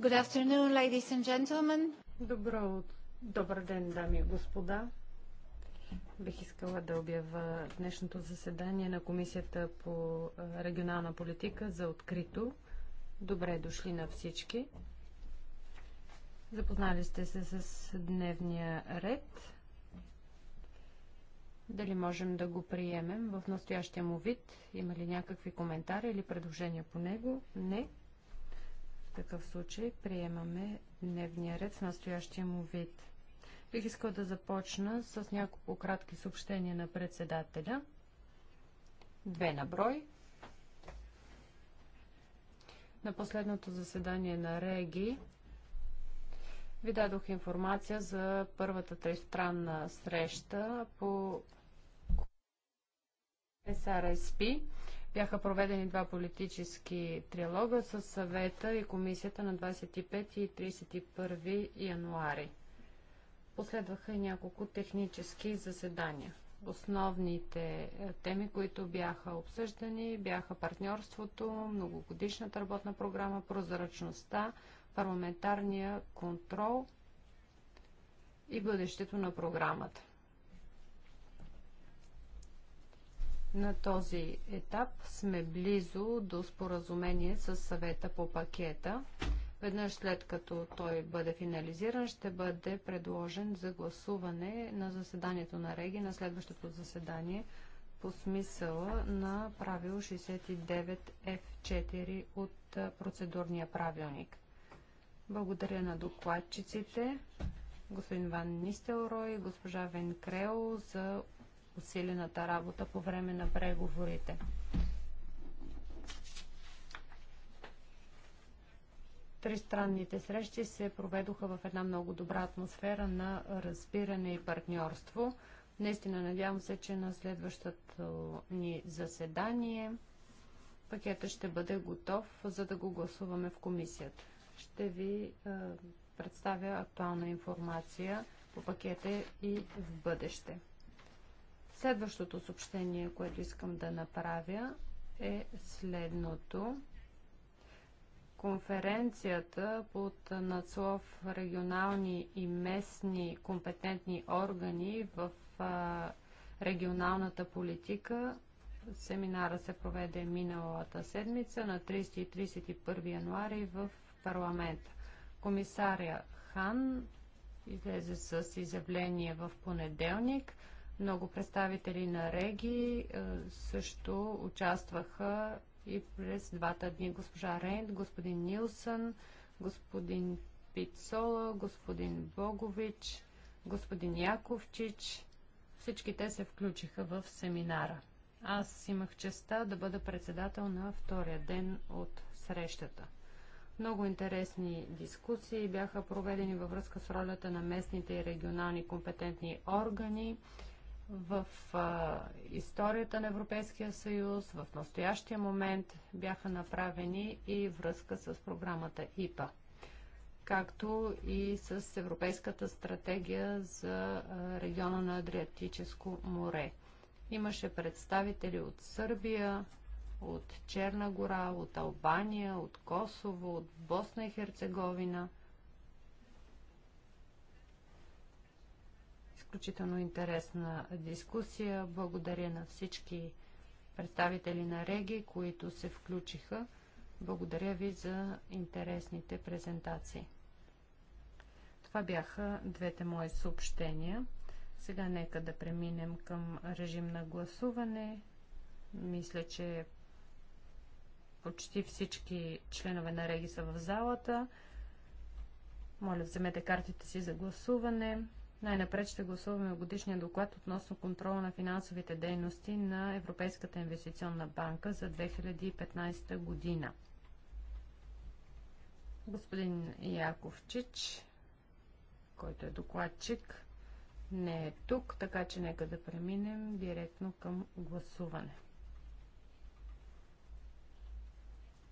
Good afternoon, ladies and gentlemen. Добро, добър ден, дами и господа. Бих искала да обява днешното заседание на Комисията по регионална политика за открито. Добре дошли на всички. Запознали сте се с дневния ред. Дали можем да го приемем в настоящия му вид? Има ли някакви коментари или предложения по него? Не такъв случай приемаме дневния ред в настоящия му вид. Бих искал да започна с няколко кратки съобщения на председателя. Две на брой. На последното заседание на Реги ви дадох информация за първата тристранна среща по СРСП. Бяха проведени два политически триалога с съвета и комисията на 25 и 31 януари. Последваха и няколко технически заседания. Основните е, теми, които бяха обсъждани, бяха партньорството, многогодишната работна програма, прозрачността, парламентарния контрол и бъдещето на програмата. На този етап сме близо до споразумение с съвета по пакета. Веднъж след като той бъде финализиран, ще бъде предложен за гласуване на заседанието на Реги на следващото заседание по смисъла на правил 69F4 от процедурния правилник. Благодаря на докладчиците, господин Ван Нистелрой и госпожа Венкрел за усилената работа по време на преговорите. Тристранните срещи се проведоха в една много добра атмосфера на разбиране и партньорство. Наистина надявам се, че на следващото ни заседание пакета ще бъде готов, за да го гласуваме в комисията. Ще ви е, представя актуална информация по пакета и в бъдеще. Следващото съобщение, което искам да направя е следното. Конференцията под надслов регионални и местни компетентни органи в регионалната политика. Семинара се проведе миналата седмица на 30 и 31 януари в парламента. Комисаря Хан излезе с изявление в понеделник – много представители на Реги е, също участваха и през двата дни госпожа Рейнт, господин Нилсън, господин Пицола, господин Богович, господин Яковчич. Всички те се включиха в семинара. Аз имах честа да бъда председател на втория ден от срещата. Много интересни дискусии бяха проведени във връзка с ролята на местните и регионални компетентни органи в а, историята на Европейския съюз, в настоящия момент бяха направени и връзка с програмата ИПА, както и с Европейската стратегия за а, региона на Адриатическо море. Имаше представители от Сърбия, от Черна гора, от Албания, от Косово, от Босна и Херцеговина – изключително интересна дискусия. Благодаря на всички представители на Реги, които се включиха. Благодаря ви за интересните презентации. Това бяха двете мои съобщения. Сега нека да преминем към режим на гласуване. Мисля, че почти всички членове на Реги са в залата. Моля, вземете картите си за гласуване. Най-напред ще гласуваме годишния доклад относно контрола на финансовите дейности на Европейската инвестиционна банка за 2015 година. Господин Яковчич, който е докладчик, не е тук, така че нека да преминем директно към гласуване.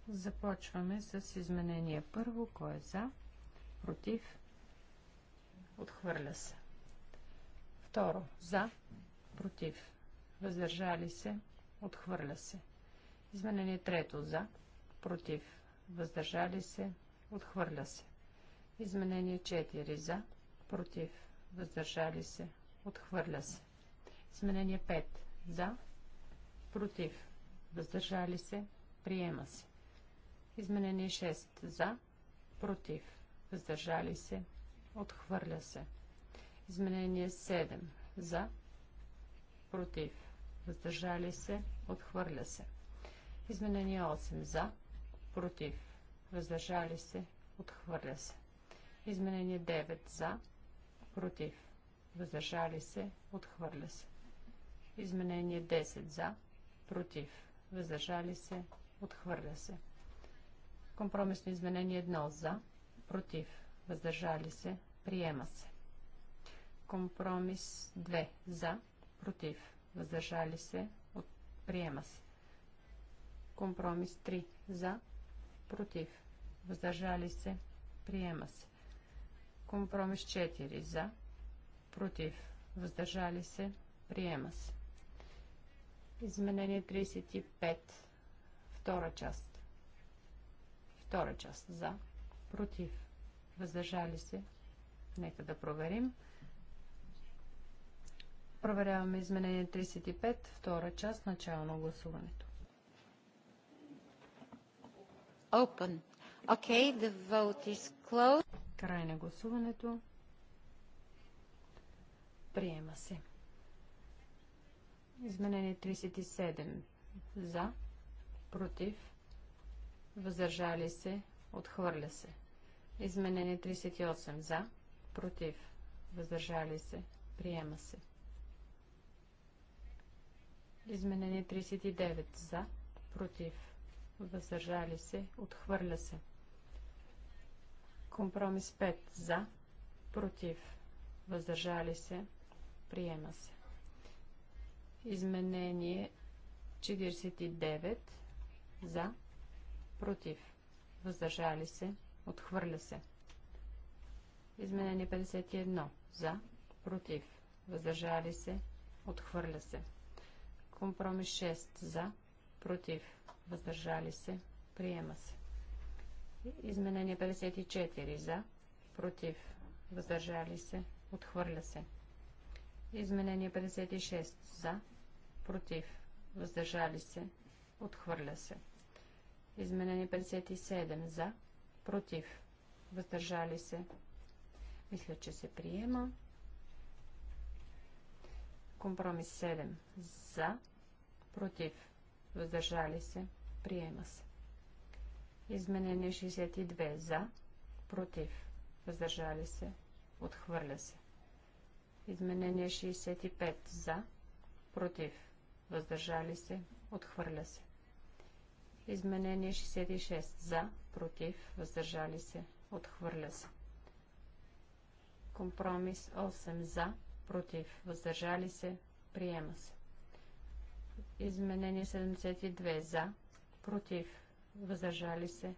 Започваме с изменение първо. Кой е за? Против? Отхвърля се. Второ. За. Против. Въздържали се. Отхвърля се. Изменение трето. За. Против. Въздържали се. Отхвърля се. Изменение 4. За. Против. Въздържали се. Отхвърля се. Изменение 5. За. Против. Въздържали се. Приема се. Изменение 6. За. Против. Въздържали се. Отхвърля се. Изменение 7. За. Против. Въздържали се. Отхвърля се. Изменение 8. За. Против. Въздържали се. Отхвърля се. Изменение 9. За. Против. Въздържали се. Отхвърля се. Изменение 10. За. Против. Въздържали се. Отхвърля се. Компромисно изменение 1. За. Против въздържали се, приема се. Компромис 2 за, против, въздържали се, от... приема се. Компромис 3 за, против, въздържали се, приема се. Компромис 4 за, против, въздържали се, приема се. Изменение 35, втора част. Втора част за, против, въздържали се. Нека да проверим. Проверяваме изменение 35, втора част, начало на гласуването. Open. Okay, the vote is closed. Край на гласуването. Приема се. Изменение 37. За. Против. Въздържали се. Отхвърля се. Изменение 38. За. Против. Въздържали се. Приема се. Изменение 39. За. Против. Въздържали се. Отхвърля се. Компромис 5. За. Против. Въздържали се. Приема се. Изменение 49. За. Против. Въздържали се. Отхвърля се. Изменение 51. За. Против. Въздържали се. Отхвърля се. Компромис 6. За. Против. Въздържали се. Приема се. Изменение 54. За. Против. Въздържали се. Отхвърля се. Изменение 56. За. Против. Въздържали се. Отхвърля се. Изменение 57. За против, въздържали се. Мисля, че се приема. Компромис 7 за, против, въздържали се, приема се. Изменение 62 за, против, въздържали се, отхвърля се. Изменение 65 за, против, въздържали се, отхвърля се. Изменение 66 за, против, въздържали се, отхвърля се. Компромис 8 за, против, въздържали се, приема се. Изменение 72 за, против, въздържали се,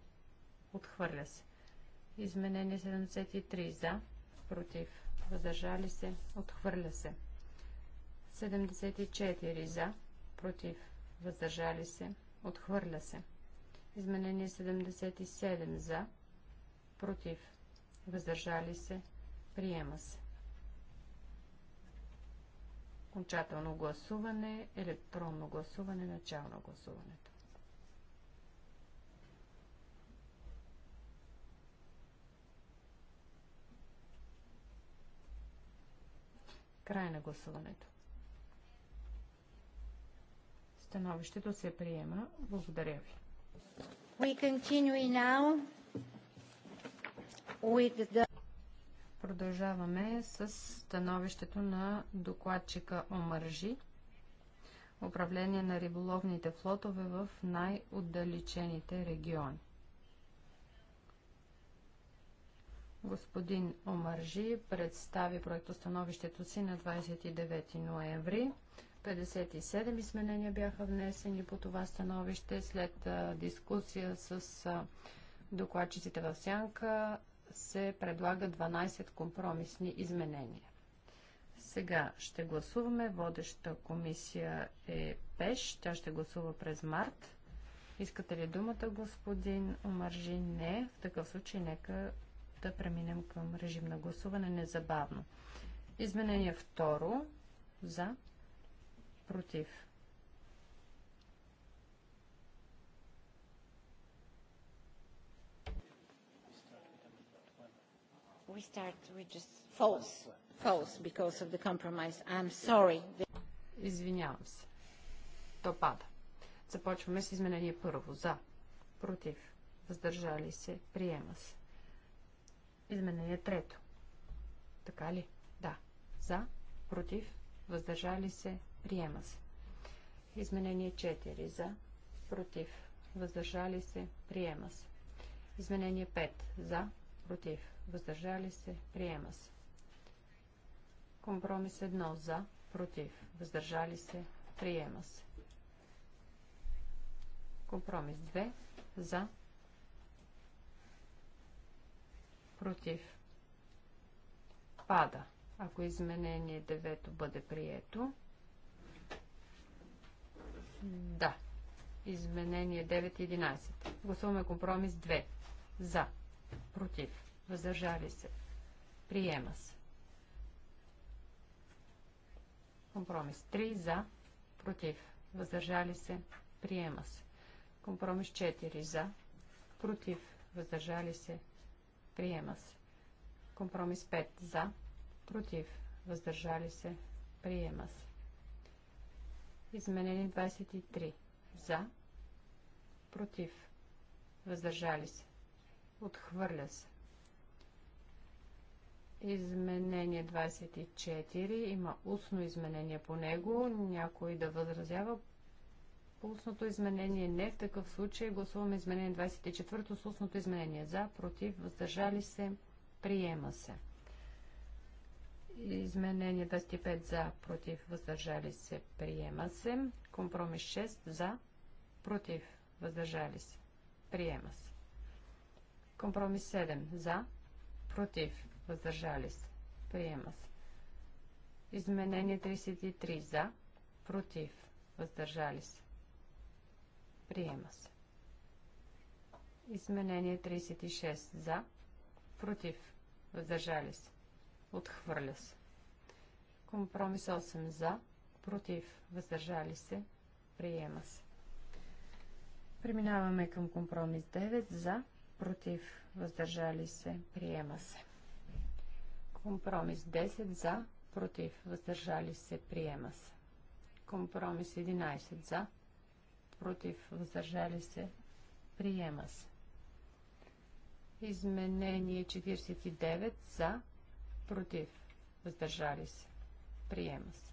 отхвърля се. Изменение 73 за, против, въздържали се, отхвърля се. 74 за, против, въздържали се, отхвърля се. Изменение 77 за, против, въздържали се, приема се. Окончателно гласуване, електронно гласуване, Начално гласуването. Край на гласуването. Становището се приема. Благодаря ви. We continue now with the... Продължаваме с становището на докладчика Омържи. Управление на риболовните флотове в най-отдалечените региони. Господин Омържи представи проектостановището си на 29 ноември. 57 изменения бяха внесени по това становище след дискусия с докладчиците в сянка се предлага 12 компромисни изменения. Сега ще гласуваме. Водеща комисия е ПЕШ. Тя ще гласува през март. Искате ли думата, господин Омаржи? Не. В такъв случай нека да преминем към режим на гласуване незабавно. Изменение второ. За. Против. We start with just false. False because of the compromise. I'm sorry. Извинявам се. То пада. Започваме с изменение първо. За. Против. Въздържали се. Приема се. Изменение трето. Така ли? Да. За. Против. Въздържали се. Приема се. Изменение 4 за, против, въздържали се, приема се. Изменение 5 за, против, въздържали се, приема се. Компромис 1 за, против, въздържали се, приема се. Компромис 2 за, против, пада. Ако изменение 9 бъде прието, да. Изменение 911. Гласуваме компромис 2. За. Против. Въздържали се. Приема се. Компромис 3. За. Против. Въздържали се. Приема се. Компромис 4. За. Против. Въздържали се. Приема се. Компромис 5. За. Против. Въздържали се. Приема се. Изменени 23. За. Против. Въздържали се. Отхвърля се. Изменение 24. Има устно изменение по него. Някой да възразява по устното изменение? Не. В такъв случай гласуваме изменение 24 с устното изменение. За, против, въздържали се, приема се. Изменение 25 за, против, въздържали се, приема се. Компромис 6 за, против, въздържали се, приема се. Компромис 7 за, против, въздържали се, приема се. Изменение 33 за, против, въздържали се, приема се. Изменение 36 за, против, въздържали се, Отхвърля се. Компромис 8 за, против, въздържали се, приема се. Преминаваме към компромис 9 за, против, въздържали се, приема се. Компромис 10 за, против, въздържали се, приема се. Компромис 11 за, против, въздържали се, приема се. Изменение 49 за, Против. Въздържали се. Приема се.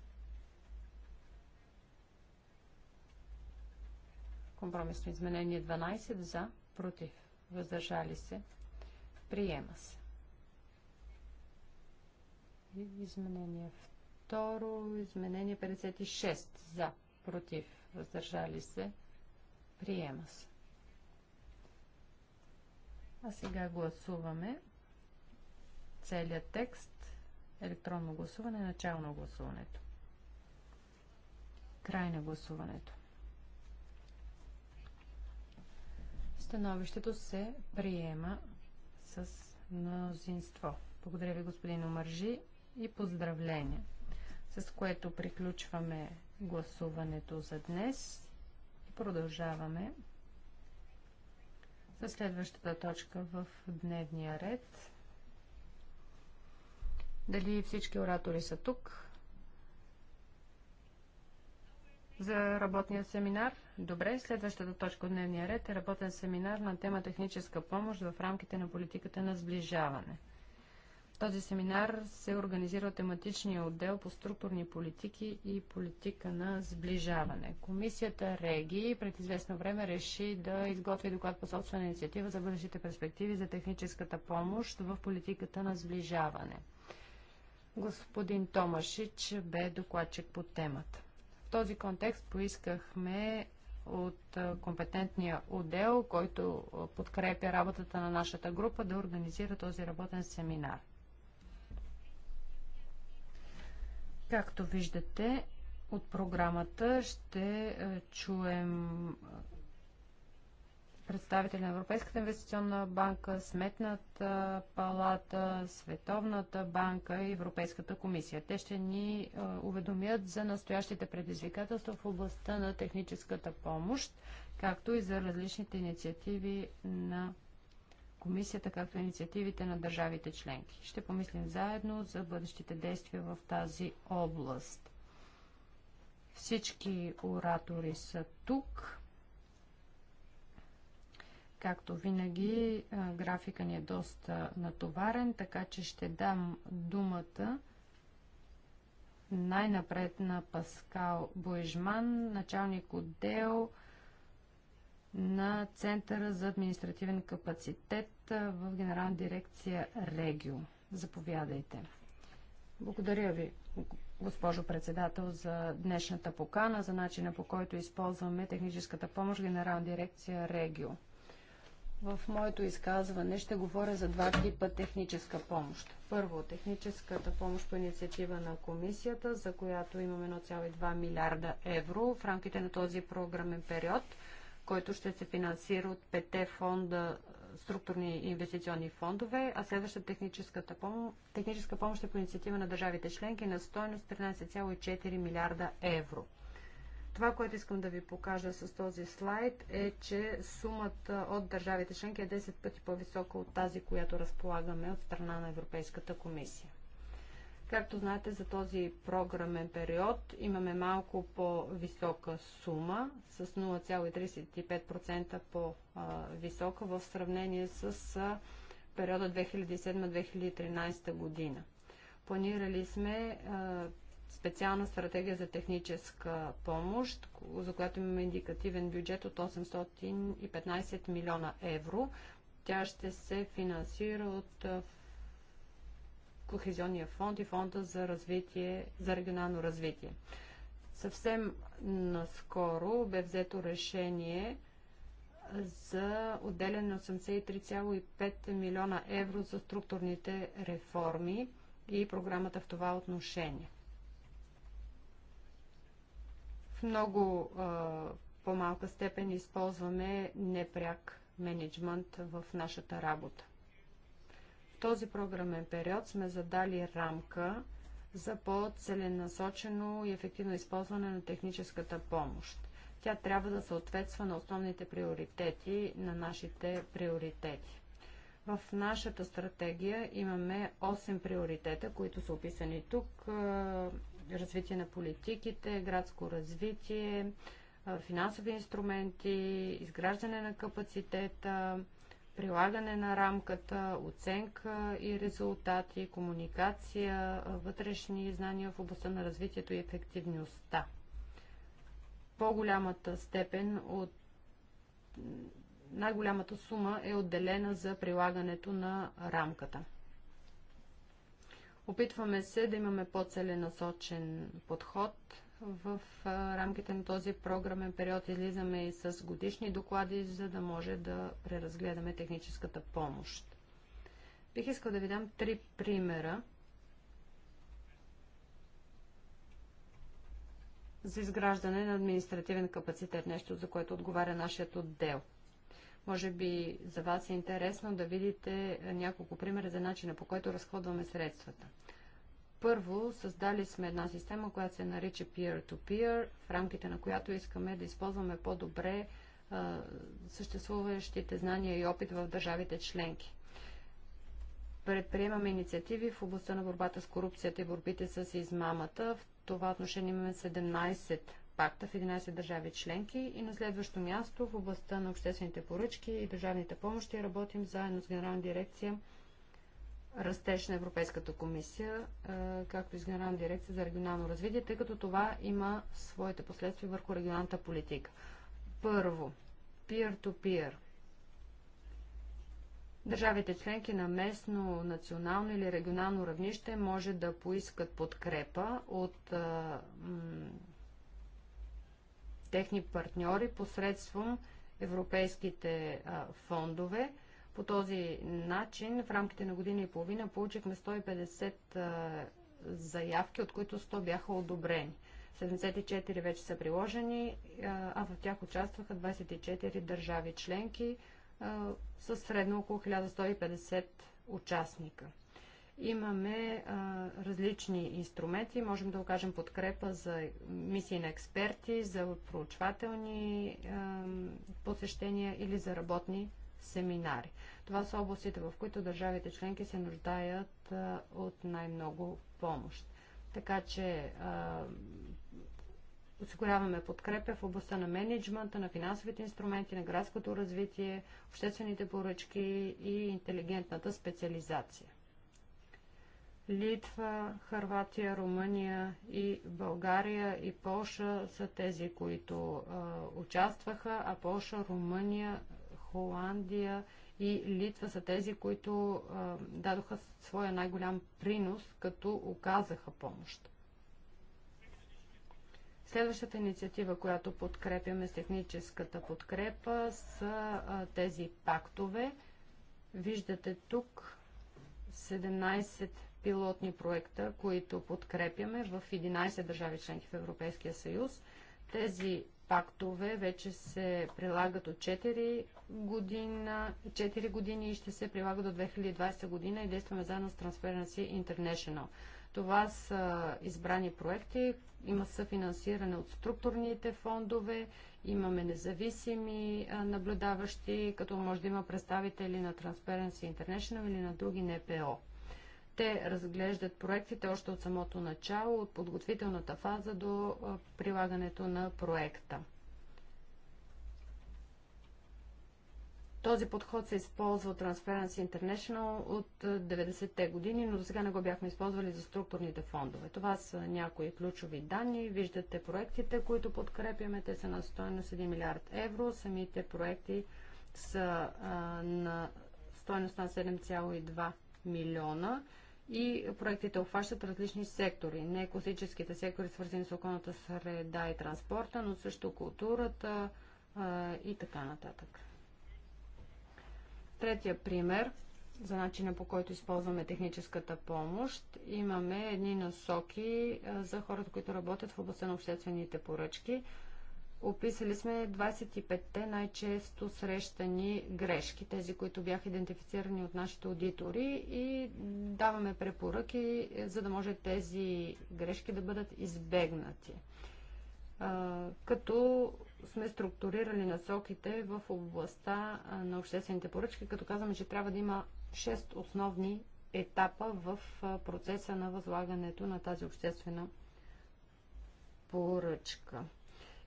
Компромисно изменение 12 за. Против. Въздържали се. Приема се. И изменение 2. Изменение 56 за. Против. Въздържали се. Приема се. А сега гласуваме целият текст, електронно гласуване, начало на гласуването. Край на гласуването. Становището се приема с мнозинство. Благодаря ви, господин Омържи, и поздравления, с което приключваме гласуването за днес и продължаваме с следващата точка в дневния ред. Дали всички оратори са тук? За работния семинар? Добре, следващата точка от дневния ред е работен семинар на тема техническа помощ в рамките на политиката на сближаване. Този семинар се организира от тематичния отдел по структурни политики и политика на сближаване. Комисията Реги пред известно време реши да изготви доклад по собствена инициатива за бъдещите перспективи за техническата помощ в политиката на сближаване – Господин Томашич бе докладчик по темата. В този контекст поискахме от компетентния отдел, който подкрепя работата на нашата група, да организира този работен семинар. Както виждате, от програмата ще чуем представители на Европейската инвестиционна банка, Сметната палата, Световната банка и Европейската комисия. Те ще ни е, уведомят за настоящите предизвикателства в областта на техническата помощ, както и за различните инициативи на комисията, както и инициативите на държавите членки. Ще помислим заедно за бъдещите действия в тази област. Всички оратори са тук. Както винаги, графика ни е доста натоварен, така че ще дам думата най-напред на Паскал Боежман, началник отдел на Центъра за административен капацитет в Генерална дирекция Регио. Заповядайте. Благодаря ви, госпожо председател, за днешната покана, за начина по който използваме техническата помощ Генерална дирекция Регио. В моето изказване ще говоря за два типа техническа помощ. Първо, техническата помощ по инициатива на комисията, за която имаме 1,2 милиарда евро в рамките на този програмен период, който ще се финансира от пете фонда структурни инвестиционни фондове, а следващата техническата пом- техническа помощ е по инициатива на държавите членки на стоеност 13,4 милиарда евро. Това, което искам да ви покажа с този слайд е, че сумата от държавите членки е 10 пъти по-висока от тази, която разполагаме от страна на Европейската комисия. Както знаете, за този програмен период имаме малко по-висока сума, с 0,35% по-висока в сравнение с периода 2007-2013 година. Планирали сме специална стратегия за техническа помощ, за която имаме индикативен бюджет от 815 милиона евро. Тя ще се финансира от Кохезионния фонд и фонда за, развитие, за регионално развитие. Съвсем наскоро бе взето решение за отделяне на 83,5 милиона евро за структурните реформи и програмата в това отношение. В много по-малка степен използваме непряк менеджмент в нашата работа. В този програмен период сме задали рамка за по-целенасочено и ефективно използване на техническата помощ. Тя трябва да съответства на основните приоритети на нашите приоритети. В нашата стратегия имаме 8 приоритета, които са описани тук развитие на политиките, градско развитие, финансови инструменти, изграждане на капацитета, прилагане на рамката, оценка и резултати, комуникация, вътрешни знания в областта на развитието и ефективността. По-голямата степен от най-голямата сума е отделена за прилагането на рамката. Опитваме се да имаме по-целенасочен подход в рамките на този програмен период излизаме и с годишни доклади, за да може да преразгледаме техническата помощ. Бих искал да ви дам три примера за изграждане на административен капацитет, нещо за което отговаря нашият отдел – може би за вас е интересно да видите е, няколко примера за начина по който разходваме средствата. Първо, създали сме една система, която се нарича peer-to-peer, -peer, в рамките на която искаме да използваме по-добре е, съществуващите знания и опит в държавите членки. Предприемаме инициативи в областта на борбата с корупцията и борбите с измамата. В това отношение имаме 17 пакта в 11 държави членки и на следващо място в областта на обществените поръчки и държавните помощи работим заедно с Генерална дирекция Растеж на Европейската комисия, е, както и с Генерална дирекция за регионално развитие, тъй като това има своите последствия върху регионалната политика. Първо, peer-to-peer. Държавите членки на местно, национално или регионално равнище може да поискат подкрепа от е, техни партньори посредством европейските а, фондове. По този начин в рамките на година и половина получихме 150 а, заявки, от които 100 бяха одобрени. 74 вече са приложени, а в тях участваха 24 държави членки с средно около 1150 участника. Имаме а, различни инструменти, можем да окажем подкрепа за мисии на експерти, за проучвателни а, посещения или за работни семинари. Това са областите, в които държавите членки се нуждаят а, от най-много помощ. Така че а, осигуряваме подкрепя в областта на менеджмента, на финансовите инструменти, на градското развитие, обществените поръчки и интелигентната специализация. Литва, Харватия, Румъния и България и Полша са тези, които а, участваха, а Полша, Румъния, Холандия и Литва са тези, които а, дадоха своя най-голям принос, като оказаха помощ. Следващата инициатива, която подкрепяме с техническата подкрепа, са а, тези пактове. Виждате тук 17 пилотни проекта, които подкрепяме в 11 държави членки в Европейския съюз. Тези пактове вече се прилагат от 4 година, 4 години и ще се прилагат до 2020 година и действаме заедно с Transparency International. Това са избрани проекти, има съфинансиране от структурните фондове, имаме независими наблюдаващи, като може да има представители на Transparency International или на други НПО. Те разглеждат проектите още от самото начало, от подготвителната фаза до прилагането на проекта. Този подход се използва от Transparency International от 90-те години, но до сега не го бяхме използвали за структурните фондове. Това са някои ключови данни. Виждате проектите, които подкрепяме. Те са на стоеност 1 милиард евро. Самите проекти са а, на стоеност на 7,2 милиона и проектите обхващат различни сектори. Не класическите сектори, свързани с околната среда и транспорта, но също културата а, и така нататък. Третия пример за начина по който използваме техническата помощ. Имаме едни насоки за хората, които работят в областта на обществените поръчки – Описали сме 25-те най-често срещани грешки, тези, които бяха идентифицирани от нашите аудитори и даваме препоръки, за да може тези грешки да бъдат избегнати. като сме структурирали насоките в областта на обществените поръчки, като казваме, че трябва да има 6 основни етапа в процеса на възлагането на тази обществена поръчка.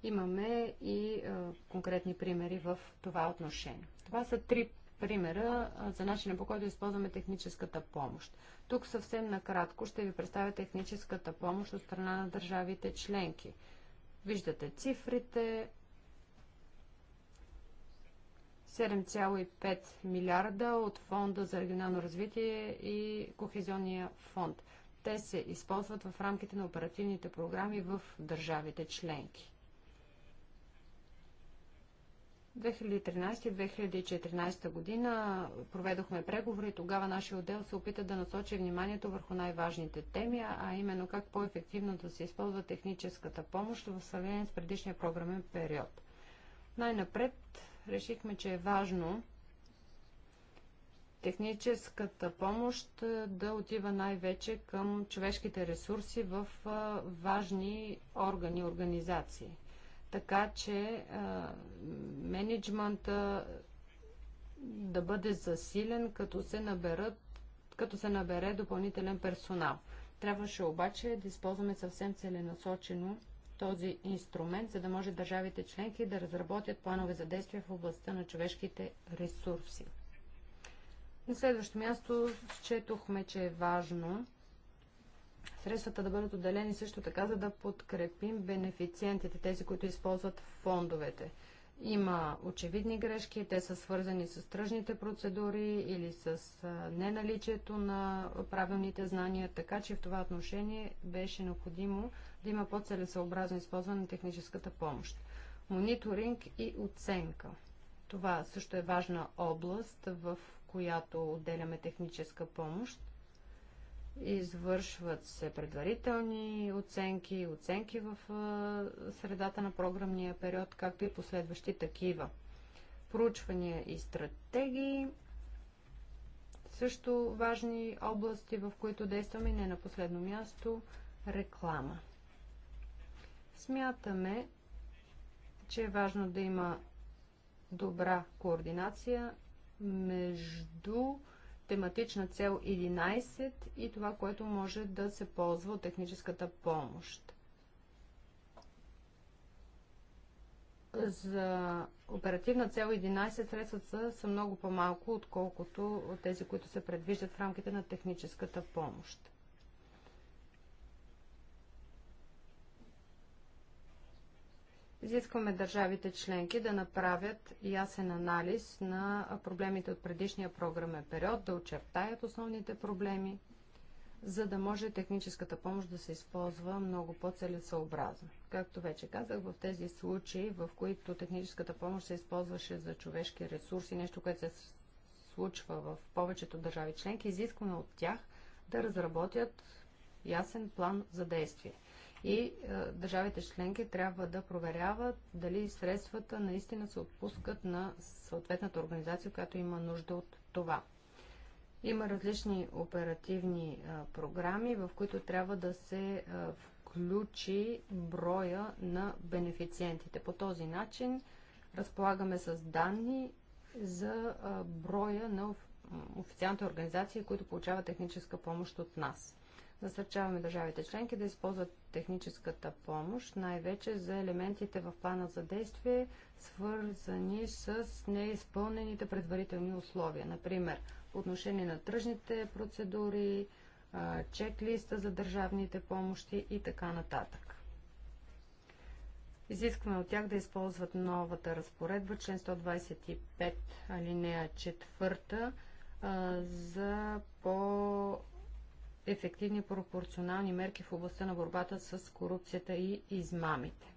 Имаме и конкретни примери в това отношение. Това са три примера за начина по който използваме техническата помощ. Тук съвсем накратко ще ви представя техническата помощ от страна на държавите членки. Виждате цифрите. 7,5 милиарда от Фонда за регионално развитие и Кохезионния фонд. Те се използват в рамките на оперативните програми в държавите членки. 2013-2014 година проведохме преговори. и Тогава нашия отдел се опита да насочи вниманието върху най-важните теми, а именно как по-ефективно да се използва техническата помощ в сравнение с предишния програмен период. Най-напред решихме, че е важно техническата помощ да отива най-вече към човешките ресурси в важни органи, организации – така че а, менеджмента да бъде засилен, като се, наберат, като се набере допълнителен персонал. Трябваше обаче да използваме съвсем целенасочено този инструмент, за да може държавите членки да разработят планове за действие в областта на човешките ресурси. На следващо място счетохме, че е важно средствата да бъдат отделени също така, за да подкрепим бенефициентите, тези, които използват фондовете. Има очевидни грешки, те са свързани с тръжните процедури или с неналичието на правилните знания, така че в това отношение беше необходимо да има по целесообразно използване на техническата помощ. Мониторинг и оценка. Това също е важна област, в която отделяме техническа помощ. Извършват се предварителни оценки, оценки в средата на програмния период, както и последващи такива. Проучвания и стратегии също важни области, в които действаме, не на последно място реклама. Смятаме, че е важно да има добра координация между тематична цел 11 и това, което може да се ползва от техническата помощ. За оперативна цел 11 средствата са много по-малко, отколкото от тези, които се предвиждат в рамките на техническата помощ. Изискваме държавите членки да направят ясен анализ на проблемите от предишния програмен период, да очертаят основните проблеми, за да може техническата помощ да се използва много по-целесообразно. Както вече казах, в тези случаи, в които техническата помощ се използваше за човешки ресурси, нещо, което се случва в повечето държави членки, изискваме от тях да разработят ясен план за действие – и е, държавите членки трябва да проверяват дали средствата наистина се отпускат на съответната организация, която има нужда от това. Има различни оперативни е, програми, в които трябва да се е, включи броя на бенефициентите. По този начин разполагаме с данни за е, броя на официалните организации, които получават техническа помощ от нас. Насърчаваме държавите членки да използват техническата помощ, най-вече за елементите в плана за действие, свързани с неизпълнените предварителни условия. Например, по отношение на тръжните процедури, чек-листа за държавните помощи и така нататък. Изискваме от тях да използват новата разпоредба, член 125, алинея 4, за по ефективни пропорционални мерки в областта на борбата с корупцията и измамите.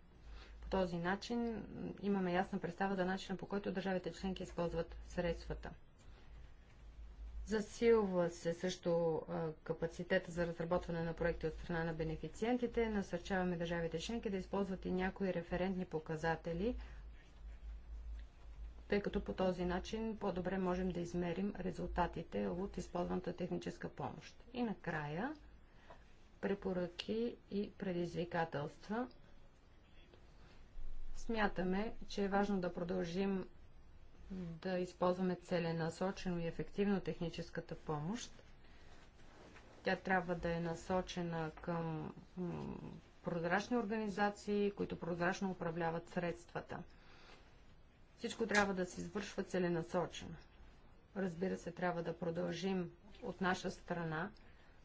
По този начин имаме ясна представа за начина по който държавите членки използват средствата. Засилва се също капацитета за разработване на проекти от страна на бенефициентите. Насърчаваме държавите членки да използват и някои референтни показатели – тъй като по този начин по-добре можем да измерим резултатите от използваната техническа помощ. И накрая, препоръки и предизвикателства. Смятаме, че е важно да продължим да използваме целенасочено и ефективно техническата помощ. Тя трябва да е насочена към прозрачни организации, които прозрачно управляват средствата. Всичко трябва да се извършва целенасочено. Разбира се, трябва да продължим от наша страна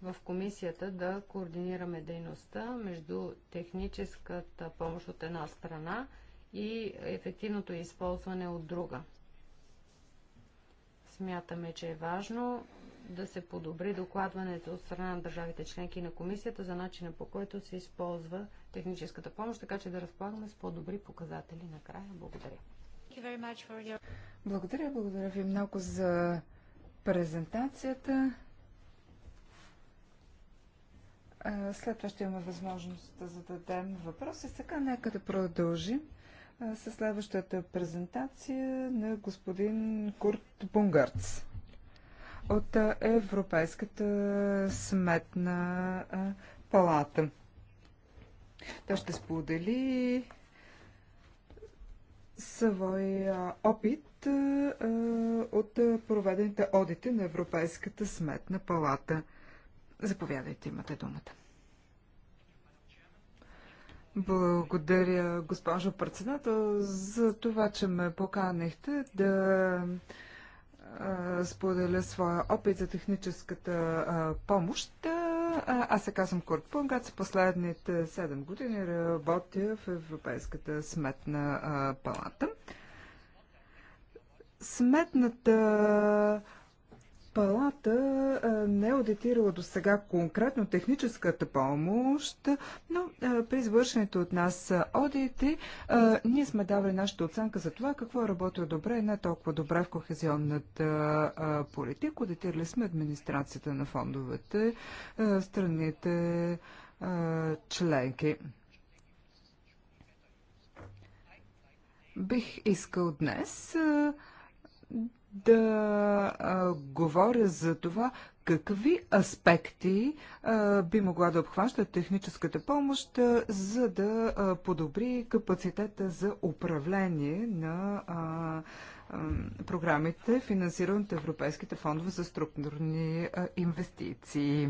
в комисията да координираме дейността между техническата помощ от една страна и ефективното използване от друга. Смятаме, че е важно да се подобри докладването от страна на държавите членки на комисията за начина по който се използва техническата помощ, така че да разполагаме с по-добри показатели накрая. Благодаря. Благодаря, благодаря ви много за презентацията. След това ще имаме възможност да зададем въпроси. Сега нека да продължим с следващата презентация на господин Курт Бунгарц от Европейската сметна палата. Той ще сподели своя опит от проведените одити на Европейската сметна палата. Заповядайте, имате думата. Благодаря, госпожо председател, за това, че ме поканихте да споделя своя опит за техническата помощ. Аз се казвам Курт Пунгат. Последните 7 години работя в Европейската сметна палата. Сметната Палата не е аудитирала до сега конкретно техническата помощ, но при извършените от нас аудити ние сме давали нашата оценка за това какво е работило добре и не е толкова добре в кохезионната политика. Аудитирали сме администрацията на фондовете, страните членки. Бих искал днес да а, говоря за това, какви аспекти а, би могла да обхваща техническата помощ, а, за да а, подобри капацитета за управление на а, а, програмите, финансирани от европейските фондове за структурни а, инвестиции.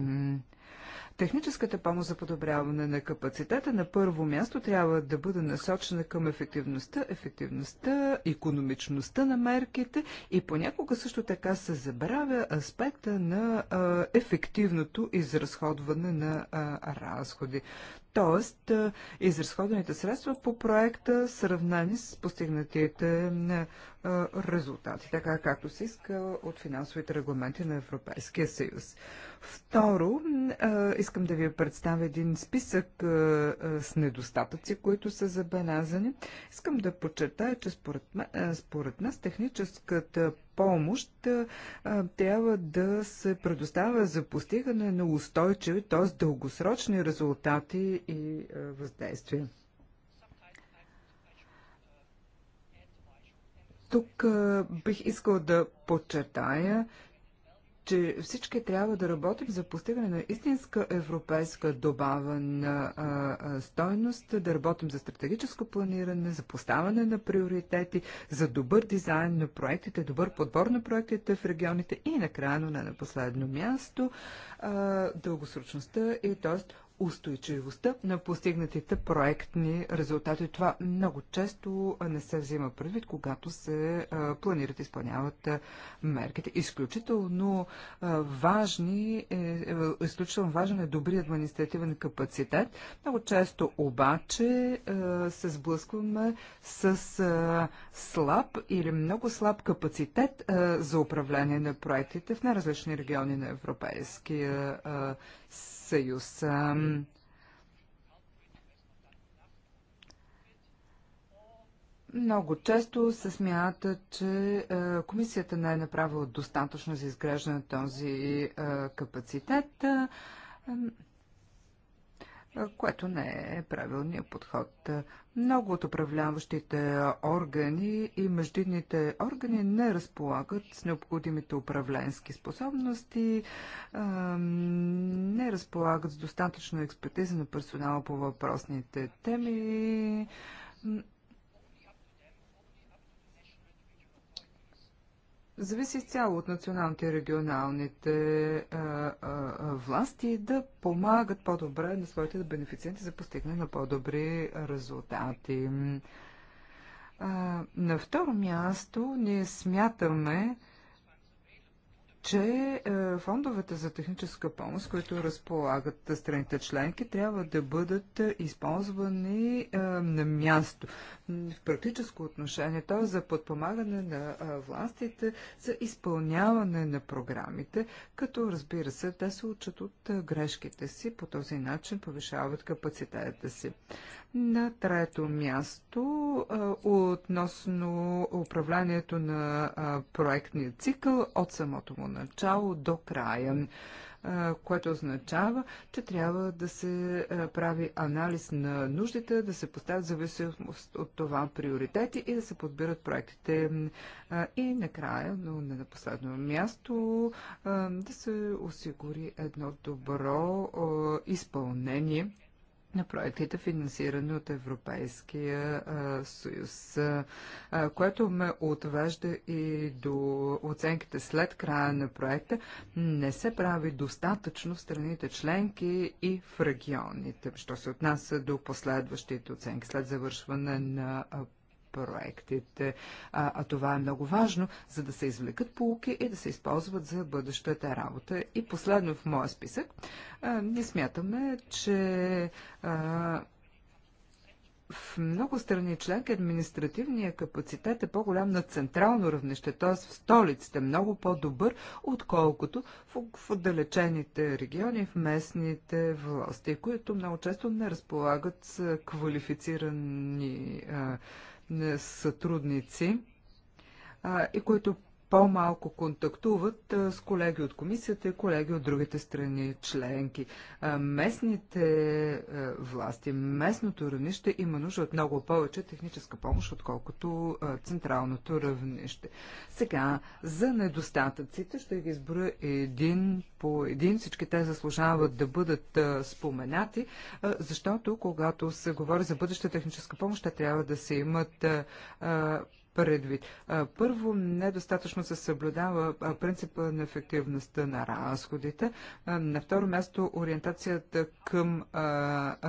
Техническата помощ за подобряване на капацитета на първо място трябва да бъде насочена към ефективността, ефективността, економичността на мерките и понякога също така се забравя аспекта на ефективното изразходване на разходи. Тоест, изразходените средства по проекта сравнени с постигнатите резултати, така както се иска от финансовите регламенти на Европейския съюз. Второ, искам да ви представя един списък с недостатъци, които са забелязани. Искам да подчертая, че според, според нас техническата помощ трябва да се предоставя за постигане на устойчиви, т.е. дългосрочни резултати и въздействия. Тук бих искал да подчертая, че всички трябва да работим за постигане на истинска европейска добавена стойност, да работим за стратегическо планиране, за поставане на приоритети, за добър дизайн на проектите, добър подбор на проектите в регионите и накрая, но не на последно място, а, дългосрочността и т.е устойчивостта на постигнатите проектни резултати. Това много често не се взима предвид, когато се планират и изпълняват мерките. Изключително важни, е, е, изключително важен е добри административен капацитет. Много често обаче се сблъскваме с слаб или много слаб капацитет за управление на проектите в най-различни региони на Европейския съюз съюз. Много често се смята, че комисията не е направила достатъчно за изграждане на този капацитет, което не е правилният подход. Много от управляващите органи и междинните органи не разполагат с необходимите управленски способности, не разполагат с достатъчно експертиза на персонала по въпросните теми зависи изцяло от националните и регионалните а, а, а, власти да помагат по-добре на своите бенефициенти за постигане на по-добри резултати. А, на второ място ние смятаме, че е, фондовете за техническа помощ, които разполагат страните членки, трябва да бъдат е, използвани е, на място в практическо отношение, т.е. за подпомагане на властите, за изпълняване на програмите, като разбира се, те се учат от грешките си, по този начин повишават капацитета си. На трето място, относно управлението на проектния цикъл от самото му начало до края което означава, че трябва да се прави анализ на нуждите, да се поставят зависимост от това приоритети и да се подбират проектите. И накрая, но не на последно място, да се осигури едно добро изпълнение на проектите, финансирани от Европейския съюз, което ме отвежда и до оценките след края на проекта. Не се прави достатъчно в страните членки и в регионите, що се отнася до последващите оценки след завършване на проектите. А, а това е много важно, за да се извлекат полуки и да се използват за бъдещата работа. И последно в моя списък, а, ние смятаме, че а, в много страни членки административният капацитет е по-голям на централно равнище, т.е. в столиците много по-добър, отколкото в, в отдалечените региони, в местните власти, които много често не разполагат с квалифицирани а, сътрудници и които по-малко контактуват с колеги от комисията и колеги от другите страни членки. Местните власти, местното равнище има нужда от много повече техническа помощ, отколкото централното равнище. Сега, за недостатъците ще ги изброя един по един. Всички те заслужават да бъдат споменати, защото когато се говори за бъдеща техническа помощ, те трябва да се имат предвид. Първо, недостатъчно се съблюдава принципа на ефективността на разходите. На второ място, ориентацията към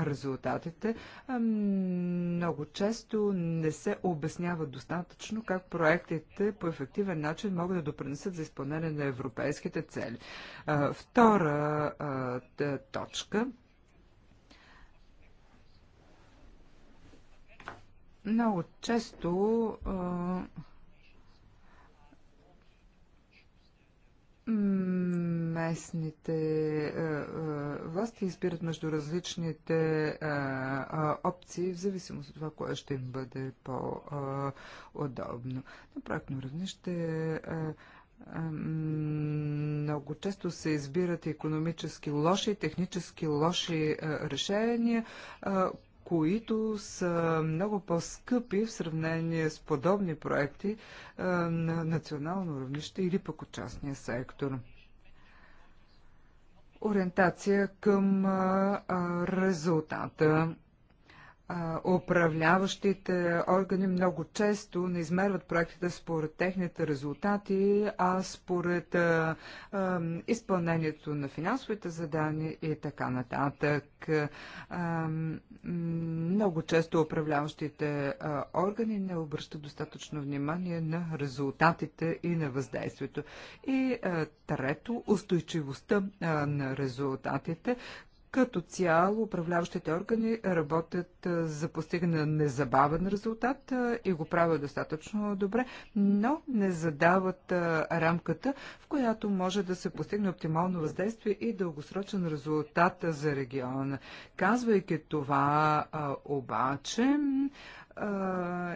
резултатите. Много често не се обяснява достатъчно как проектите по ефективен начин могат да допринесат за изпълнение на европейските цели. Втора точка – Много често местните а, а, власти избират между различните а, опции в зависимост от това, кое ще им бъде по-удобно. На проектно равнище много често се избират економически лоши, технически лоши решения, които са много по-скъпи в сравнение с подобни проекти на национално равнище или пък от частния сектор. Ориентация към резултата управляващите органи много често не измерват проектите според техните резултати, а според а, а, изпълнението на финансовите задания и така нататък. А, много често управляващите а, органи не обръщат достатъчно внимание на резултатите и на въздействието. И а, трето, устойчивостта а, на резултатите. Като цяло управляващите органи работят за постигане на незабавен резултат и го правят достатъчно добре, но не задават рамката, в която може да се постигне оптимално въздействие и дългосрочен резултат за региона. Казвайки това обаче,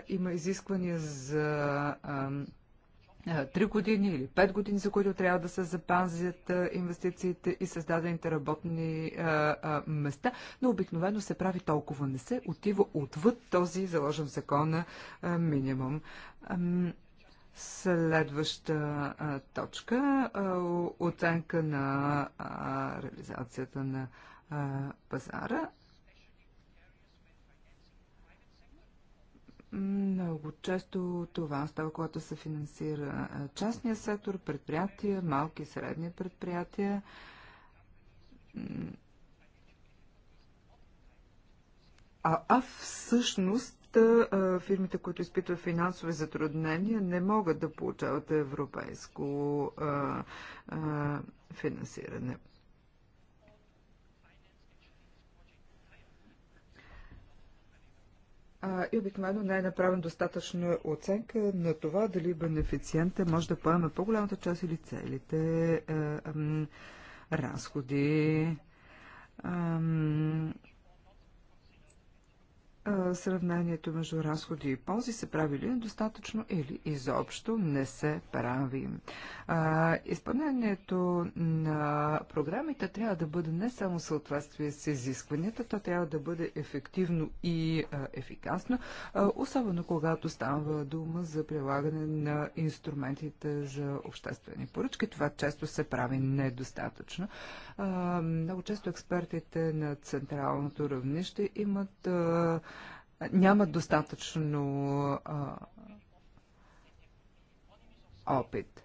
има изисквания за е, три години или пет години, за които трябва да се запазят е, инвестициите и създадените работни е, места, но обикновено се прави толкова не се, отива отвъд този заложен в закона минимум. Следваща точка оценка на реализацията на пазара. Много често това става, когато се финансира частния сектор, предприятия, малки и средни предприятия. А, а всъщност фирмите, които изпитват финансови затруднения, не могат да получават европейско а, а, финансиране. А, и обикновено не е направен достатъчна оценка на това дали бенефициента може да поеме по-голямата част или целите, а, е, а, разходи. А, сравнението между разходи и ползи се прави ли достатъчно или изобщо не се прави. А, изпълнението на програмите трябва да бъде не само съответствие с изискванията, то трябва да бъде ефективно и а, ефикасно, а, особено когато става дума за прилагане на инструментите за обществени поръчки. Това често се прави недостатъчно. А, много често експертите на централното равнище имат а, нямат достатъчно а, опит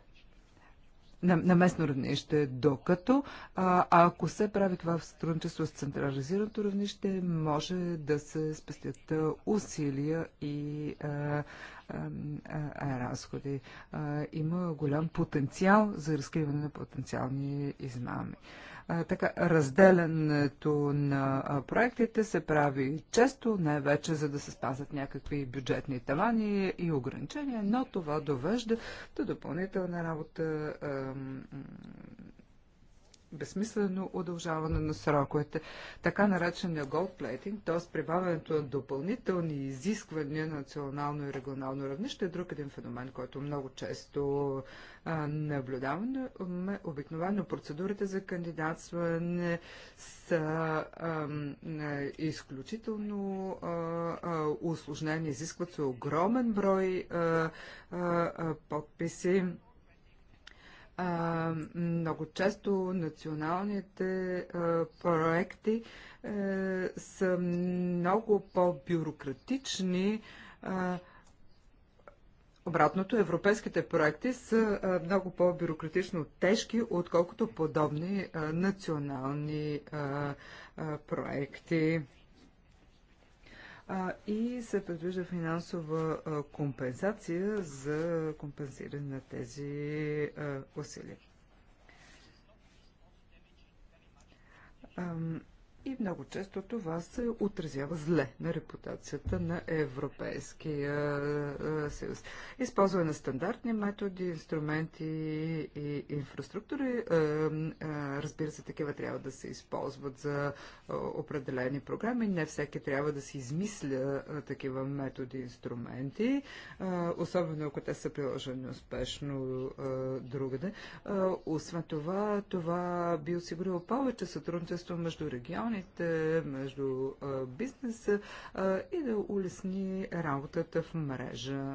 на, на местно равнище, докато а, ако се прави това в сътрудничество с централизираното равнище, може да се спестят усилия и а, а, а, разходи. А, има голям потенциал за разкриване на потенциални измами. А, така, разделянето на проектите се прави често, най-вече за да се спазят някакви бюджетни тавани и ограничения, но това довежда до допълнителна работа безсмислено удължаване на сроковете. Така наречения gold plating, т.е. прибавянето на допълнителни изисквания на национално и регионално равнище е друг един феномен, който много често наблюдаваме. Обикновено процедурите за кандидатстване са изключително а, а, усложнени, изискват се огромен брой а, а, подписи а, много често националните а, проекти а, са много по-бюрократични. Обратното, европейските проекти са много по-бюрократично тежки, отколкото подобни национални проекти и се предвижда финансова компенсация за компенсиране на тези усилия. И много често това се отразява зле на репутацията на Европейския е, съюз. Използване на стандартни методи, инструменти и инфраструктури, е, е, разбира се, такива трябва да се използват за определени програми. Не всеки трябва да си измисля такива методи и инструменти, особено ако те са приложени успешно другаде. Освен това, това би осигурило повече сътрудничество между региони регионите, между бизнеса и да улесни работата в мрежа.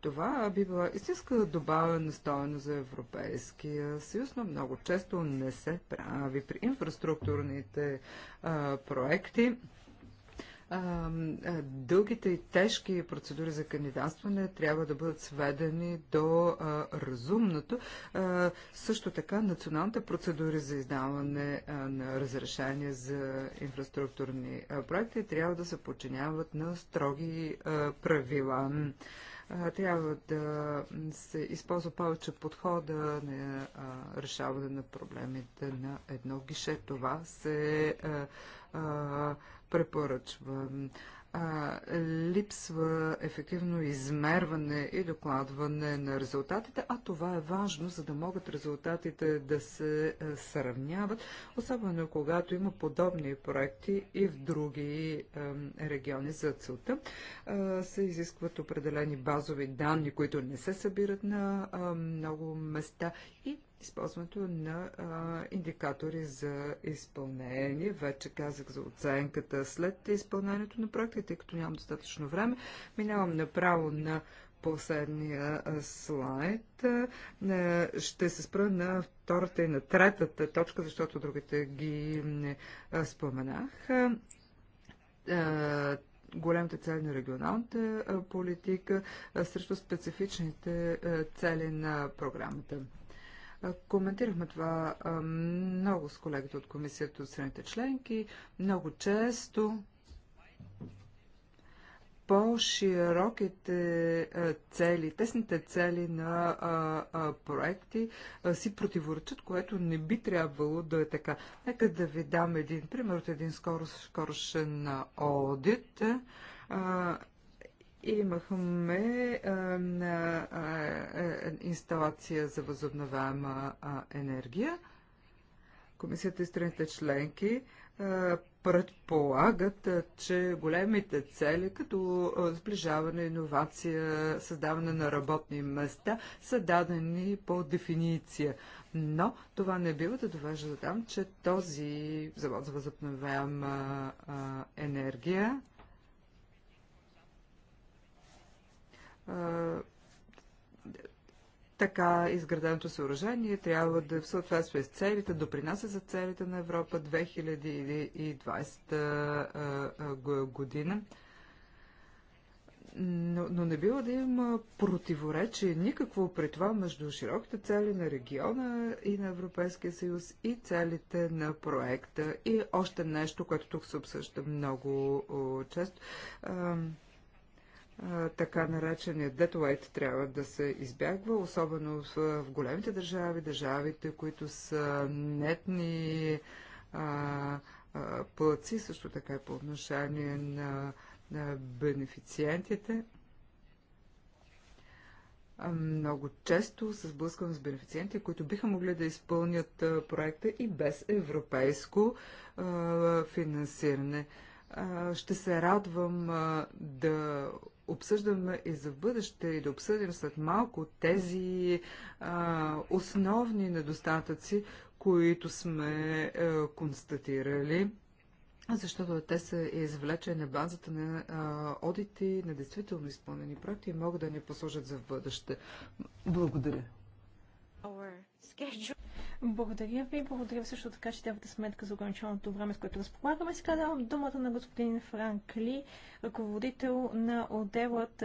Това би била истинска добавена стоеност за Европейския съюз, но много често не се прави при инфраструктурните проекти дългите и тежки процедури за кандидатстване трябва да бъдат сведени до разумното. Също така националните процедури за издаване на разрешения за инфраструктурни проекти трябва да се подчиняват на строги правила трябва да се използва повече подхода на решаване на проблемите на едно гише. Това се а, а, препоръчва. А, липсва ефективно измерване и докладване на резултатите, а това е важно, за да могат резултатите да се е, сравняват, особено когато има подобни проекти и в други а, е, региони за целта. А, е, се изискват определени базови данни, които не се събират на много места и използването на а, индикатори за изпълнение. Вече казах за оценката след изпълнението на проекта, тъй като нямам достатъчно време. Минавам направо на последния слайд. Ще се спра на втората и на третата точка, защото другите ги не споменах. Големите цели на регионалната политика срещу специфичните цели на програмата. Коментирахме това много с колегите от комисията от страните членки. Много често по-широките цели, тесните цели на а, а, проекти а, си противоречат, което не би трябвало да е така. Нека да ви дам един пример от един скоро, скорошен одит. А, Имахме а, а, а, е, е, инсталация за възобновяема а, енергия. Комисията и страните членки предполагат, че големите цели, като сближаване, иновация, създаване на работни места, са дадени по дефиниция. Но това не бива да довежда там, че този завод за възобновяема енергия така изграденото съоръжение трябва да е в съответствие с целите, допринася за целите на Европа 2020 година. Но, но не бива да има противоречие никакво при това между широките цели на региона и на Европейския съюз и целите на проекта. И още нещо, което тук се обсъжда много често така наречения детлайт трябва да се избягва, особено в, в големите държави, държавите, които са нетни а, а, плъци, също така и по отношение на, на бенефициентите. Много често се сблъсквам с бенефициенти, които биха могли да изпълнят проекта и без европейско а, финансиране ще се радвам да обсъждаме и за бъдеще и да обсъдим след малко тези а, основни недостатъци, които сме а, е, констатирали, защото те са извлечени на базата на а, одити на действително изпълнени проекти и могат да ни послужат за бъдеще. Благодаря. Благодаря ви. Благодаря ви също така, че давате сметка за ограниченото време, с което разполагаме. Сега давам думата на господин Франк Ли, ръководител на отделът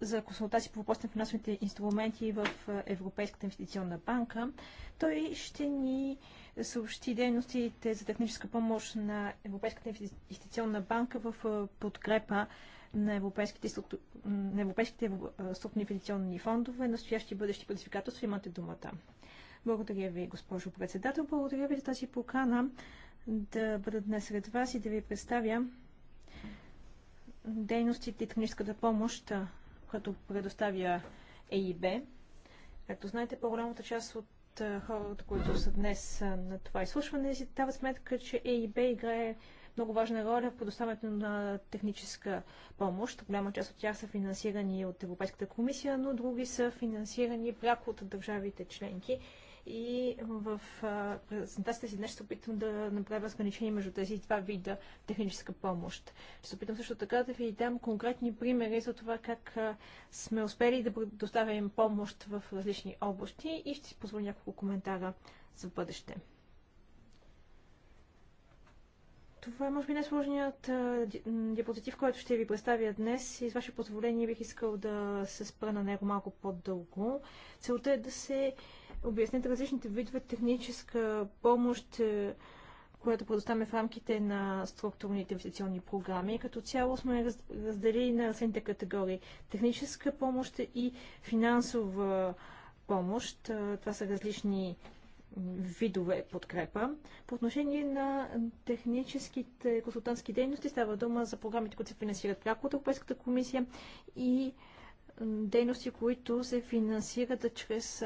за консултации по въпроси на финансовите инструменти в Европейската инвестиционна банка. Той ще ни съобщи дейностите за техническа помощ на Европейската инвестиционна банка в подкрепа на европейските, структу... на европейските структурни инвестиционни фондове, настоящи и бъдещи предизвикателства. Имате думата. Благодаря ви, госпожо председател. Благодаря ви за тази покана да бъда днес сред вас и да ви представя дейностите и техническата помощ, която предоставя ЕИБ. Както знаете, по-голямата част от хората, които са днес на това изслушване, си дават сметка, че ЕИБ играе много важна роля в предоставянето на техническа помощ. Голяма част от тях са финансирани от Европейската комисия, но други са финансирани пряко от държавите членки и в презентацията си днес ще се опитам да направя разграничение между тези два вида техническа помощ. Ще се опитам също така да ви дам конкретни примери за това как сме успели да предоставим помощ в различни области и ще си позволя няколко коментара за бъдеще. Това е, може би, най-сложният диапозитив, който ще ви представя днес и с ваше позволение бих искал да се спра на него малко по-дълго. Целта е да се обяснят различните видове техническа помощ, е, която предоставяме в рамките на структурните инвестиционни програми. Като цяло сме разделили на различните категории. Техническа помощ и финансова помощ. Е, това са различни видове подкрепа. По отношение на техническите консултантски дейности става дума за програмите, които се финансират пряко от Европейската комисия и дейности, които се финансират чрез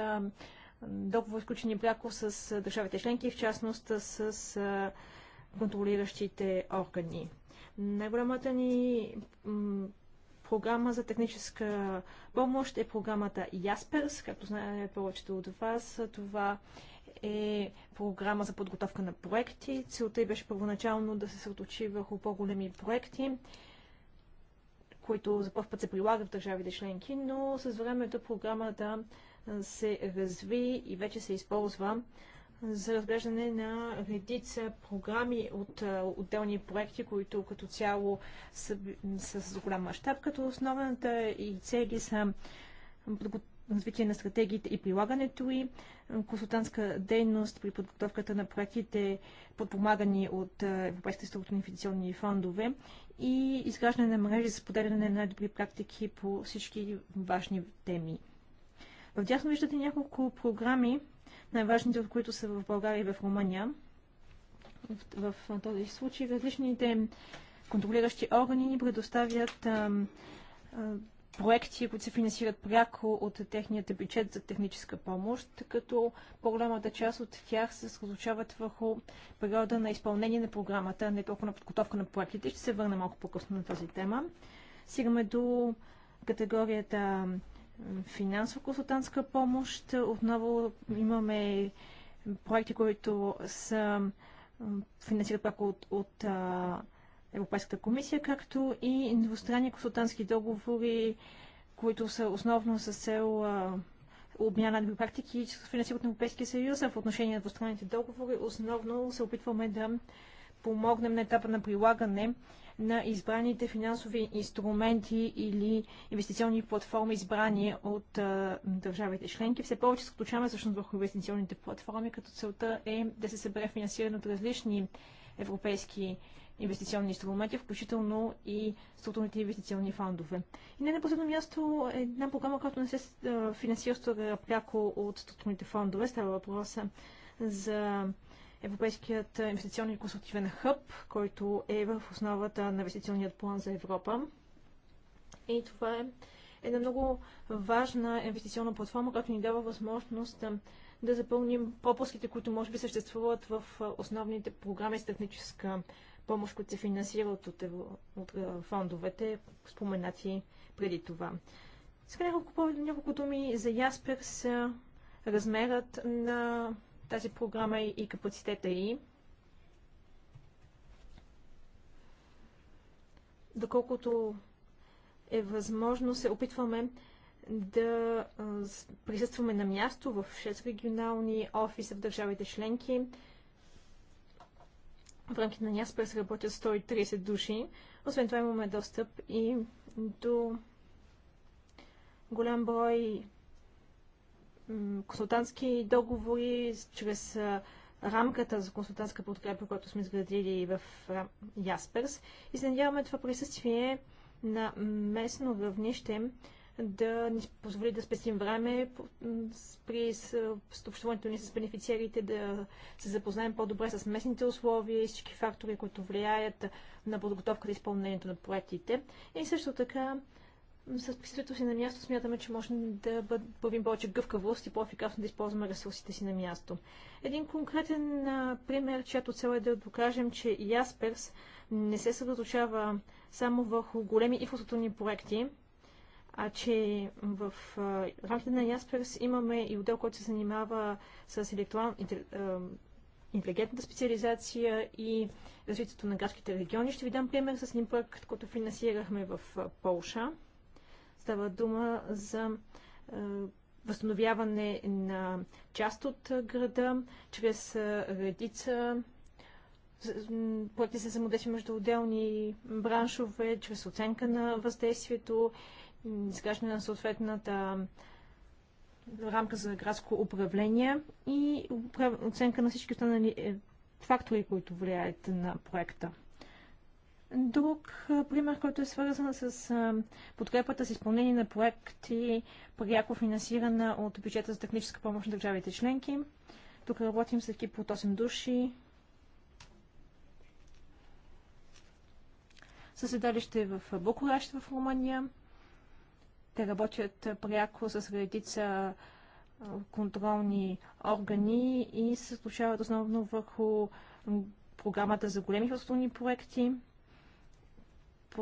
договори, изключени пряко с държавите членки, в частност с контролиращите органи. Най-голямата ни програма за техническа помощ е програмата Ясперс. Както знае повечето от вас, това е програма за подготовка на проекти. Целта й беше първоначално да се съоточи върху по-големи проекти, които за първ път се прилагат в държавите членки, но с времето програмата да се разви и вече се използва за разглеждане на редица програми от отделни проекти, които като цяло са, с голям мащаб, като основната и цели са развитие на стратегиите и прилагането и консултантска дейност при подготовката на проектите, подпомагани от Европейските структурни инвестиционни фондове и изграждане на мрежи за споделяне на най-добри практики по всички важни теми. В дясно виждате няколко програми, най-важните от които са в България и в Румъния. В, в, този случай различните контролиращи органи ни предоставят а, а, проекти, които се финансират пряко от техният бюджет за техническа помощ, като по-голямата част от тях се случават върху периода на изпълнение на програмата, не толкова на подготовка на проектите. Ще се върна малко по-късно на тази тема. Сигаме до категорията финансово-консултантска помощ. Отново имаме проекти, които са финансират пак от, от а, Европейската комисия, както и двустранни консултантски договори, които са основно с цел обмяна на практики, финансират на Европейския съюз, а в отношение на двустранните договори основно се опитваме да помогнем на етапа на прилагане на избраните финансови инструменти или инвестиционни платформи, избрани от а, държавите членки. Все повече скоточаме всъщност върху инвестиционните платформи, като целта е да се събере финансиране от различни европейски инвестиционни инструменти, включително и структурните инвестиционни фондове. И не на последно място е една програма, която не се финансира пряко от структурните фондове. Става въпроса за Европейският инвестиционен консултивен хъб, който е в основата на инвестиционният план за Европа. И това е една много важна инвестиционна платформа, която ни дава възможност да запълним пропуските, които може би съществуват в основните програми с техническа помощ, които се финансират от, от фондовете, споменати преди това. Сега няколко, няколко думи за Ясперс, размерът на тази програма и капацитета и. Доколкото е възможно, се опитваме да присъстваме на място в 6 регионални офиса в държавите членки. В рамките на Няспрес работят 130 души. Освен това имаме достъп и до голям брой консултантски договори, чрез рамката за консултантска подкрепа, която сме изградили в Ясперс. И се надяваме това присъствие на местно равнище да ни позволи да спестим време при съобщуването ни с бенефициерите, да се запознаем по-добре с местните условия и всички фактори, които влияят на подготовката и изпълнението на проектите. И също така с си на място смятаме, че можем да бъдем повече гъвкавост и по-ефикасно да използваме ресурсите си на място. Един конкретен а, пример, чиято цел е да докажем, че Ясперс не се съдоточава само върху големи инфраструктурни проекти, а че в а, рамките на Ясперс имаме и отдел, който се занимава с интелигентната специализация и развитието на градските региони. Ще ви дам пример с един проект, който финансирахме в Полша. Става дума за е, възстановяване на част от е, града, чрез е, редица проекти за самодействие между отделни браншове, чрез оценка на въздействието, изграждане на съответната рамка за градско управление и оценка на всички останали фактори, които влияят на проекта. Друг пример, който е свързан с подкрепата с изпълнение на проекти, пряко финансирана от бюджета за техническа помощ на държавите членки. Тук работим с екип от 8 души. Съседалище в Букурещ в Румъния. Те работят пряко с редица контролни органи и се случават основно върху програмата за големи възстановни проекти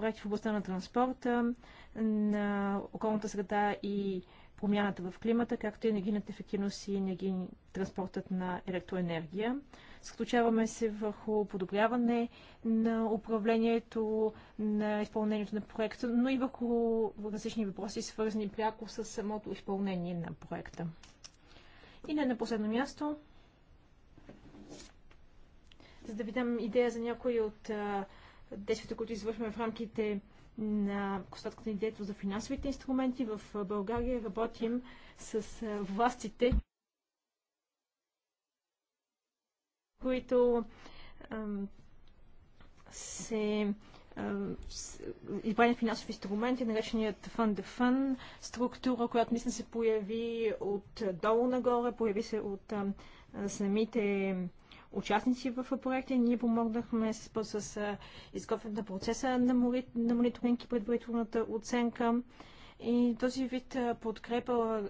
проекти в областта на транспорта, на околната среда и промяната в климата, както и енергийната ефективност и енергийни транспортът на електроенергия. Сключаваме се върху подобряване на управлението, на изпълнението на проекта, но и върху различни въпроси, свързани пряко с самото изпълнение на проекта. И не на последно място, за да ви дам идея за някои от действията, които извършваме в рамките на Костатката ни дейност за финансовите инструменти. В България работим с властите, които се избрани финансови инструменти е нареченият Fund the Fund, структура, която мисля се появи от долу нагоре, появи се от а, самите участници в проекта. Ние помогнахме с, с, изготвянето на процеса на, на мониторинг и предварителната оценка. И този вид подкрепа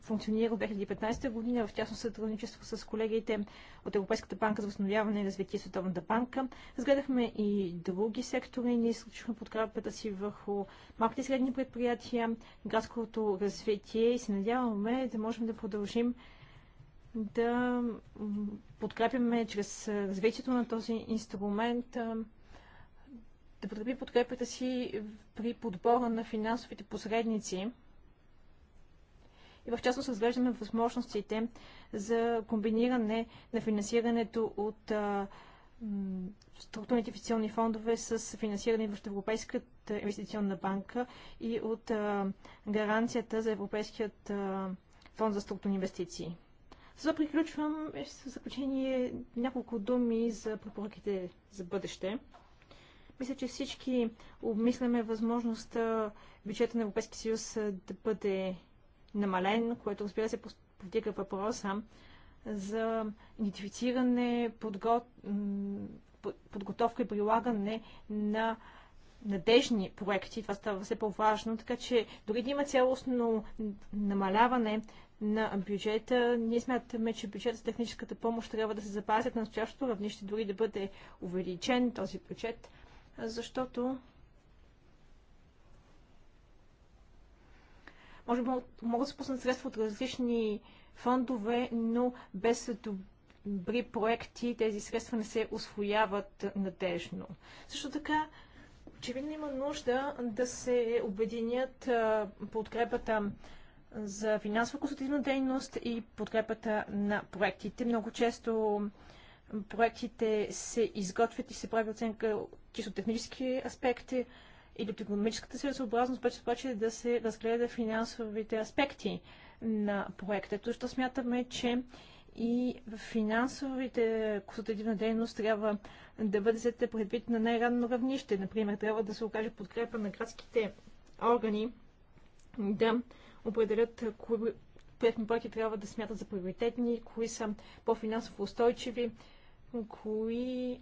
функционира от 2015 година в тясно сътрудничество с колегите от Европейската банка за възстановяване и развитие Световната банка. Разгледахме и други сектори. Ние изключихме подкрепата си върху малките и средни предприятия, градското развитие и се надяваме да можем да продължим да подкрепяме чрез развитието на този инструмент да подкрепи подкрепата си при подбора на финансовите посредници и в частност разглеждаме възможностите за комбиниране на финансирането от структурните инвестиционни фондове с финансиране в Европейската инвестиционна банка и от гаранцията за Европейският фонд за структурни инвестиции. За приключвам с заключение няколко думи за препоръките за бъдеще. Мисля, че всички обмисляме възможността бюджета на Европейския съюз да бъде намален, което разбира се повдига въпроса за идентифициране, подго... подготовка и прилагане на надежни проекти. Това става все по-важно, така че дори да има цялостно намаляване на бюджета. Ние смятаме, че бюджет за техническата помощ трябва да се запазят на настоящото равнище, дори да бъде увеличен този бюджет, защото може би могат да се пуснат средства от различни фондове, но без добри проекти тези средства не се освояват надежно. Също така, очевидно има нужда да се обединят подкрепата за финансова консултативна дейност и подкрепата на проектите. Много често проектите се изготвят и се прави оценка чисто технически аспекти или от економическата целесообразност, обаче обаче да се разгледа финансовите аспекти на проекта. Точно смятаме, че и финансовите консултативна дейност трябва да бъдете предвид на най-ранно равнище. Например, трябва да се окаже подкрепа на градските органи да определят кои проектни проекти трябва да смятат за приоритетни, кои са по-финансово устойчиви, кои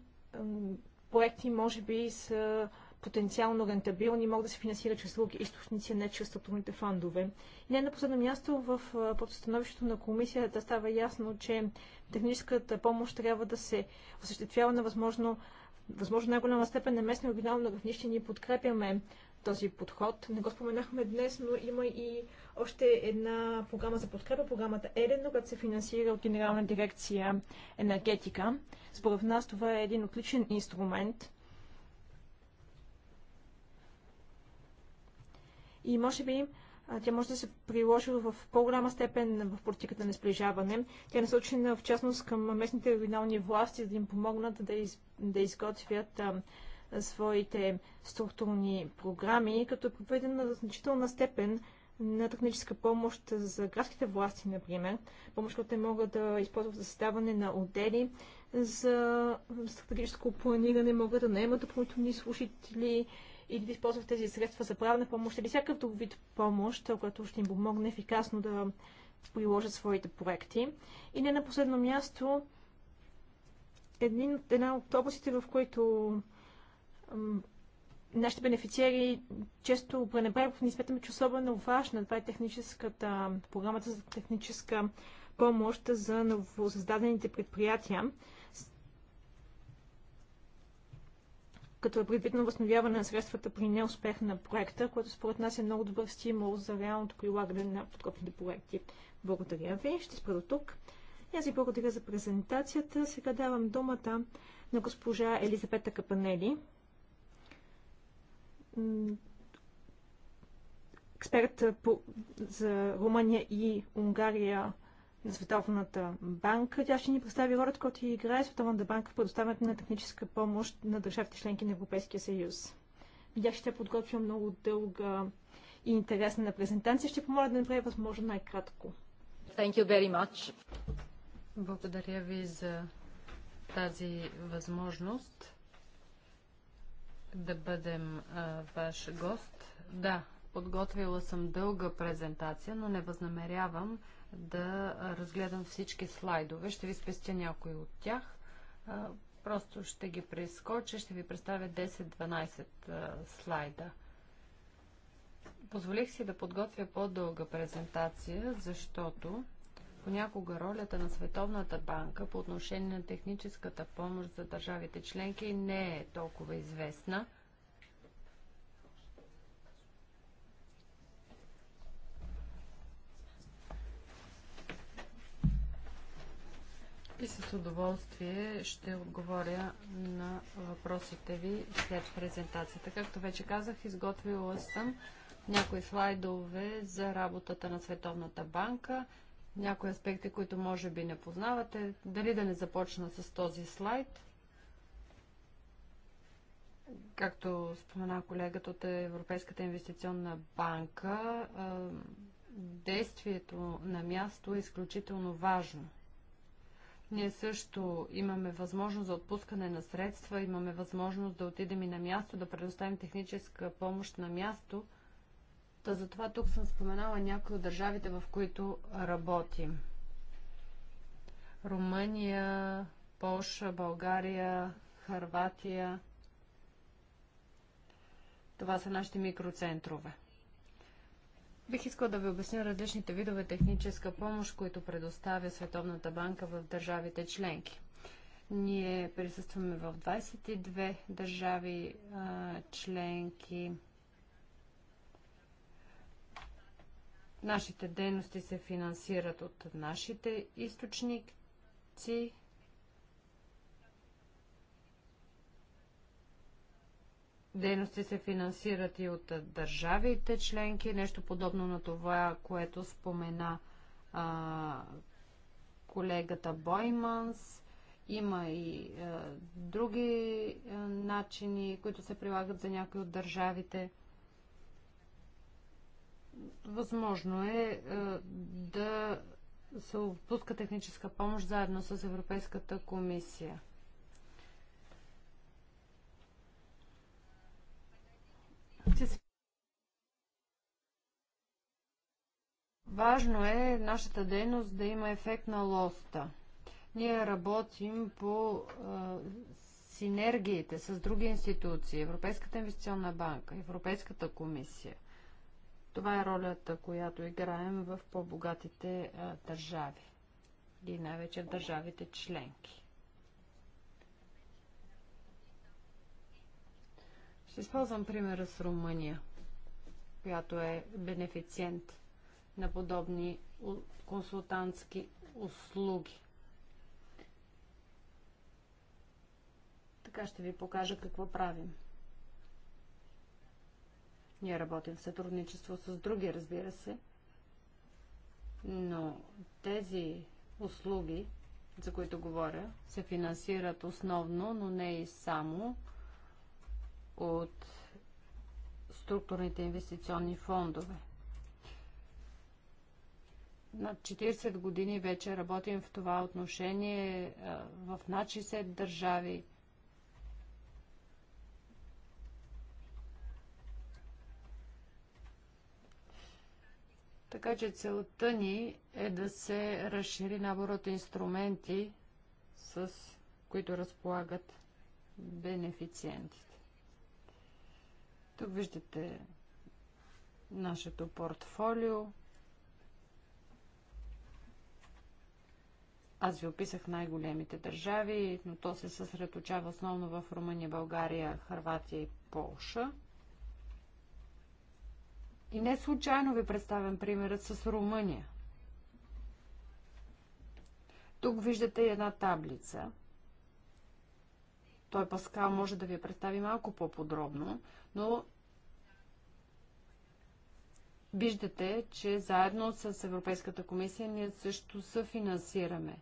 проекти може би са потенциално рентабилни, могат да се финансират чрез други източници, не чрез структурните фондове. И не на последно място в подстановището на комисията става ясно, че техническата помощ трябва да се осъществява на възможно възможно най-голяма степен на местно и регионално равнище ние подкрепяме този подход. Не го споменахме днес, но има и още една програма за подкрепа, програмата Елено, която се финансира от Генерална дирекция енергетика. Според нас това е един отличен инструмент. И може би тя може да се приложи в по-голяма степен в политиката на сближаване. Тя е насочена в частност към местните регионални власти, за да им помогнат да, из, да изготвят а, своите структурни програми, като е проведена значителна степен на техническа помощ за градските власти, например. Помощ, която те могат да използват за създаване на отдели за стратегическо планиране, могат да наемат допълнителни слушатели или да използват тези средства за правна помощ или всякакъв друг вид помощ, която ще им помогне ефикасно да приложат своите проекти. И не на последно място, един, една от областите, в които нашите бенефициери често пренебрегват, не смятаме, че особено важна. Това е техническата, програмата за техническа помощ за новосъздадените предприятия. като е предвидено възстановяване на средствата при неуспех на проекта, което според нас е много добър стимул за реалното прилагане на подкопните проекти. Благодаря ви. Ще спра до тук. И аз ви благодаря за презентацията. Сега давам думата на госпожа Елизабета Капанели, експерт по, за Румъния и Унгария на Световната банка. Тя ще ни представи ролята, който играе Световната банка в предоставянето на техническа помощ на държавите членки на Европейския съюз. Видях, ще подготвя много дълга и интересна презентация. Ще помоля да направя възможно най-кратко. Thank you very much. Благодаря ви за тази възможност да бъдем а, ваш гост. Да, подготвила съм дълга презентация, но не възнамерявам да разгледам всички слайдове. Ще ви спестя някои от тях. А, просто ще ги прескоча, ще ви представя 10-12 слайда. Позволих си да подготвя по-дълга презентация, защото Понякога ролята на Световната банка по отношение на техническата помощ за държавите членки не е толкова известна. И с удоволствие ще отговоря на въпросите ви след презентацията. Както вече казах, изготвила съм някои слайдове за работата на Световната банка някои аспекти, които може би не познавате. Дали да не започна с този слайд? Както спомена колегата от Европейската инвестиционна банка, действието на място е изключително важно. Ние също имаме възможност за отпускане на средства, имаме възможност да отидем и на място, да предоставим техническа помощ на място – Та затова тук съм споменала някои от държавите, в които работим. Румъния, Польша, България, Харватия. Това са нашите микроцентрове. Бих искал да ви обясня различните видове техническа помощ, които предоставя Световната банка в държавите членки. Ние присъстваме в 22 държави членки. Нашите дейности се финансират от нашите източници. Дейности се финансират и от държавите членки, нещо подобно на това, което спомена а, колегата Бойманс. Има и а, други а, начини, които се прилагат за някои от държавите. Възможно е, е да се отпуска техническа помощ заедно с Европейската комисия. Важно е нашата дейност да има ефект на лоста. Ние работим по е, синергиите с други институции, Европейската инвестиционна банка, Европейската комисия – това е ролята, която играем в по-богатите е, държави и най-вече в държавите членки. Ще използвам примера с Румъния, която е бенефициент на подобни консултантски услуги. Така ще ви покажа какво правим. Ние работим в сътрудничество с други, разбира се, но тези услуги, за които говоря, се финансират основно, но не и само от структурните инвестиционни фондове. Над 40 години вече работим в това отношение в над 60 държави Така че целта ни е да се разшири набор от инструменти, с които разполагат бенефициентите. Тук виждате нашето портфолио. Аз ви описах най-големите държави, но то се съсредоточава основно в Румъния, България, Харватия и Полша. И не случайно ви представям примерът с Румъния. Тук виждате една таблица. Той Паскал може да ви я представи малко по-подробно, но виждате, че заедно с Европейската комисия ние също съфинансираме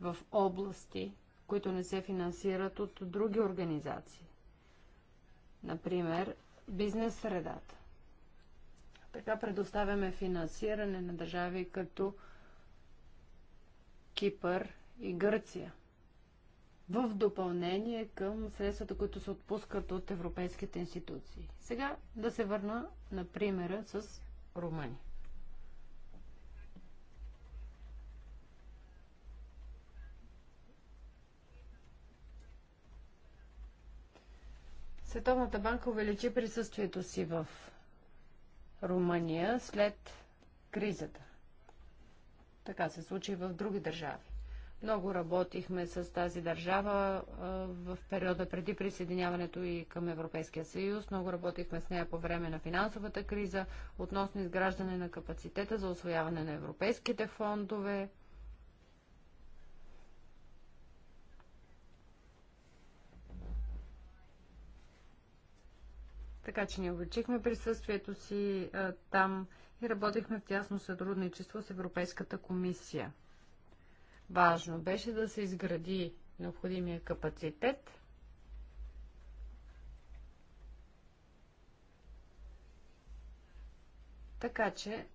в области, които не се финансират от други организации. Например, бизнес средата. Така предоставяме финансиране на държави като Кипър и Гърция. В допълнение към средствата, които се отпускат от европейските институции. Сега да се върна на примера с Румъния. Световната банка увеличи присъствието си в Румъния след кризата. Така се случи и в други държави. Много работихме с тази държава в периода преди присъединяването и към Европейския съюз. Много работихме с нея по време на финансовата криза, относно изграждане на капацитета за освояване на европейските фондове, Така че ни увеличихме присъствието си а, там и работихме в тясно сътрудничество с Европейската комисия. Важно беше да се изгради необходимия капацитет. Така че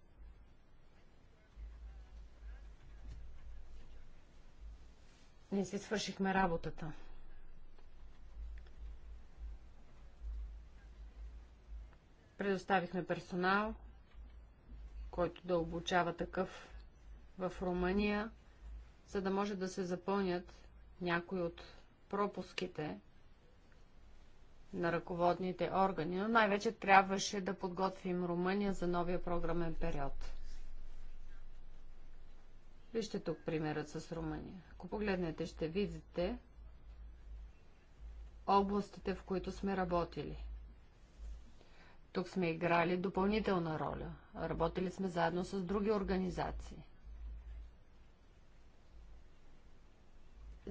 не си свършихме работата. Предоставихме персонал, който да обучава такъв в Румъния, за да може да се запълнят някои от пропуските на ръководните органи, но най-вече трябваше да подготвим Румъния за новия програмен период. Вижте тук примерът с Румъния. Ако погледнете, ще видите областите, в които сме работили. Тук сме играли допълнителна роля. Работили сме заедно с други организации.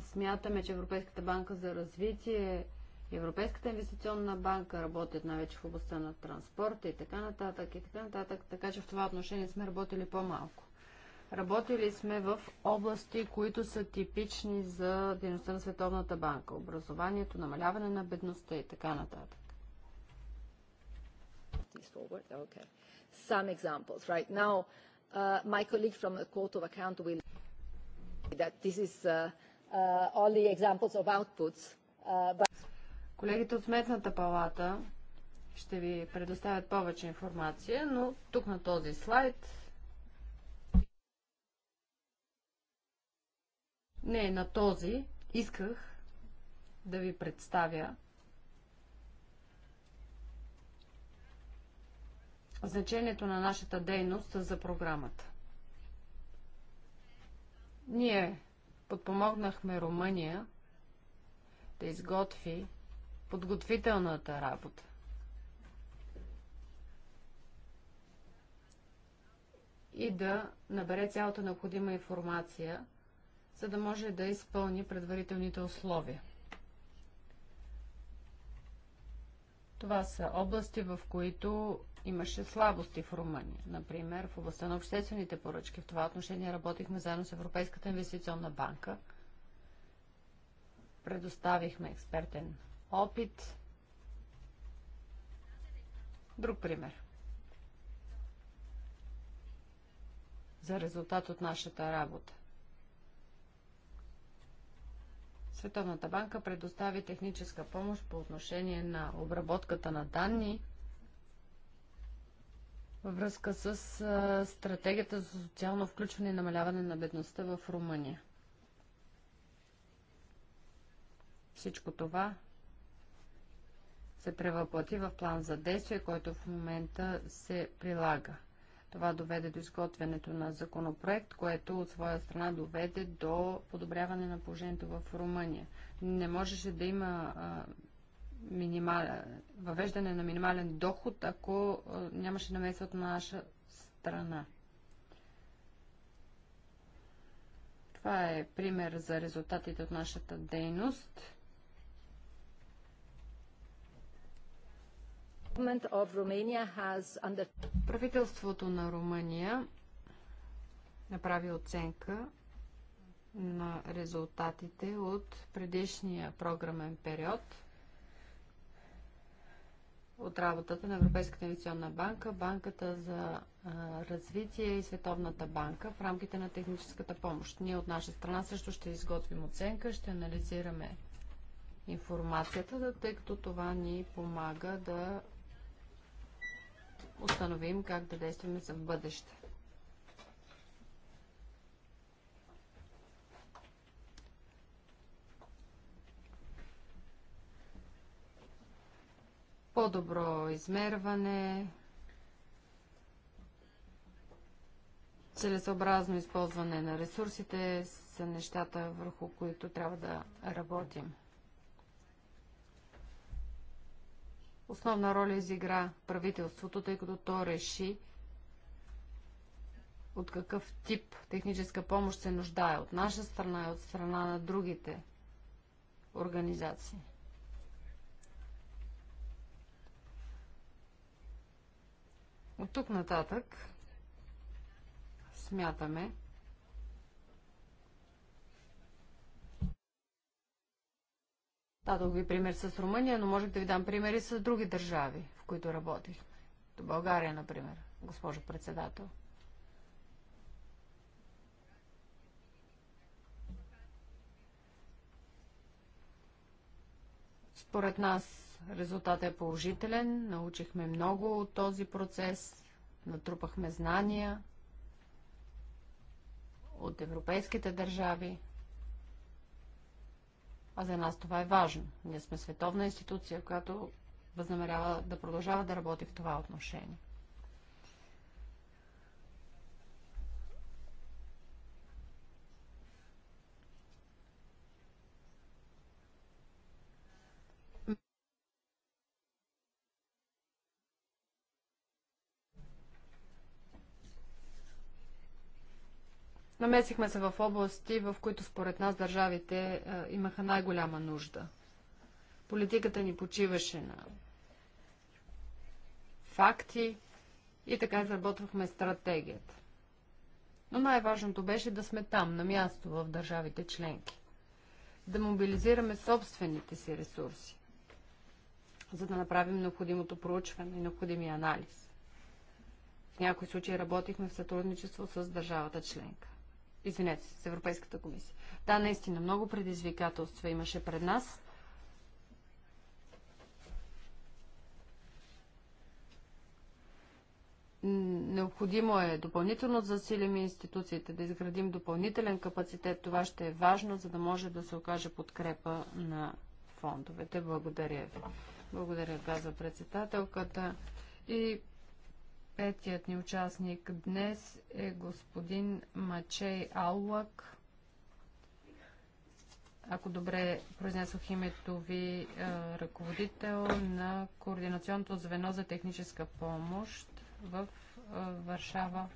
Смятаме, че Европейската банка за развитие, Европейската инвестиционна банка работят най-вече в областта на транспорта и така нататък, и така нататък, така че в това отношение сме работили по-малко. Работили сме в области, които са типични за дейността на Световната банка. Образованието, намаляване на бедността и така нататък please forward. Okay. Some examples. Right now, uh, my colleague from the Court of Account will that this is uh, uh, only examples of outputs. Uh, but... Колегите от Сметната палата ще ви предоставят повече информация, но тук на този слайд не на този исках да ви представя значението на нашата дейност за програмата. Ние подпомогнахме Румъния да изготви подготвителната работа. и да набере цялата необходима информация, за да може да изпълни предварителните условия. Това са области, в които имаше слабости в Румъния. Например, в областта на обществените поръчки. В това отношение работихме заедно с Европейската инвестиционна банка. Предоставихме експертен опит. Друг пример. За резултат от нашата работа. Световната банка предостави техническа помощ по отношение на обработката на данни – във връзка с стратегията за социално включване и намаляване на бедността в Румъния. Всичко това се превъплати в план за действие, който в момента се прилага. Това доведе до изготвянето на законопроект, което от своя страна доведе до подобряване на положението в Румъния. Не можеше да има а, минимален, въвеждане на минимален доход, ако нямаше намеса от наша страна. Това е пример за резултатите от нашата дейност. Правителството на Румъния направи оценка на резултатите от предишния програмен период – от работата на Европейската инвестиционна банка, Банката за развитие и Световната банка в рамките на техническата помощ. Ние от наша страна също ще изготвим оценка, ще анализираме информацията, тъй като това ни помага да установим как да действаме за бъдеще. по-добро измерване, целесообразно използване на ресурсите са нещата, върху които трябва да работим. Основна роля изигра правителството, тъй като то реши от какъв тип техническа помощ се нуждае от наша страна и от страна на другите организации. От тук нататък смятаме, Дадох ви пример с Румъния, но можех да ви дам примери с други държави, в които работихме. До България, например, госпожо председател. Според нас Резултатът е положителен. Научихме много от този процес. Натрупахме знания от европейските държави. А за нас това е важно. Ние сме световна институция, която възнамерява да продължава да работи в това отношение. Намесихме се в области, в които според нас държавите а, е, имаха най-голяма нужда. Политиката ни почиваше на факти и така изработвахме стратегията. Но най-важното беше да сме там, на място в държавите членки. Да мобилизираме собствените си ресурси, за да направим необходимото проучване и необходимия анализ. В някои случаи работихме в сътрудничество с държавата членка. Извинете, с Европейската комисия. Да, наистина, много предизвикателства имаше пред нас. Необходимо е допълнително да засилим институциите, да изградим допълнителен капацитет. Това ще е важно, за да може да се окаже подкрепа на фондовете. Благодаря ви. Благодаря, каза председателката. И Петият ни участник днес е господин Мачей Аллак. Ако добре произнесох името ви, е, ръководител на Координационното звено за техническа помощ в е, Варшава,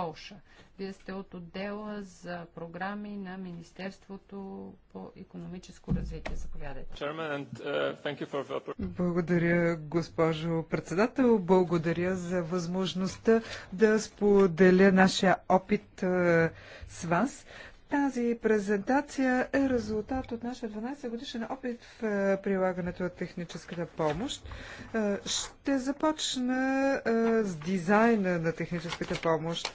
Полша. Вие сте от отдела за програми на Министерството по економическо развитие. Заповядайте. Uh, Благодаря, госпожо председател. Благодаря за възможността да споделя нашия опит uh, с вас. Тази презентация е резултат от нашия 12 годишен опит в е, прилагането на техническата помощ. Е, ще започна е, с дизайна на техническата помощ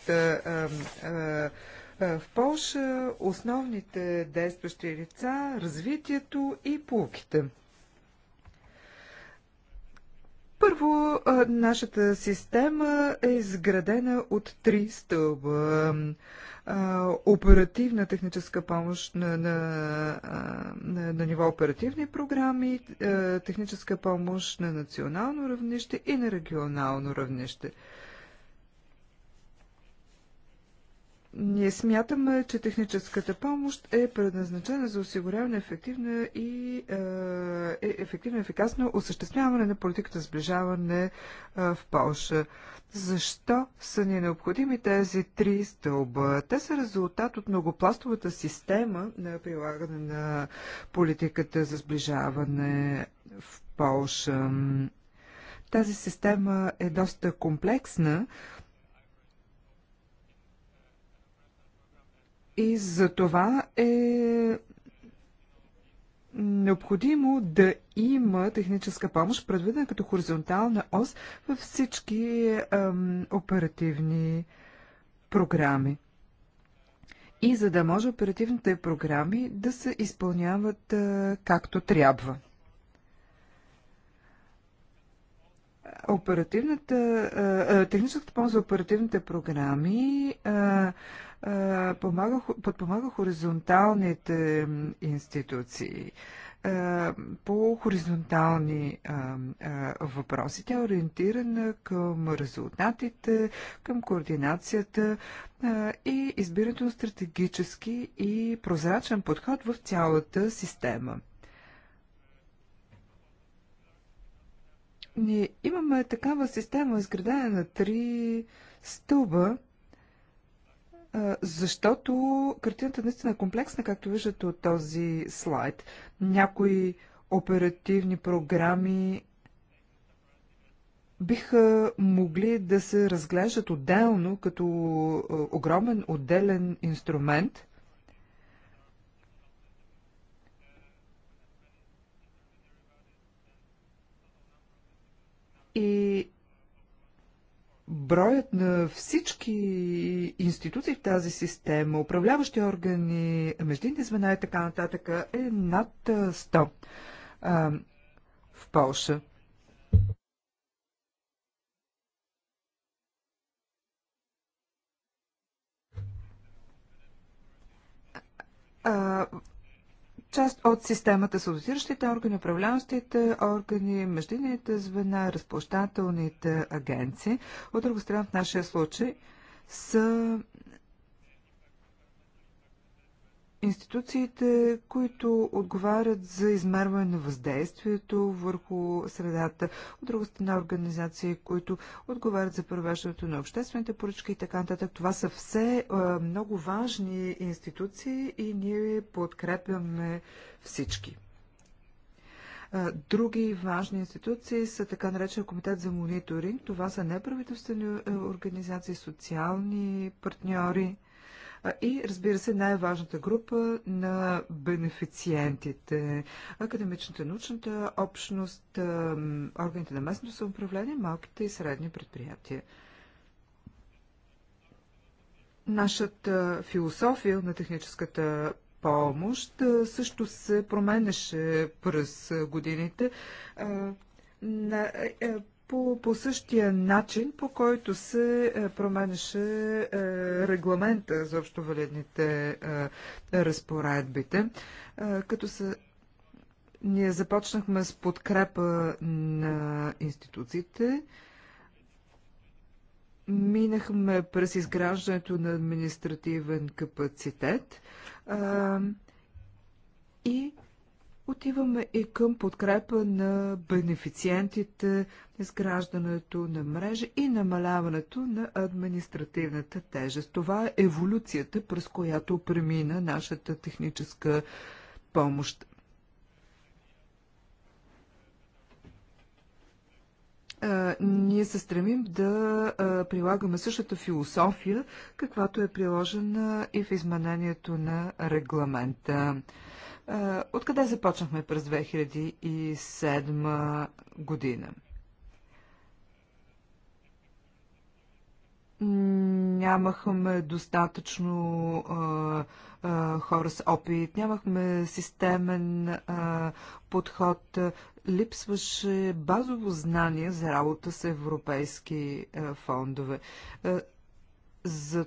в Польша, основните действащи лица, развитието и полуките. Първо, нашата система е изградена от три стълба. Оперативна техническа помощ на, на, на, на ниво оперативни програми, техническа помощ на национално равнище и на регионално равнище. Ние смятаме, че техническата помощ е предназначена за осигуряване ефективна и е, е ефективно ефикасно осъществяване на политиката сближаване е, в Польша. Защо са ни необходими тези три стълба? Те са резултат от многопластовата система на прилагане на политиката за сближаване в Польша. Тази система е доста комплексна, И за това е необходимо да има техническа помощ, предвидена като хоризонтална ос във всички ам, оперативни програми. И за да може оперативните програми да се изпълняват а, както трябва. Оперативната, а, техническата помощ за оперативните програми а, подпомага хоризонталните институции по хоризонтални въпроси. Тя е ориентирана към резултатите, към координацията и избирането на стратегически и прозрачен подход в цялата система. Ние имаме такава система, изградена на три стълба, защото картината наистина е комплексна, както виждате от този слайд. Някои оперативни програми биха могли да се разглеждат отделно като огромен отделен инструмент. И броят на всички институции в тази система, управляващи органи, междинни звена и така нататък е над 100 а, в Польша. А, част от системата са дозиращите органи, управляващите органи, междинните звена, разплащателните агенции. От друга страна, в нашия случай са институциите, които отговарят за измерване на въздействието върху средата, от друга страна организации, които отговарят за провеждането на обществените поръчки и така нататък. Това са все а, е, много важни институции и ние подкрепяме всички. Е, други важни институции са така наречен комитет за мониторинг. Това са неправителствени е, организации, социални партньори и разбира се най-важната група на бенефициентите, академичната, научната общност, органите на местното самоуправление, малките и средни предприятия. Нашата философия на техническата помощ също се променеше през годините. Е, е, по, по същия начин, по който се е, променеше е, регламента за общовалидните е, разпоредбите, като се ние започнахме с подкрепа на институциите, минахме през изграждането на административен капацитет а, и Отиваме и към подкрепа на бенефициентите, изграждането на мрежа и намаляването на административната тежест. Това е еволюцията, през която премина нашата техническа помощ. ние се стремим да прилагаме същата философия, каквато е приложена и в изменението на регламента. Откъде започнахме през 2007 година? нямахме достатъчно а, а, хора с опит, нямахме системен а, подход, липсваше базово знание за работа с европейски а, фондове. А, за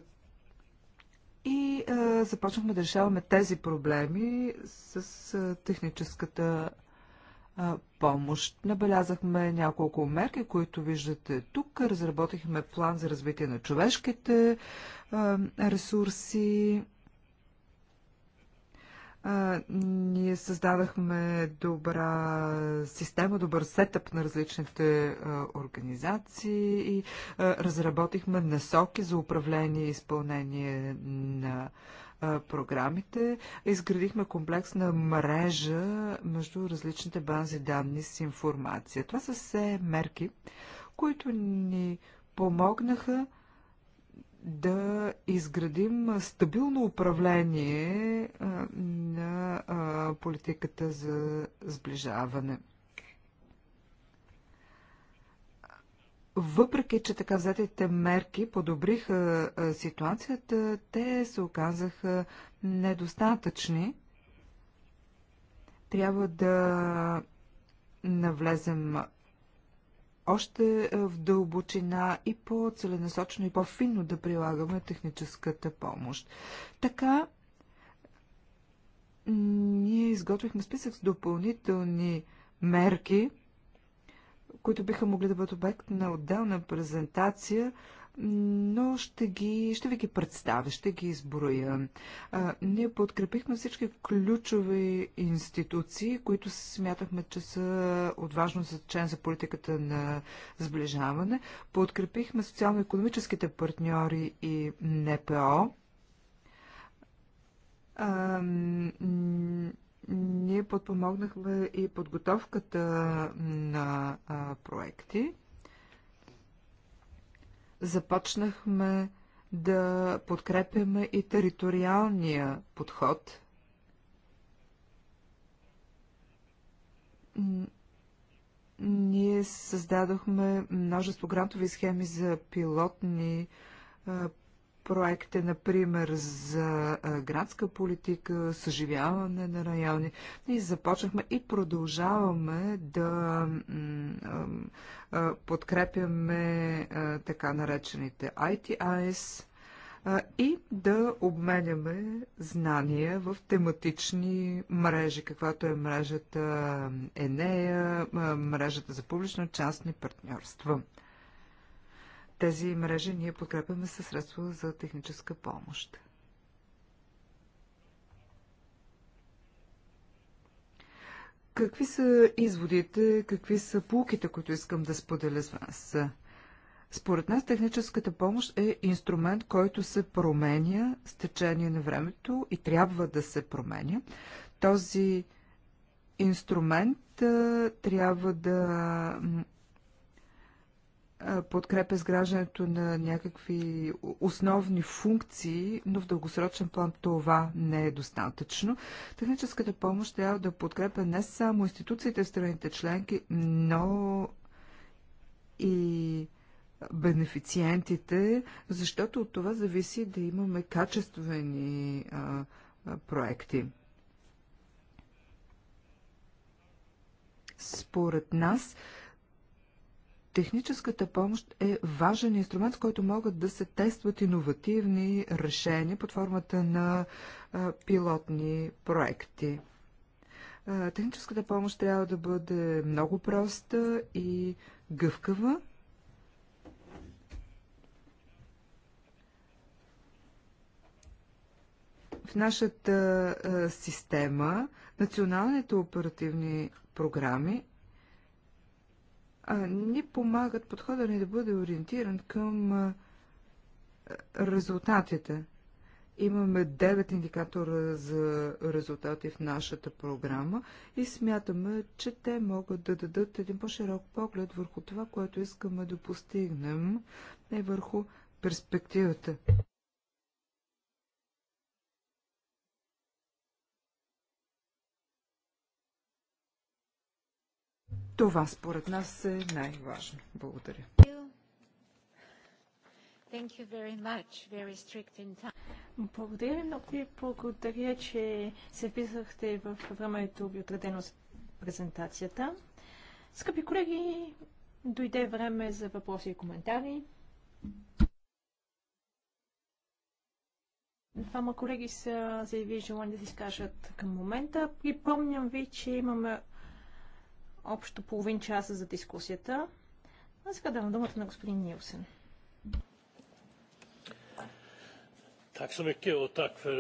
и а, започнахме да решаваме тези проблеми с а, техническата а, помощ. Набелязахме няколко мерки, които виждате тук. Разработихме план за развитие на човешките а, ресурси а, ние създадахме добра система, добър сетъп на различните а, организации и а, разработихме насоки за управление и изпълнение на програмите. Изградихме комплексна мрежа между различните бази данни с информация. Това са все мерки, които ни помогнаха да изградим стабилно управление на политиката за сближаване. Въпреки, че така взетите мерки подобриха ситуацията, те се оказаха недостатъчни. Трябва да навлезем още е, в дълбочина и по целенасочно и по-финно да прилагаме техническата помощ. Така, ние изготвихме списък с допълнителни мерки, които биха могли да бъдат обект на отделна презентация, но ще, ги, ще ви ги представя, ще ги изброя. А, ние подкрепихме всички ключови институции, които смятахме, че са от важно значение за политиката на сближаване. Подкрепихме социално-економическите партньори и НПО. А, ние подпомогнахме и подготовката на а, проекти започнахме да подкрепяме и териториалния подход. Ние създадохме множество грантови схеми за пилотни а, проекти, например, за градска политика, съживяване на райони. Ние започнахме и продължаваме да подкрепяме така наречените ITIs и да обменяме знания в тематични мрежи, каквато е мрежата Енея, мрежата за публично-частни партньорства тези мрежи ние подкрепяме със средства за техническа помощ. Какви са изводите, какви са полуките, които искам да споделя с вас? Според нас техническата помощ е инструмент, който се променя с течение на времето и трябва да се променя. Този инструмент трябва да подкрепя сграждането на някакви основни функции, но в дългосрочен план това не е достатъчно. Техническата помощ трябва да подкрепя не само институциите в страните членки, но и бенефициентите, защото от това зависи да имаме качествени а, а, проекти. Според нас, а, Техническата помощ е важен инструмент, с който могат да се тестват иновативни решения под формата на а, пилотни проекти. А, техническата помощ трябва да бъде много проста и гъвкава. В нашата а, система националните оперативни програми а, ни помагат подхода ни да бъде ориентиран към а, резултатите. Имаме 9 индикатора за резултати в нашата програма и смятаме, че те могат да дадат един по-широк поглед върху това, което искаме да постигнем и върху перспективата. Това според нас е най-важно. Благодаря. Thank you very much. Very strict in time. Благодаря ви много и благодаря, че се вписахте в времето ви отредено с презентацията. Скъпи колеги, дойде време за въпроси и коментари. Двама колеги са заявили желание да се изкажат към момента. Припомням ви, че имаме общо половин часа за дискусията. А сега давам думата на господин Нилсен. Tack så mycket och tack för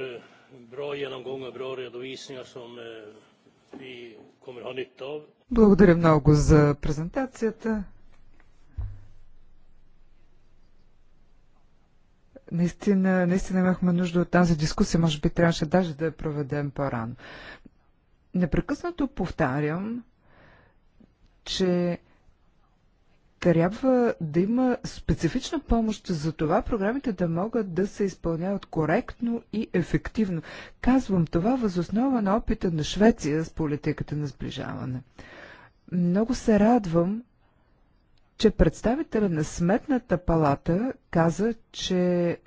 bra genomgång och bra redovisningar som eh, vi kommer ha nytta av. Благодаря много за презентацията. Наистина, наистина имахме нужда от тази дискусия. Може би трябваше даже да я проведем по-рано. Непрекъснато повтарям, че трябва да има специфична помощ за това програмите да могат да се изпълняват коректно и ефективно. Казвам това възоснова на опита на Швеция с политиката на сближаване. Много се радвам, че представителя на Сметната палата каза, че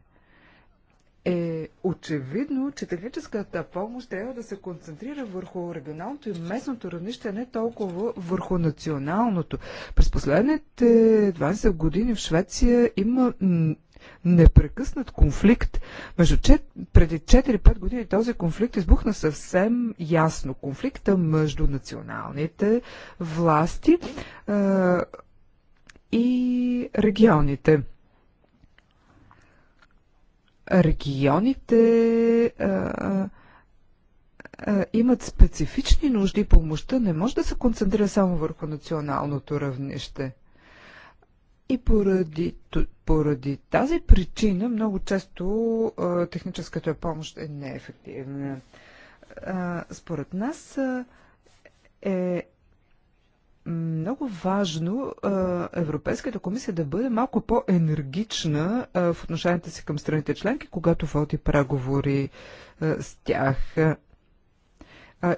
е очевидно, че техническата помощ трябва да се концентрира върху регионалното и местното равнище, не толкова върху националното. През последните 20 години в Швеция има непрекъснат конфликт. Между чет... преди 4-5 години този конфликт избухна съвсем ясно. Конфликта между националните власти а, и регионите регионите а, а, а, имат специфични нужди и помощта не може да се концентрира само върху националното равнище. И поради, поради тази причина много често а, техническата помощ е неефективна. А, според нас а, е много важно Европейската комисия да бъде малко по-енергична в отношенията си към страните членки, когато води преговори с тях.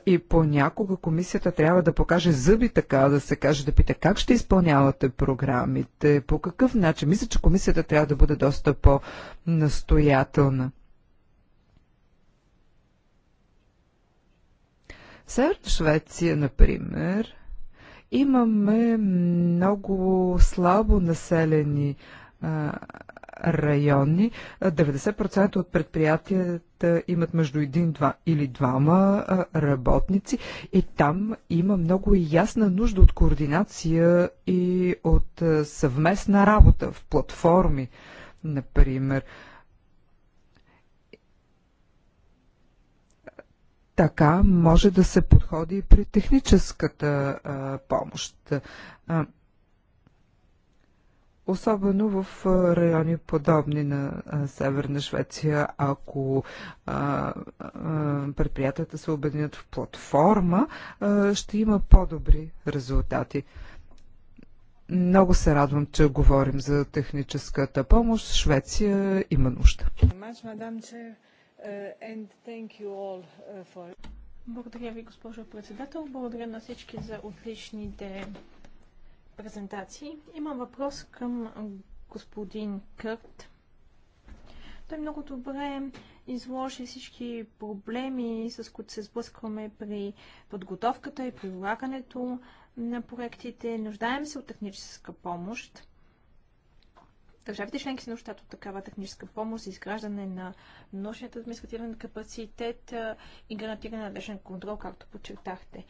и понякога комисията трябва да покаже зъби, така да се каже, да пита как ще изпълнявате програмите, по какъв начин. Мисля, че комисията трябва да бъде доста по-настоятелна. Северна Швеция, например, Имаме много слабо населени а, райони. 90% от предприятията имат между един два, или двама работници и там има много ясна нужда от координация и от съвместна работа в платформи, например. така може да се подходи и при техническата а, помощ. А, особено в райони подобни на Северна Швеция, ако а, а, предприятията се обединят в платформа, а, ще има по-добри резултати. Много се радвам, че говорим за техническата помощ. Швеция има нужда. Uh, uh, Благодаря ви, госпожо председател. Благодаря на всички за отличните презентации. Имам въпрос към господин Кърт. Той много добре изложи всички проблеми, с които се сблъскваме при подготовката и прилагането на проектите. Нуждаем се от техническа помощ. Държавите членки се нуждат от такава техническа помощ, изграждане на нощният административен капацитет и гарантиране на държавен контрол, както подчертахте.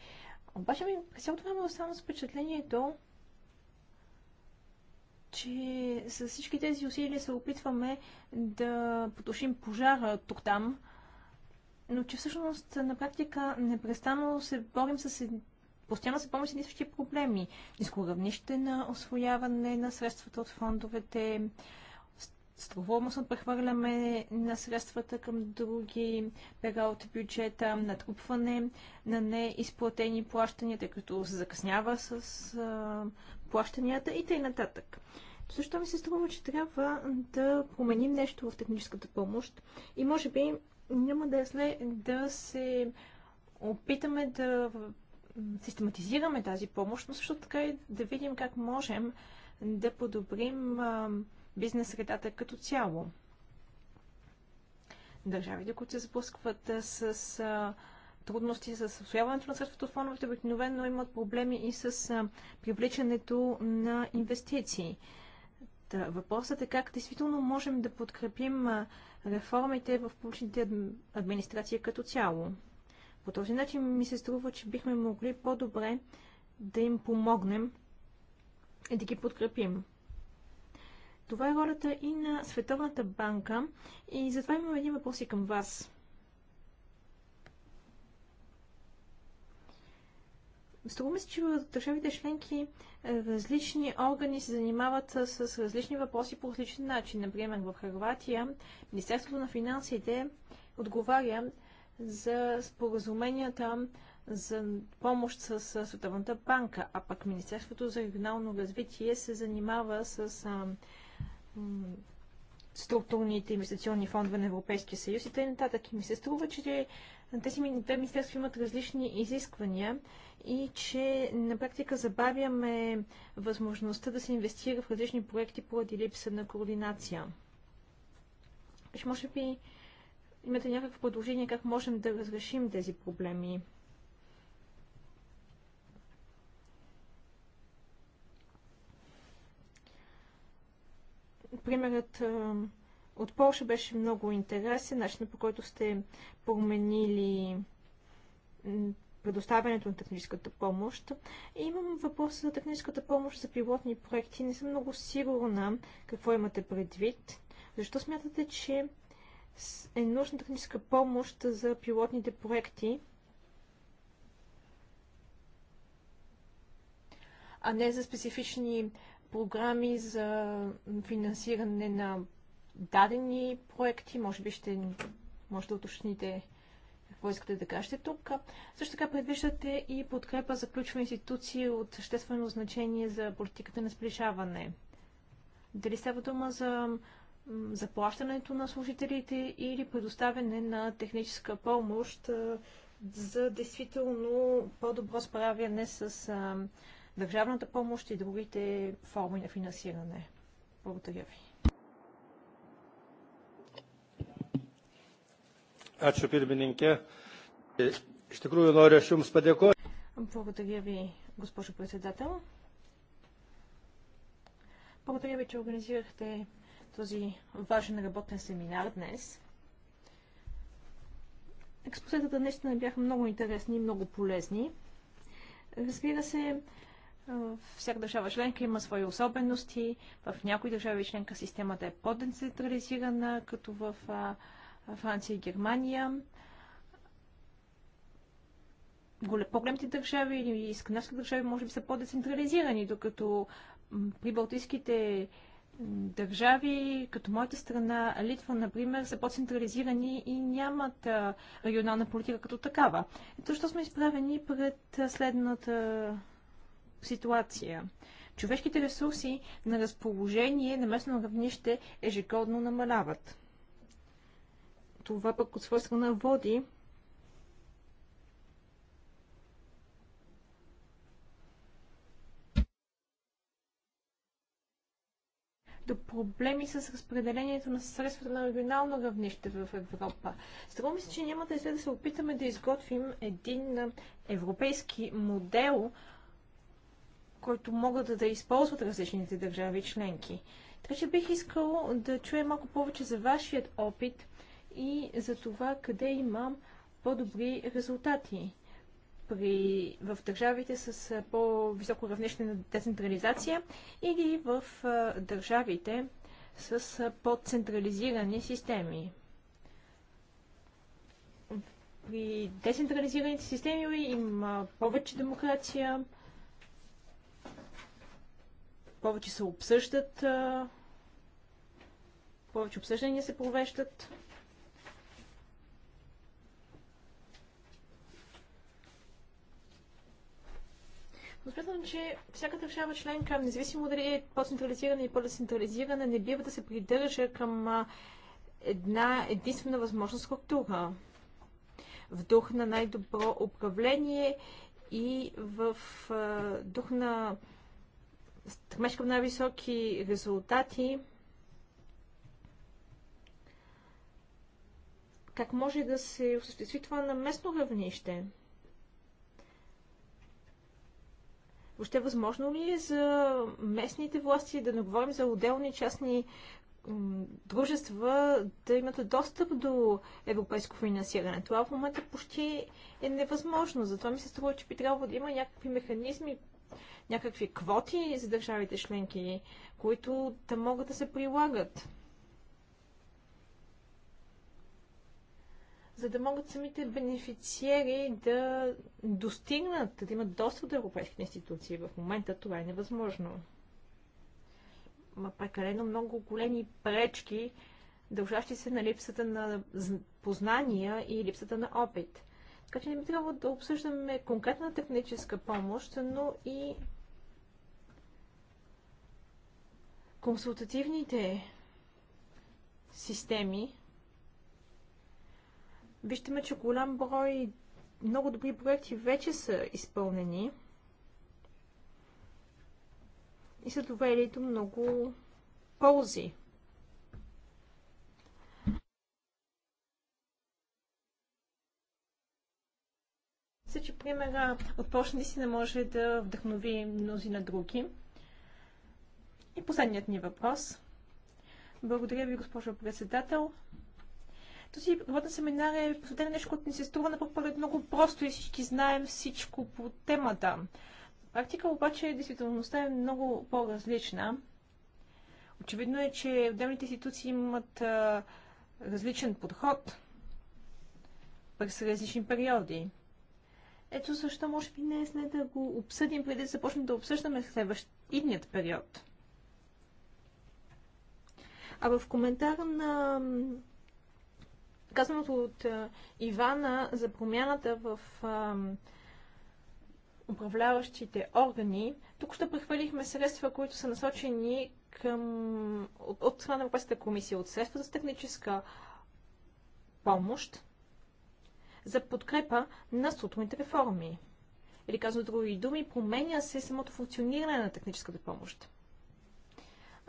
Обаче ми през цялото време остана с впечатлението, че с всички тези усилия се опитваме да потушим пожара тук-там, но че всъщност на практика непрестанно се борим с постоянно се помисли същи проблеми. Ниско равнище на освояване на средствата от фондовете, Страховно прехвърляме на средствата към други пера от бюджета, натрупване на неизплатени плащания, тъй като се закъснява с а, плащанията и т.н. Също ми се струва, че трябва да променим нещо в техническата помощ и може би няма да е зле да се опитаме да систематизираме тази помощ, но също така и да видим как можем да подобрим бизнес средата като цяло. Държавите, които се сблъскват с трудности с освояването на средствата от фондовете, обикновено имат проблеми и с привличането на инвестиции. Та, въпросът е как действително можем да подкрепим реформите в публичните администрации като цяло. По този начин ми се струва, че бихме могли по-добре да им помогнем и да ги подкрепим. Това е ролята и на Световната банка и затова имам един въпрос и към вас. Струва ми се, че в държавите членки е, различни органи се занимават е, с различни въпроси по различен начин. Например, в Харватия Министерството на финансите отговаря за споразуменията за помощ с Световната банка, а пък Министерството за регионално развитие се занимава с а, структурните инвестиционни фондове на Европейския съюз и т.н. И ми се струва, че тези две министерства имат различни изисквания и че на практика забавяме възможността да се инвестира в различни проекти поради липса на координация. може би имате някакво предложение как можем да разрешим тези проблеми? Примерът от Польша беше много интересен. Начинът по който сте променили предоставянето на техническата помощ. И имам въпрос за техническата помощ за пилотни проекти. Не съм много сигурна какво имате предвид. Защо смятате, че е нужна техническа помощ за пилотните проекти, а не за специфични програми за финансиране на дадени проекти. Може би ще може да уточните какво искате да кажете тук. Също така предвиждате и подкрепа за ключови институции от съществено значение за политиката на сближаване. Дали става дума за заплащането на служителите или предоставяне на техническа помощ за действително по-добро справяне с държавната помощ и другите форми на финансиране. Благодаря ви. Благодаря ви, госпожо председател. Благодаря ви, че организирахте този важен работен семинар днес. Експозитата не бяха много интересни и много полезни. Разбира се, всяка държава членка има свои особености. В някои държави членка системата е по-децентрализирана, като в Франция и Германия. По-големите държави или скандинавски държави може би са по-децентрализирани, докато при балтийските държави, като моята страна, Литва, например, са по-централизирани и нямат регионална политика като такава. Ето, що сме изправени пред следната ситуация. Човешките ресурси на разположение на местно равнище ежегодно намаляват. Това пък от своя страна води проблеми с разпределението на средствата на регионално равнище в Европа. Струва ми се, че няма да е да се опитаме да изготвим един европейски модел, който могат да използват различните държави членки. Така че бих искал да чуя малко повече за вашият опит и за това къде имам по-добри резултати при, в държавите с по-високо равнище на децентрализация или в държавите с по-централизирани системи. При децентрализираните системи има повече демокрация, повече се обсъждат, повече обсъждания се провеждат. Но смятам, че всяка държава членка, независимо дали е по-централизирана и по-децентрализирана, не бива да се придържа към една единствена възможна структура. В дух на най-добро управление и в дух на стремеж към най-високи резултати, как може да се осъществи това на местно равнище? Въобще възможно ли е за местните власти, да не говорим за отделни частни дружества да имат достъп до европейско финансиране. Това в момента почти е невъзможно. Затова ми се струва, че би трябвало да има някакви механизми, някакви квоти за държавите членки, които да могат да се прилагат. за да могат самите бенефициери да достигнат, да имат достъп до европейските институции. В момента това е невъзможно. Ма прекалено много големи пречки, дължащи се на липсата на познания и липсата на опит. Така че не би трябвало да обсъждаме конкретна техническа помощ, но и консултативните системи, Виждаме, че голям брой много добри проекти вече са изпълнени и са довели до много ползи. Мисля, че примера от почни си не може да вдъхнови мнози на други. И последният ни въпрос. Благодаря ви, госпожо председател. Този на семинар е посветен нещо, което ни се струва на пръв много просто и всички знаем всичко по темата. практика обаче действителността е много по-различна. Очевидно е, че отделните институции имат а, различен подход през различни периоди. Ето защо може би не след да го обсъдим, преди да започнем да обсъждаме следващ идният период. А в коментар на казаното от Ивана за промяната в управляващите органи. Тук ще прехвърлихме средства, които са насочени към, от, от страна на Европейската комисия, от средства за техническа помощ за подкрепа на структурните реформи. Или казвам други думи, променя се самото функциониране на техническата помощ.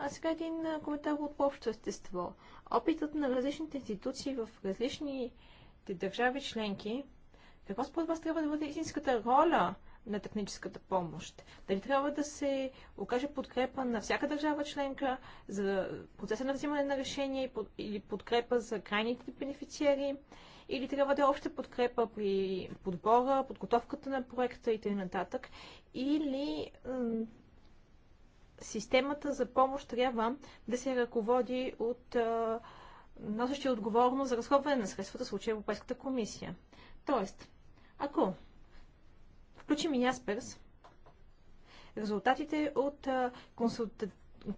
А сега един коментар от общо естество. Опитът на различните институции в различните държави членки, какво според вас трябва да бъде истинската роля на техническата помощ? Дали трябва да се окаже подкрепа на всяка държава членка за процеса на взимане на решения или подкрепа за крайните бенефициери? Или трябва да е обща подкрепа при подбора, подготовката на проекта и т.н. Или системата за помощ трябва да се ръководи от носещи отговорност за разходване на средствата, в случая Европейската комисия. Тоест, ако включим и Ясперс, резултатите от консулта...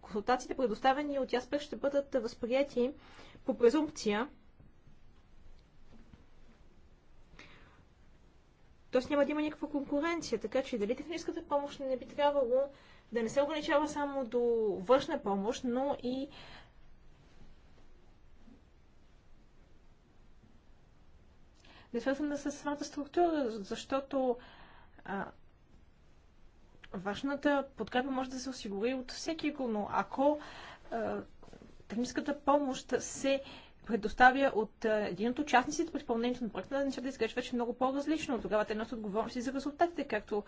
консултациите, предоставени от Ясперс, ще бъдат възприяти по презумпция. Тоест няма да има никаква конкуренция, така че дали техническата помощ не би трябвало да не се ограничава само до външна помощ, но и не свързана с самата структура, защото а, важната подкрепа може да се осигури от всеки го, но ако а, техническата помощ се предоставя от е, един от участниците по изпълнението на проекта, нещата да изглежда вече много по-различно. Тогава те носят отговорности за резултатите, както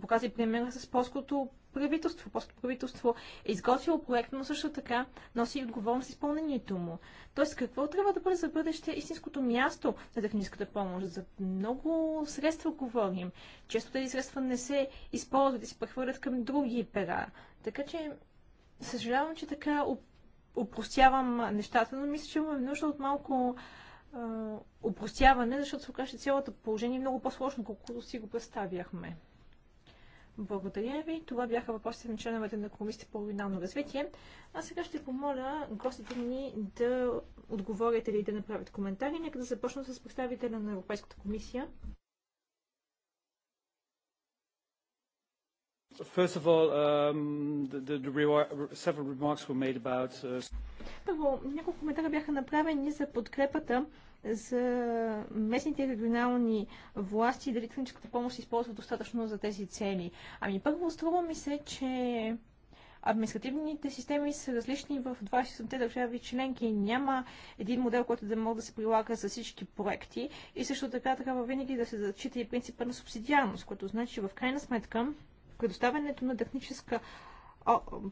показа и примера с полското правителство. Полското правителство е изготвило проект, но също така носи и отговорност за изпълнението му. Тоест, какво трябва да бъде за бъдеще истинското място на техническата помощ? За много средства говорим. Често тези средства не се използват и се прехвърлят към други пера. Така че, съжалявам, че така упростявам нещата, но мисля, че имаме нужда от малко упростяване, защото се окаже, цялото положение е много по-сложно, колкото си го представяхме. Благодаря ви. Това бяха въпросите на членовете на Комисията по оригинално развитие. А сега ще помоля гостите ни да отговорят или да направят коментари. Нека да започна с представителя на Европейската комисия. First of all, um, the, the several remarks were made about... Uh... Първо, няколко коментара бяха направени за подкрепата за местните регионални власти и дали техническата помощ се използва достатъчно за тези цели. Ами първо, струва ми се, че административните системи са различни в 27-те държави членки. Няма един модел, който да може да се прилага за всички проекти. И също така трябва винаги да се зачита и принципа на субсидиарност, което значи, че в крайна сметка предоставянето на техническа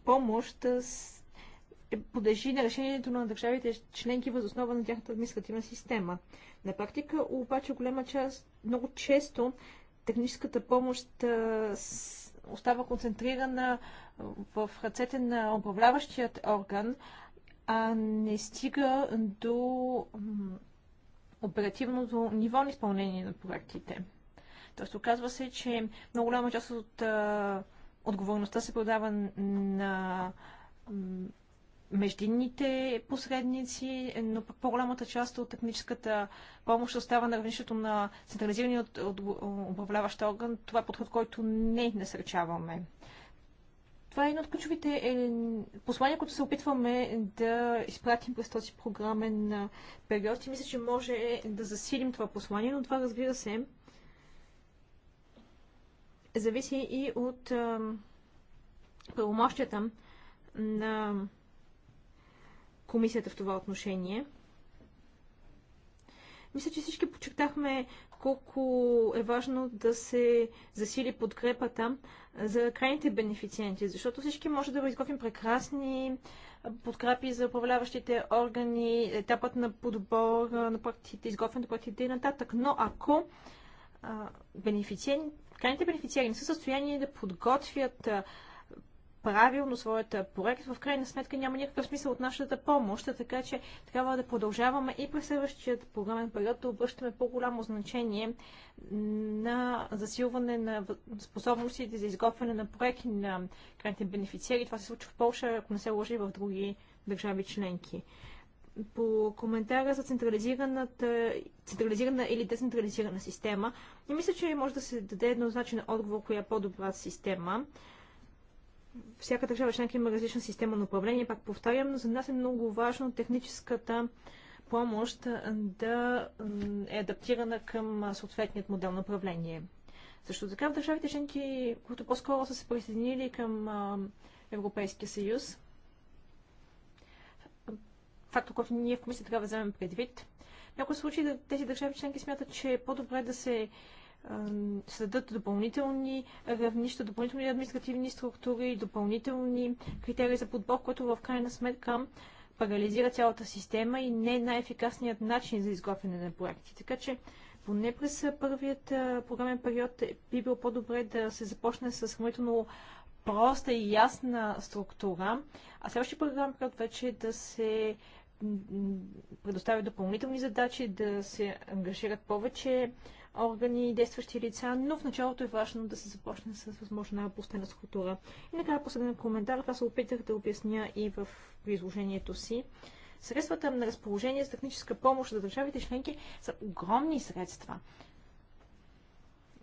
помощ е, подлежи на решението на държавите членки въз основа на тяхната административна система. На практика обаче голяма част, много често техническата помощ остава концентрирана в ръцете на управляващият орган, а не стига до оперативното ниво на изпълнение на проектите. Тоест, оказва се, че много голяма част от а, отговорността се продава на междинните посредници, но по-голямата част от техническата помощ остава на равнището на централизирания от, от, управляващ орган. Това е подход, който не насърчаваме. Това е едно от ключовите е, послания, които се опитваме да изпратим през този програмен период и мисля, че може да засилим това послание, но това разбира се зависи и от правомощията на комисията в това отношение. Мисля, че всички подчертахме колко е важно да се засили подкрепата за крайните бенефициенти, защото всички може да изготвим прекрасни подкрепи за управляващите органи, етапът на подбор на проектите, изготвянето на проектите и нататък. Но ако бенефициент, крайните бенефициари не са в състояние да подготвят правилно своята проект, в крайна сметка няма никакъв смисъл от нашата помощ, така че трябва да продължаваме и през следващия програмен период да обръщаме по-голямо значение на засилване на способностите за изготвяне на проекти на крайните бенефициери. Това се случва в Польша, ако не се лъжи в други държави членки по коментара за централизираната, централизирана или децентрализирана система. И мисля, че може да се даде еднозначен отговор, коя е по-добра система. Всяка държава членка има различна система на управление, пак повтарям, но за нас е много важно техническата помощ да е адаптирана към съответният модел на управление. Също така в държавите членки, които по-скоро са се присъединили към Европейския съюз, фактор, който ние в комисията трябва да вземем предвид. В някои случаи тези държави членки смятат, че е по-добре да се създадат допълнителни равнища, допълнителни административни структури, допълнителни критерии за подбор, което в крайна сметка парализира цялата система и не е най-ефикасният начин за изготвяне на проекти. Така че поне през първият програмен период е- би било по-добре да се започне с сравнително проста и ясна структура, а следващия програмен период вече е да се предоставя допълнителни задачи, да се ангажират повече органи и действащи лица, но в началото е важно да се започне с възможно най-опустена скултура. И накрая последен коментар, това се опитах да обясня и в изложението си. Средствата на разположение за техническа помощ за държавите членки са огромни средства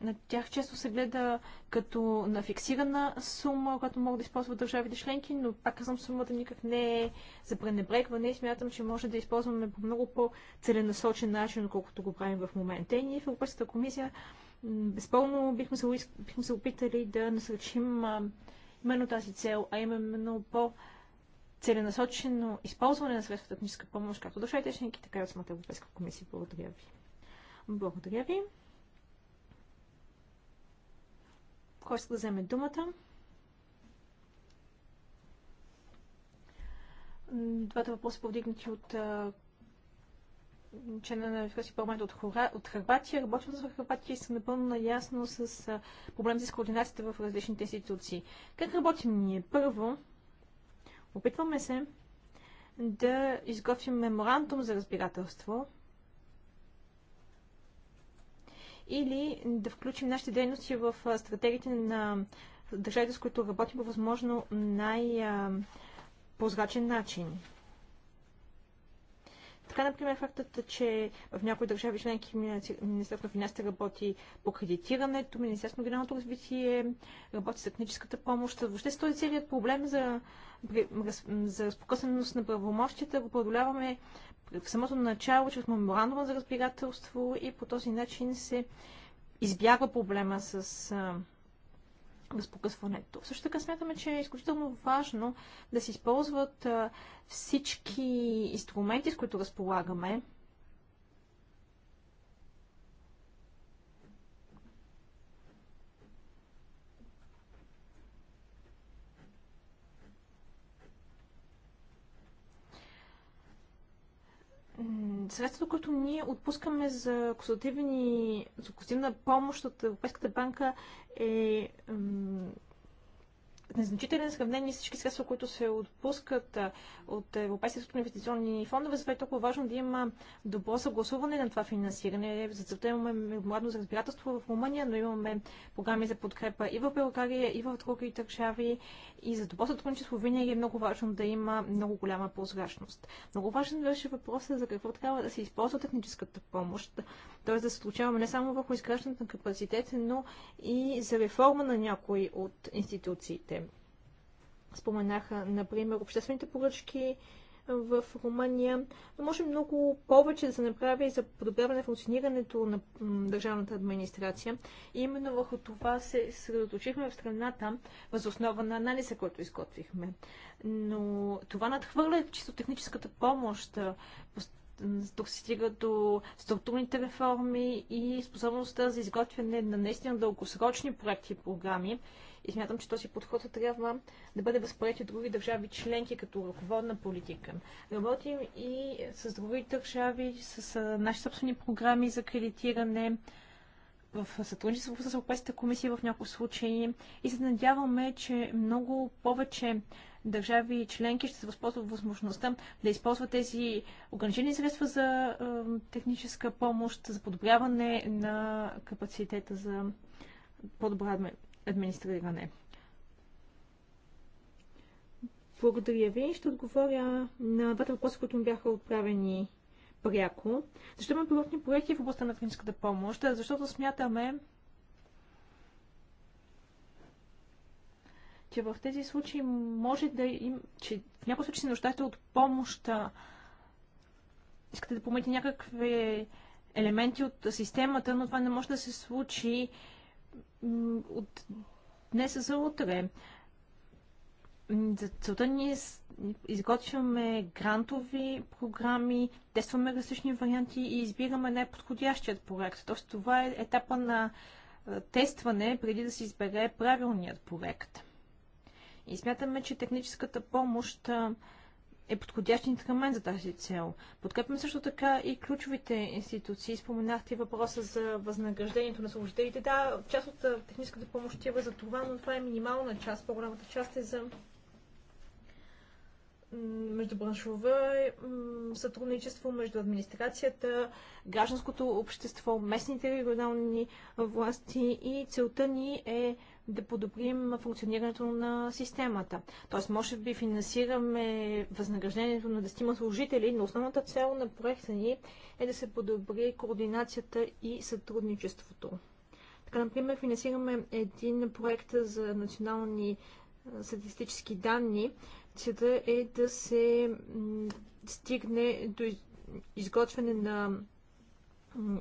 на тях често се гледа като на фиксирана сума, която могат да използват държавите членки, но пак казвам, сумата никак не е за пренебрегване и смятам, че може да използваме по много по-целенасочен начин, отколкото го правим в момента. И ние в Европейската комисия безпълно бихме се, бихме се опитали да насръчим именно тази цел, а именно по- целенасочено използване на средствата техническа помощ, както държавите членки, така и от самата Европейска комисия. Благодаря ви. Благодаря ви. Кой ще да вземе думата? Двата въпроса повдигнати от члена на Европейския парламент от, Хора, от Харватия. Работим за Харватия и съм напълно наясно с проблемите с координацията в различните институции. Как работим ние? Първо, опитваме се да изготвим меморандум за разбирателство или да включим нашите дейности в стратегиите на държавите, с които работим по възможно най-прозрачен начин. Така, например, фактът, че в някои държави членки Министерството на финансите работи по кредитирането, Министерството на регионалното развитие работи за техническата помощ. Въобще с този целият проблем за, за разпокъсаност на правомощията го преодоляваме в самото начало, чрез меморандума за разбирателство и по този начин се избягва проблема с а, разпокъсването. Също така смятаме, че е изключително важно да се използват а, всички инструменти, с които разполагаме, средствата, които ние отпускаме за консултативни, за консултативна помощ от Европейската банка е незначителен сравнение с всички средства, които се отпускат от Европейските инвестиционни фондове, затова е толкова важно да има добро съгласуване на това финансиране. За целта имаме меморандум за разбирателство в Румъния, но имаме програми за подкрепа и в България, и в други държави. И за добро сътрудничество винаги е много важно да има много голяма прозрачност. Много важен беше въпросът за какво трябва да се използва техническата помощ, т.е. да се случаваме не само върху изграждането на капацитет, но и за реформа на някои от институциите споменаха, например, обществените поръчки в Румъния, но може много повече да се направи за подобряване на функционирането на държавната администрация. И именно върху това се съсредоточихме в страната, въз основа на анализа, който изготвихме. Но това надхвърля чисто техническата помощ. Тук се стига до структурните реформи и способността за изготвяне на наистина дългосрочни проекти и програми. И смятам, че този подход трябва да бъде възприят от други държави членки като ръководна политика. Работим и с други държави, с наши собствени програми за кредитиране, в сътрудничество с Европейската комисия в някои случаи и се надяваме, че много повече държави и членки ще се възползват възможността да използват тези ограничени средства за е, техническа помощ, за подобряване на капацитета за по-добра администриране. Благодаря ви. Ще отговоря на двата въпроса, които ми бяха отправени пряко. Защо имаме пилотни проекти в областта на клиническата помощ? Защото смятаме, че в тези случаи може да им... че в някои случаи се нуждаете от помощта. Искате да помните някакви елементи от системата, но това не може да се случи от днес за утре. За целта ни изготвяме грантови програми, тестваме различни варианти и избираме най-подходящият проект. Тоест това е етапа на тестване преди да се избере правилният проект. И смятаме, че техническата помощ е подходящ инструмент за тази цел. Подкрепям също така и ключовите институции. Споменахте въпроса за възнаграждението на служителите. Да, част от техническата помощ е за това, но това е минимална част. По-голямата част е за междубраншове, сътрудничество между администрацията, гражданското общество, местните регионални власти и целта ни е да подобрим функционирането на системата. Тоест, може би финансираме възнаграждението на дестима служители, но основната цел на проекта ни е да се подобри координацията и сътрудничеството. Така, например, финансираме един проект за национални статистически данни. Целта е да се стигне до изготвяне на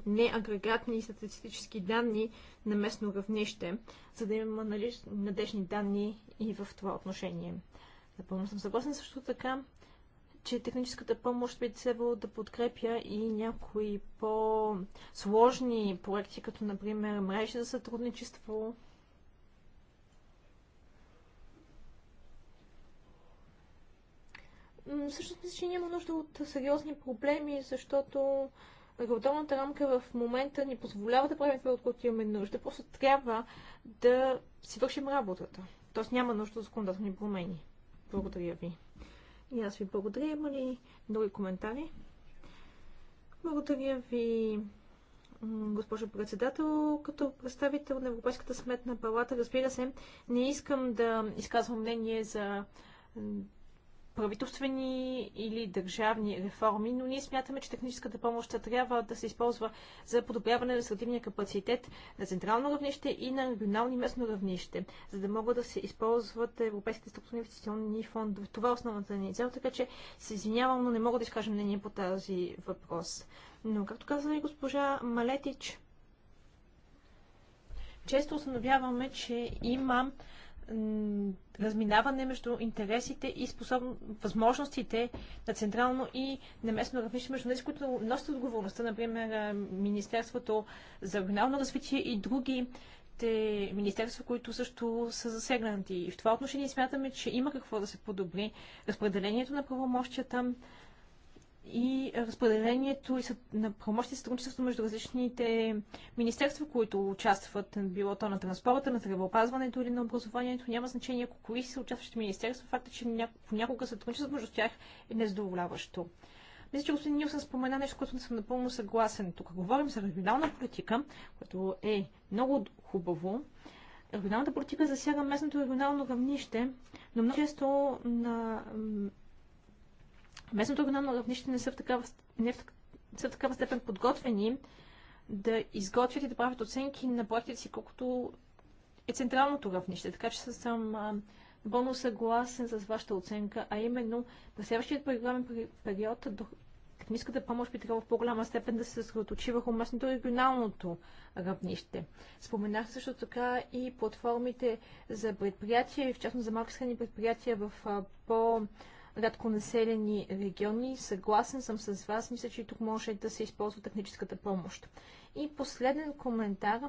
неагрегатни статистически данни на местно равнище, за да имаме нали, надежни данни и в това отношение. Напълно съм съгласен също така, че техническата помощ би трябвало да подкрепя и някои по-сложни проекти, като например мрежи за сътрудничество, всъщност мисля, че няма нужда от сериозни проблеми, защото регулаторната рамка в момента ни позволява да правим това, от което имаме нужда. Просто трябва да си вършим работата. Тоест няма нужда от законодателни промени. Благодаря ви. И аз ви благодаря. Има ли други коментари? Благодаря ви, госпожо председател. Като представител на Европейската сметна палата, разбира се, не искам да изказвам мнение за правителствени или държавни реформи, но ние смятаме, че техническата помощ трябва да се използва за подобряване на административния капацитет на централно равнище и на регионално и местно равнище, за да могат да се използват европейските структурни инвестиционни фондове. Това е основната ни цел, така че се извинявам, но не мога да изкажа мнение по тази въпрос. Но, както каза и госпожа Малетич, често установяваме, че има разминаване между интересите и способно, възможностите на централно и на местно равнище, между тези, които носят отговорността, например Министерството за регионално развитие и други те министерства, които също са засегнати. И в това отношение смятаме, че има какво да се подобри разпределението на правомощията, и разпределението и на правомощите и сътрудничеството между различните министерства, които участват, било то на транспорта, на здравеопазването или на образованието, няма значение кои са участващите министерства. Факта, е, че понякога сътрудничеството между тях е незадоволяващо. Мисля, че господин Нилсън спомена нещо, което не съм напълно съгласен. Тук говорим за регионална политика, което е много хубаво. Регионалната политика засяга местното регионално равнище, но много често на местното регионално равнище не са в такава, не в, са в такава степен подготвени да изготвят и да правят оценки на проектите си, колкото е централното равнище. Така че съм напълно съгласен с вашата оценка, а именно на следващия програмен период техническата помощ би трябвало в по-голяма степен да се съсредоточи върху местното регионалното равнище. Споменах също така и платформите за предприятия и в частност за малки предприятия в по- рядко населени региони. Съгласен съм с вас, мисля, че тук може да се използва техническата помощ. И последен коментар.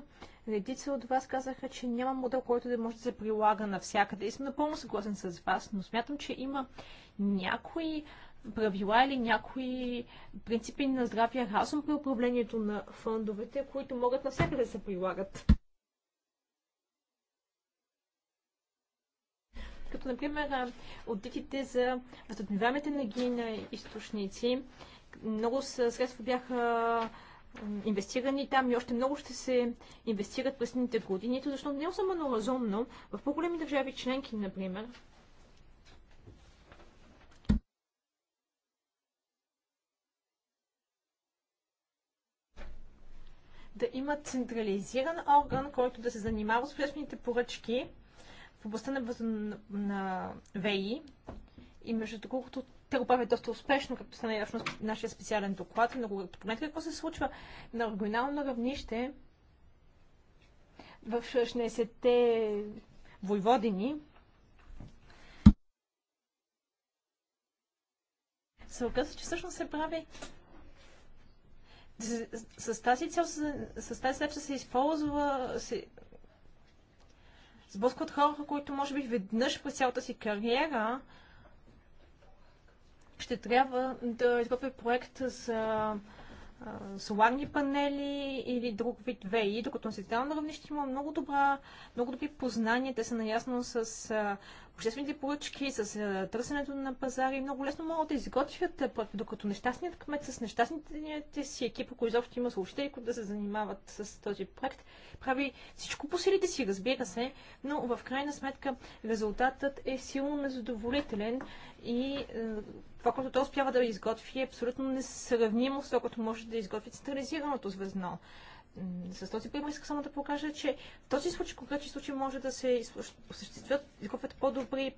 Редица от вас казаха, че няма модел, който да може да се прилага навсякъде. И съм напълно съгласен с вас, но смятам, че има някои правила или някои принципи на здравия разум при управлението на фондовете, които могат навсякъде да се прилагат. като например отдитите за възобновяемите енергийни източници. Много средства бяха инвестирани там и още много ще се инвестират през следните години, защото не е особено разумно в по-големи държави членки, например, да има централизиран орган, който да се занимава с обществените поръчки в областта на, на, на ВЕИ и между доколкото те го правят доста успешно, както стана ясно нашия специален доклад, но когато погледнете какво се случва на регионално равнище в 16-те войводини, се оказа, че всъщност се прави с, с, с тази цел, с, с тази цел се използва, се, сблъскват хора, които може би веднъж през цялата си кариера ще трябва да изготвят проект за соларни панели или друг вид ВИ, докато на световно равнище има много, добра, много добри познания, те са наясно с а, обществените поръчки, с а, търсенето на пазари и много лесно могат да изготвят, докато нещастният кмет с нещастните си екипа, които изобщо има служители, които да се занимават с този проект, прави всичко по силите си, разбира се, но в крайна сметка резултатът е силно незадоволителен и това, което то успява да изготви, е абсолютно несравнимо с това, което може да изготви централизираното звездно. С този пример искам само да покажа, че в този случай, конкретни случай може да се осъществят, изготвят по-добри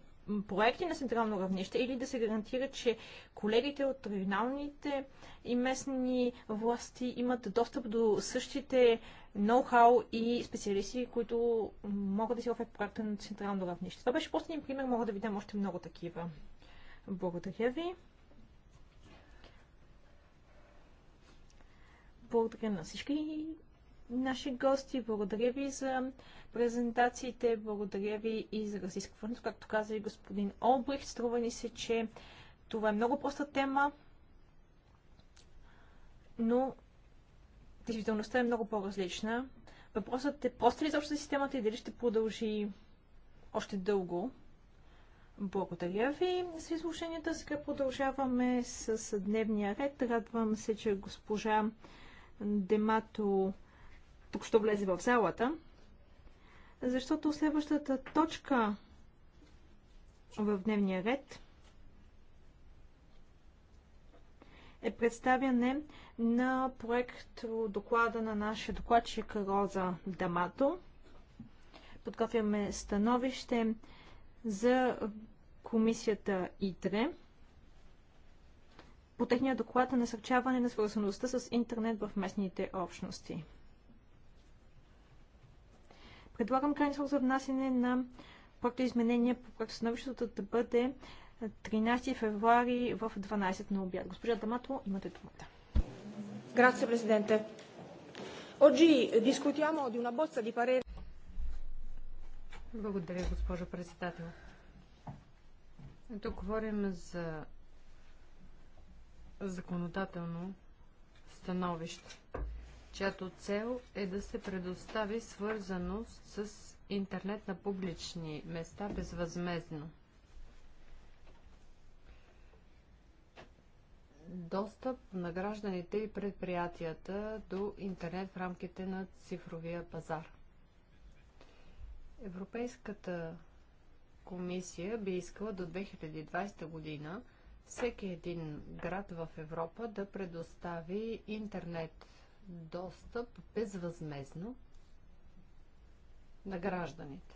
проекти на централно равнище или да се гарантира, че колегите от регионалните и местни власти имат достъп до същите ноу-хау и специалисти, които могат да си оферят проекта на централно равнище. Това беше последния пример, мога да ви дам още много такива. Благодаря ви. Благодаря на всички наши гости. Благодаря ви за презентациите. Благодаря ви и за разискването. Както каза и господин Олбрих, струва ни се, че това е много проста тема, но действителността е много по-различна. Въпросът е просто ли за общата системата и дали ще продължи още дълго. Благодаря ви за изложенията. Сега продължаваме с дневния ред. Радвам се, че госпожа Демато тук ще влезе в залата, защото следващата точка в дневния ред е представяне на проект доклада на нашия докладчик Роза Дамато. Подготвяме становище за комисията ИТРЕ по техния доклад на насърчаване на свързаността с интернет в местните общности. Предлагам крайни срок за внасяне на проекта изменения по проекта становището да бъде 13 февруари в 12 на обяд. Госпожа Дамато, имате думата. Грация, президенте. Оджи дискутиамо di una bozza di парери. Благодаря, госпожо председател. Тук говорим за законодателно становище, чиято цел е да се предостави свързаност с интернет на публични места безвъзмезно. Достъп на гражданите и предприятията до интернет в рамките на цифровия пазар. Европейската комисия би искала до 2020 година всеки един град в Европа да предостави интернет достъп безвъзмезно на гражданите.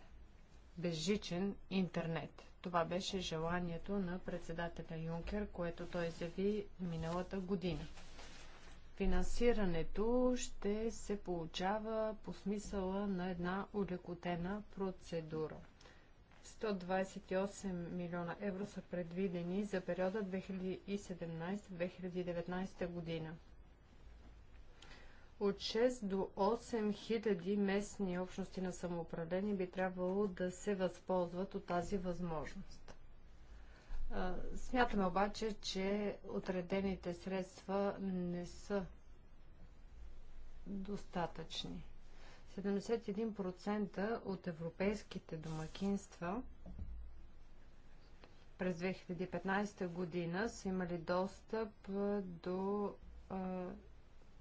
Безжичен интернет. Това беше желанието на председателя Юнкер, което той заяви миналата година. Финансирането ще се получава по смисъла на една улекотена процедура. 128 милиона евро са предвидени за периода 2017-2019 година. От 6 до 8 хиляди местни общности на самоуправление би трябвало да се възползват от тази възможност. Смятаме обаче, че отредените средства не са достатъчни. 71% от европейските домакинства през 2015 година са имали достъп до а,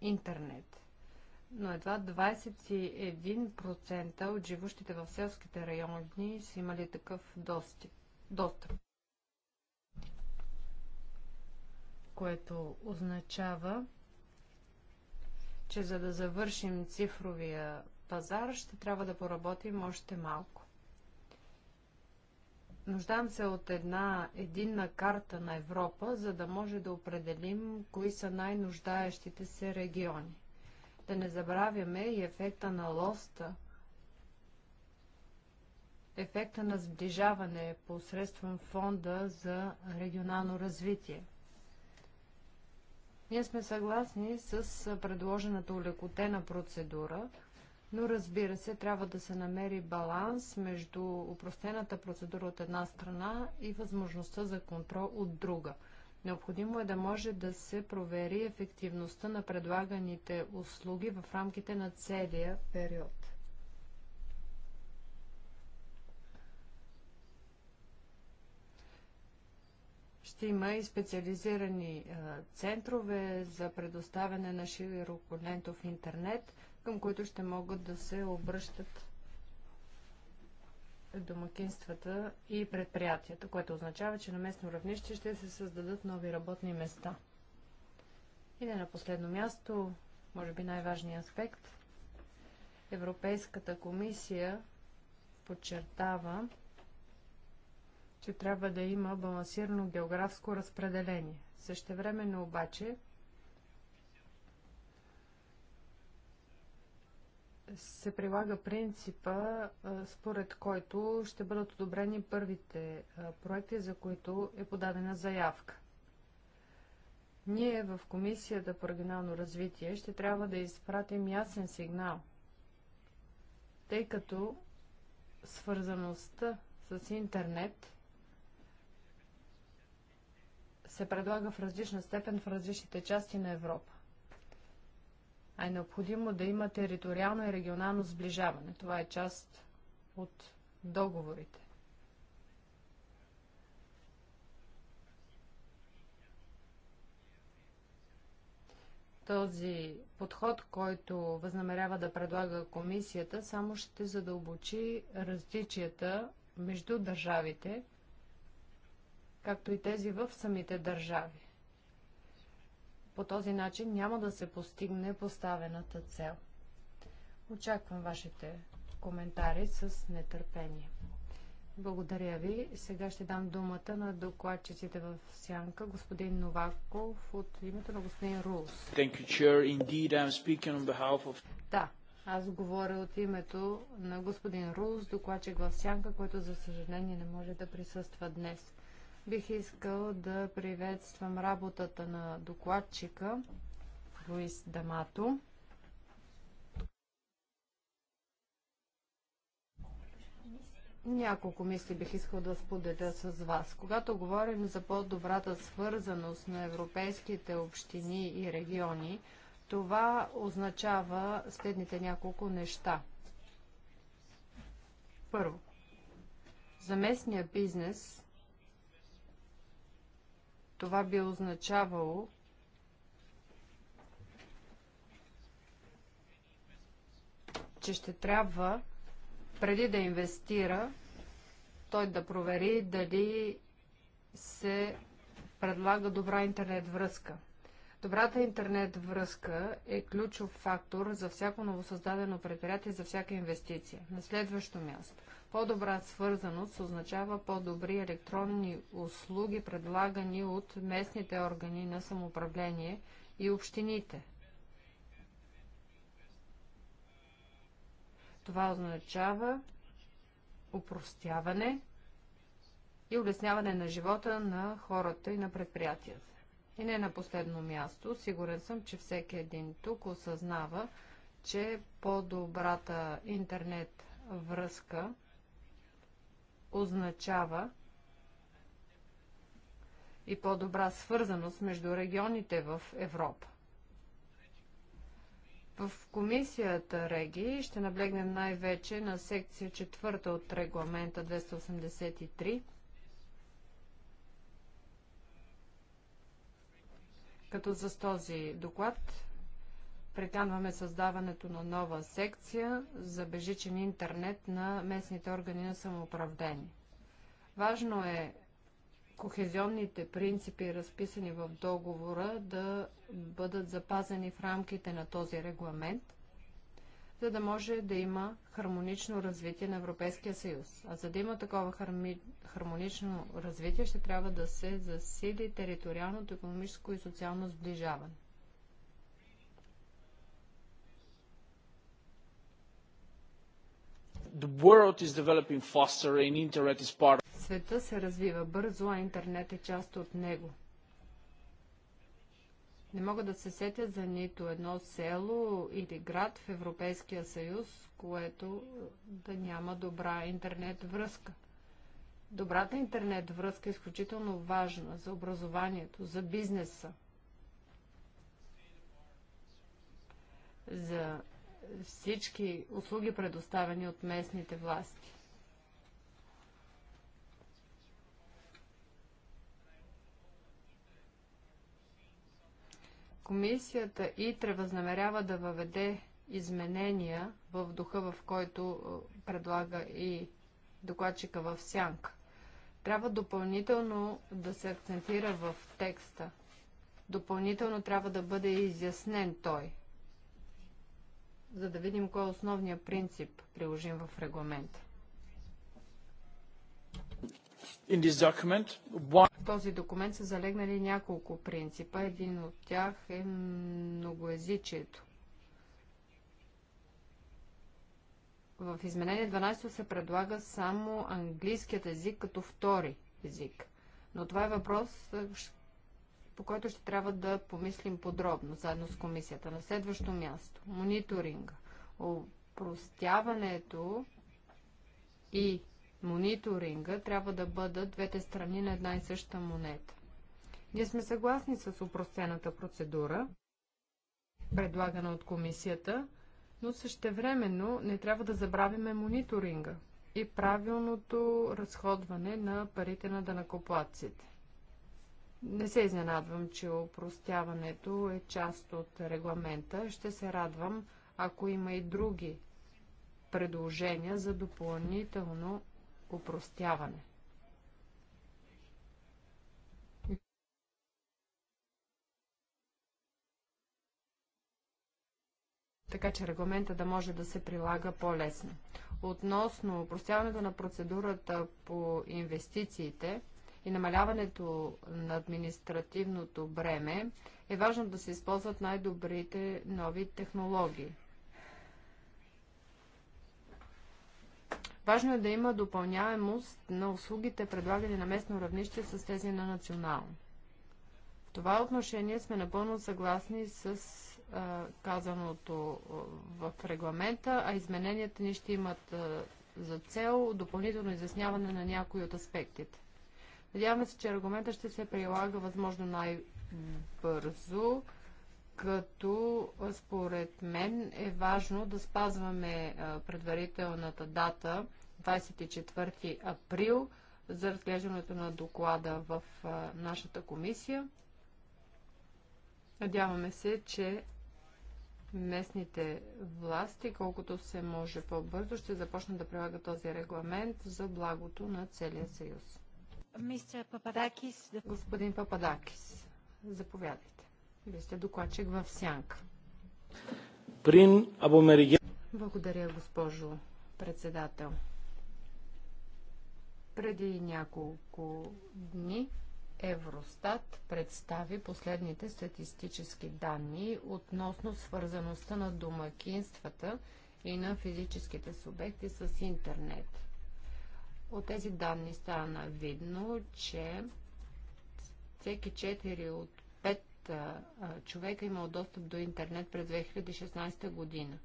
интернет. Но едва 21% от живущите в селските райони са имали такъв достъп. достъп. което означава, че за да завършим цифровия пазар, ще трябва да поработим още малко. Нуждам се от една единна карта на Европа, за да може да определим кои са най-нуждаещите се региони. Да не забравяме и ефекта на лоста, ефекта на сближаване посредством фонда за регионално развитие. Ние сме съгласни с предложената улекотена процедура, но разбира се, трябва да се намери баланс между упростената процедура от една страна и възможността за контрол от друга. Необходимо е да може да се провери ефективността на предлаганите услуги в рамките на целия период. ще има и специализирани центрове за предоставяне на широколентов интернет, към които ще могат да се обръщат домакинствата и предприятията, което означава, че на местно равнище ще се създадат нови работни места. И не на последно място, може би най-важният аспект, Европейската комисия подчертава, че трябва да има балансирано географско разпределение. Същевременно обаче се прилага принципа, според който ще бъдат одобрени първите проекти, за които е подадена заявка. Ние в Комисията по регионално развитие ще трябва да изпратим ясен сигнал, тъй като свързаността с интернет се предлага в различна степен в различните части на Европа. А е необходимо да има териториално и регионално сближаване. Това е част от договорите. този подход, който възнамерява да предлага комисията, само ще задълбочи различията между държавите както и тези в самите държави. По този начин няма да се постигне поставената цел. Очаквам вашите коментари с нетърпение. Благодаря ви. Сега ще дам думата на докладчиците в Сянка, господин Новаков от името на господин Рулс. Of... Да, аз говоря от името на господин Рулс, докладчик в Сянка, който за съжаление не може да присъства днес. Бих искал да приветствам работата на докладчика Луис Дамато. Няколко мисли бих искал да споделя с вас. Когато говорим за по-добрата свързаност на европейските общини и региони, това означава следните няколко неща. Първо, за местния бизнес това би означавало, че ще трябва, преди да инвестира, той да провери дали се предлага добра интернет връзка. Добрата интернет връзка е ключов фактор за всяко новосъздадено предприятие, за всяка инвестиция. На следващо място. По-добра свързаност означава по-добри електронни услуги, предлагани от местните органи на самоуправление и общините. Това означава упростяване и улесняване на живота на хората и на предприятията. И не на последно място, сигурен съм, че всеки един тук осъзнава, че по-добрата интернет връзка означава и по-добра свързаност между регионите в Европа. В комисията Реги ще наблегнем най-вече на секция четвърта от регламента 283 Като за този доклад приканваме създаването на нова секция за бежичен интернет на местните органи на самоуправление. Важно е кохезионните принципи, разписани в договора, да бъдат запазени в рамките на този регламент – за да може да има хармонично развитие на Европейския съюз. А за да има такова харми... хармонично развитие, ще трябва да се засили териториалното, економическо и социално сближаване. Света се развива бързо, а интернет е част от него. Не мога да се сетя за нито едно село или град в Европейския съюз, което да няма добра интернет връзка. Добрата интернет връзка е изключително важна за образованието, за бизнеса, за всички услуги, предоставени от местните власти. Комисията ИТРЕ възнамерява да въведе изменения в духа, в който е, предлага и докладчика в сянка. Трябва допълнително да се акцентира в текста. Допълнително трябва да бъде изяснен той, за да видим кой е основният принцип, приложим в регламента. В този документ са залегнали няколко принципа. Един от тях е многоязичието. В изменение 12 се предлага само английският език като втори език. Но това е въпрос, е, по който ще трябва да помислим подробно, заедно с комисията. На следващо място, мониторинга. Опростяването и мониторинга трябва да бъдат двете страни на една и съща монета. Ние сме съгласни с упростената процедура, предлагана от комисията, но същевременно не трябва да забравяме мониторинга и правилното разходване на парите на данакоплаците. Не се изненадвам, че упростяването е част от регламента. Ще се радвам, ако има и други предложения за допълнително упростяване. така че регламента да може да се прилага по-лесно. Относно простяването на процедурата по инвестициите и намаляването на административното бреме, е важно да се използват най-добрите нови технологии. Важно е да има допълняемост на услугите, предлагани на местно равнище с тези на национално. В това отношение сме напълно съгласни с а, казаното в регламента, а измененията ни ще имат а, за цел допълнително изясняване на някои от аспектите. Надяваме се, че аргумента ще се прилага възможно най-бързо като според мен е важно да спазваме предварителната дата 24 април за разглеждането на доклада в нашата комисия. Надяваме се, че местните власти, колкото се може по-бързо, ще започнат да прилагат този регламент за благото на целия съюз. Господин Пападакис, заповядайте. Вие сте докладчик в Сянка. Прин Абомериген. Благодаря, госпожо председател. Преди няколко дни Евростат представи последните статистически данни относно свързаността на домакинствата и на физическите субекти с интернет. От тези данни стана видно, че всеки 4 от човека имал достъп до интернет през 2016 година.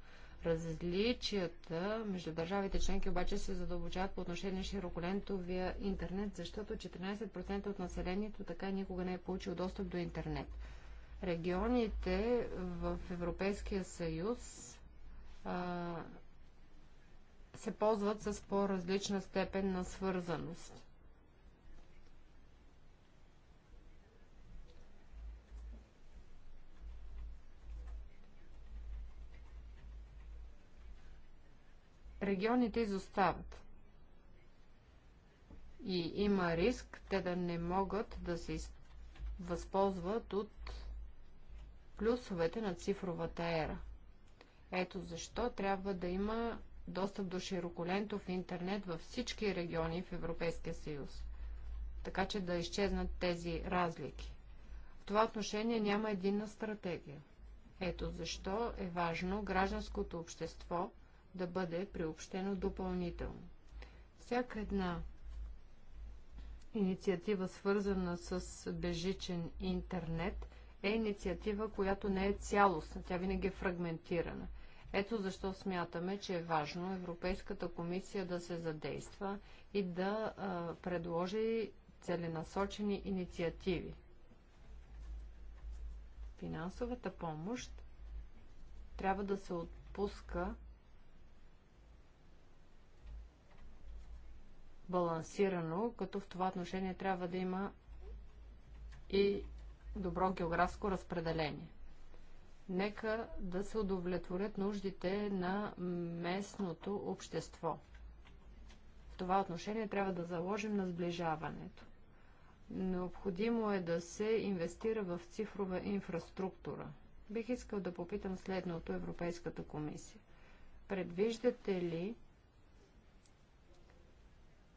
Различията между държавите членки обаче се задълбочават по отношение на широколентовия интернет, защото 14% от населението така никога не е получил достъп до интернет. Регионите в Европейския съюз а, се ползват с по-различна степен на свързаност. регионите изостават. И има риск те да не могат да се възползват от плюсовете на цифровата ера. Ето защо трябва да има достъп до широколентов интернет във всички региони в Европейския съюз. Така че да изчезнат тези разлики. В това отношение няма единна стратегия. Ето защо е важно гражданското общество да бъде приобщено допълнително. Всяка една инициатива, свързана с бежичен интернет, е инициатива, която не е цялостна, тя винаги е фрагментирана. Ето защо смятаме, че е важно Европейската комисия да се задейства и да а, предложи целенасочени инициативи. Финансовата помощ трябва да се отпуска балансирано, като в това отношение трябва да има и добро географско разпределение. Нека да се удовлетворят нуждите на местното общество. В това отношение трябва да заложим на сближаването. Необходимо е да се инвестира в цифрова инфраструктура. Бих искал да попитам следното Европейската комисия. Предвиждате ли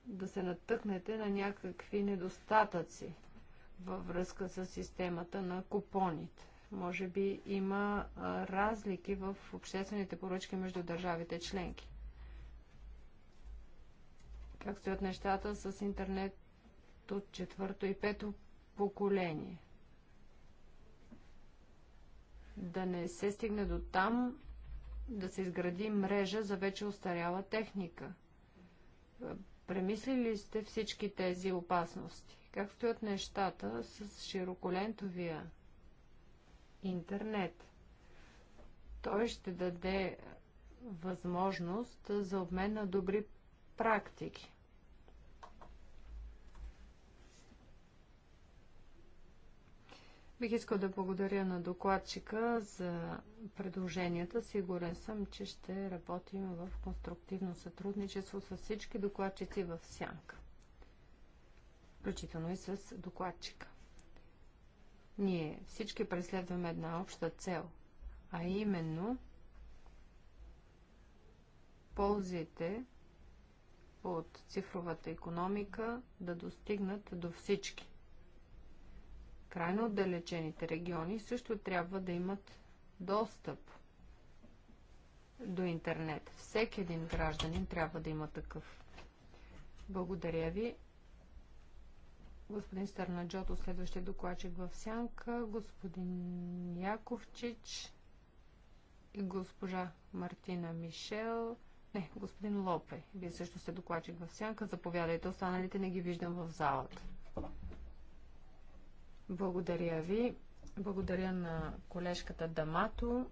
да се натъкнете на някакви недостатъци във връзка с системата на купоните. Може би има разлики в обществените поръчки между държавите членки. Как стоят нещата с интернет от четвърто и пето поколение? Да не се стигне до там да се изгради мрежа за вече устаряла техника Премислили сте всички тези опасности? Как стоят нещата с широколентовия интернет? Той ще даде възможност за обмен на добри практики. Бих искал да благодаря на докладчика за предложенията. Сигурен съм, че ще работим в конструктивно сътрудничество с всички докладчици в Сянка, включително и с докладчика. Ние всички преследваме една обща цел, а именно ползите от цифровата економика да достигнат до всички крайно отдалечените региони също трябва да имат достъп до интернет. Всеки един гражданин трябва да има такъв. Благодаря ви. Господин Старнаджото, следващия докладчик в сянка, господин Яковчич и госпожа Мартина Мишел. Не, господин Лопе, вие също сте докладчик в сянка. Заповядайте, останалите не ги виждам в залата. Благодаря ви. Благодаря на колежката Дамато.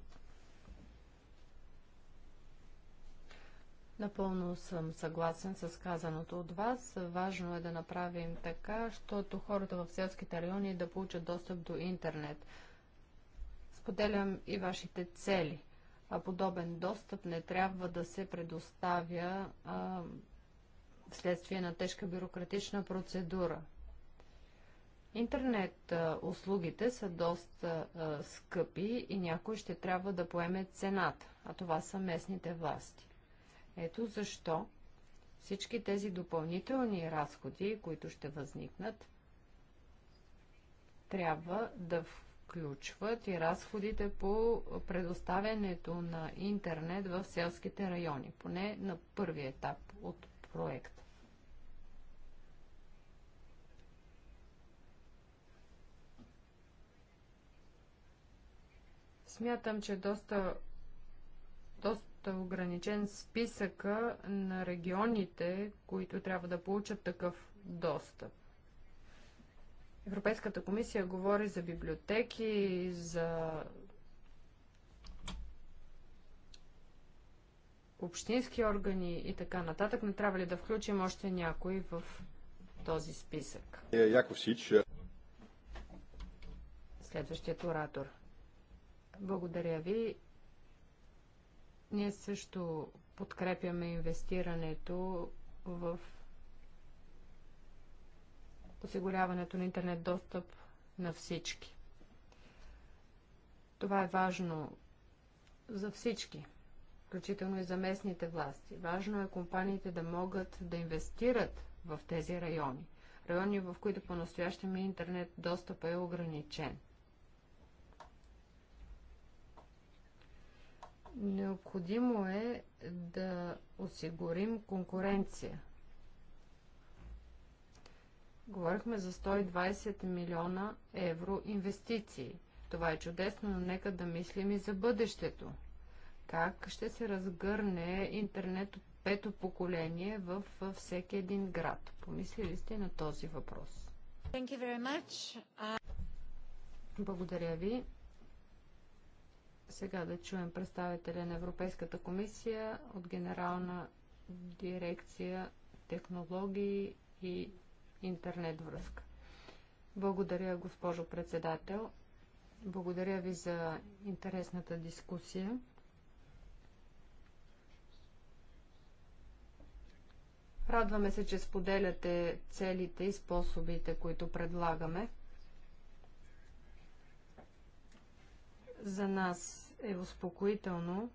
Напълно съм съгласен с казаното от вас. Важно е да направим така, защото хората в селските райони да получат достъп до интернет. Споделям и вашите цели. А подобен достъп не трябва да се предоставя а, вследствие на тежка бюрократична процедура. Интернет услугите са доста скъпи и някой ще трябва да поеме цената, а това са местните власти. Ето защо всички тези допълнителни разходи, които ще възникнат, трябва да включват и разходите по предоставянето на интернет в селските райони, поне на първи етап от проекта. Смятам, че е доста, доста ограничен списъка на регионите, които трябва да получат такъв достъп. Европейската комисия говори за библиотеки, за общински органи и така нататък. Не трябва ли да включим още някой в този списък? Е, Сич. Следващият оратор. Благодаря ви. Ние също подкрепяме инвестирането в осигуряването на интернет достъп на всички. Това е важно за всички, включително и за местните власти. Важно е компаниите да могат да инвестират в тези райони. Райони, в които по-настоящем интернет достъп е ограничен – Необходимо е да осигурим конкуренция. Говорихме за 120 милиона евро инвестиции. Това е чудесно, но нека да мислим и за бъдещето. Как ще се разгърне интернет от пето поколение в всеки един град? Помислили сте на този въпрос? Благодаря ви. Сега да чуем представителя на Европейската комисия от Генерална дирекция технологии и интернет връзка. Благодаря, госпожо председател. Благодаря ви за интересната дискусия. Радваме се, че споделяте целите и способите, които предлагаме. За нас е успокоително,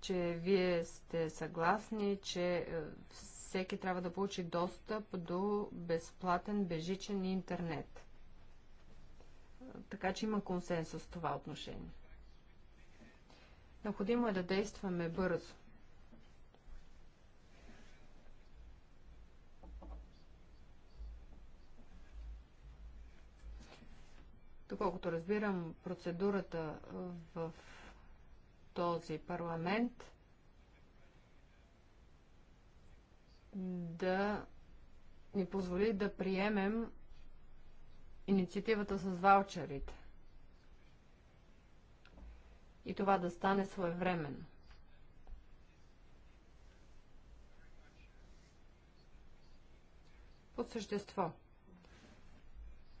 че вие сте съгласни, че е, всеки трябва да получи достъп до безплатен бежичен интернет. Така че има консенсус в това отношение. Необходимо е да действаме бързо. Доколкото разбирам процедурата в този парламент да ни позволи да приемем инициативата с ваучерите. И това да стане своевременно. По същество.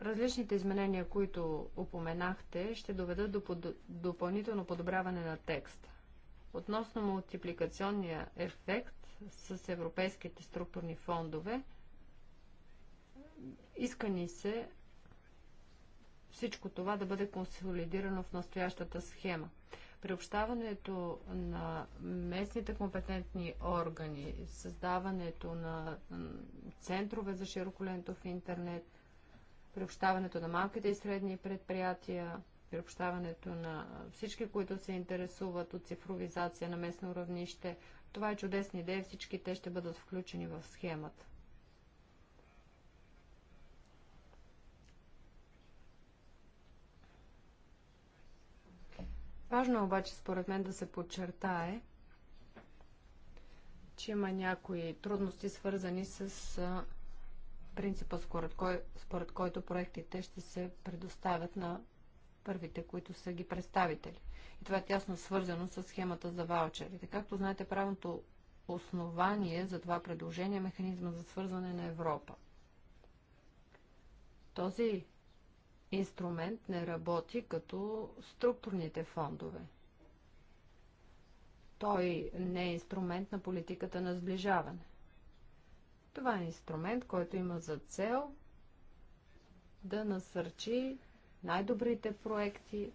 Различните изменения, които упоменахте, ще доведат до под... допълнително подобряване на текста. Относно мултипликационния ефект с европейските структурни фондове, иска ни се всичко това да бъде консолидирано в настоящата схема. Приобщаването на местните компетентни органи, създаването на центрове за широколентов интернет – приобщаването на малките и средни предприятия, приобщаването на всички, които се интересуват от цифровизация на местно равнище. Това е чудесна идея. Всички те ще бъдат включени в схемата. Важно е обаче, според мен, да се подчертае, че има някои трудности, свързани с принципа, според, кой, според който проектите ще се предоставят на първите, които са ги представители. И това е тясно свързано с схемата за ваучерите. Както знаете, правилното основание за това предложение е механизма за свързване на Европа. Този инструмент не работи като структурните фондове. Той не е инструмент на политиката на сближаване. Това е инструмент, който има за цел да насърчи най-добрите проекти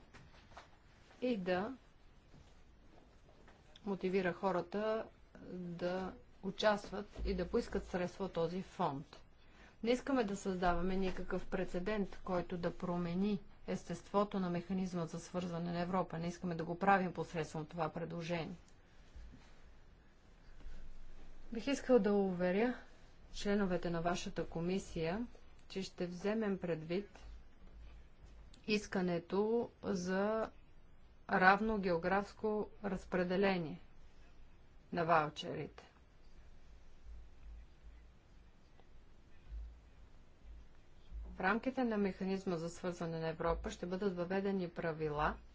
и да мотивира хората да участват и да поискат средства от този фонд. Не искаме да създаваме никакъв прецедент, който да промени естеството на механизма за свързване на Европа. Не искаме да го правим посредством това предложение. Бих искал да уверя членовете на вашата комисия, че ще вземем предвид искането за равно географско разпределение на ваучерите. В рамките на механизма за свързване на Европа ще бъдат въведени правила –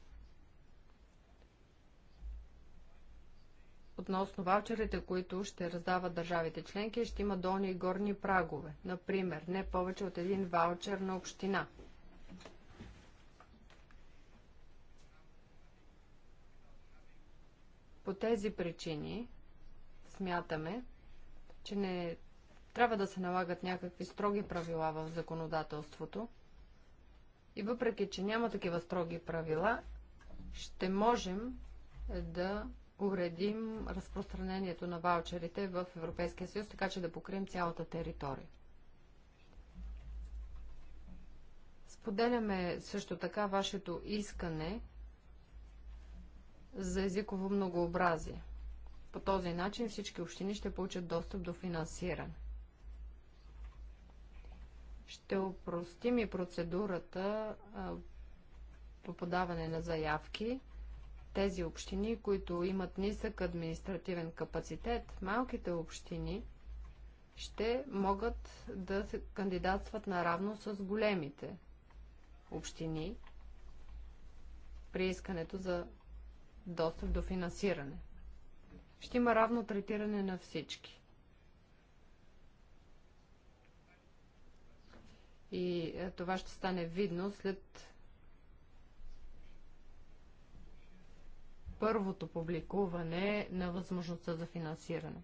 относно ваучерите, които ще раздават държавите членки, ще има долни и горни прагове. Например, не повече от един ваучер на община. По тези причини смятаме, че не трябва да се налагат някакви строги правила в законодателството. И въпреки, че няма такива строги правила, ще можем да уредим разпространението на ваучерите в Европейския съюз, така че да покрием цялата територия. Споделяме също така вашето искане за езиково многообразие. По този начин всички общини ще получат достъп до финансиране. Ще опростим и процедурата по подаване на заявки тези общини, които имат нисък административен капацитет, малките общини ще могат да се кандидатстват наравно с големите общини при искането за достъп до финансиране. Ще има равно третиране на всички. И е, това ще стане видно след първото публикуване на възможността за финансиране.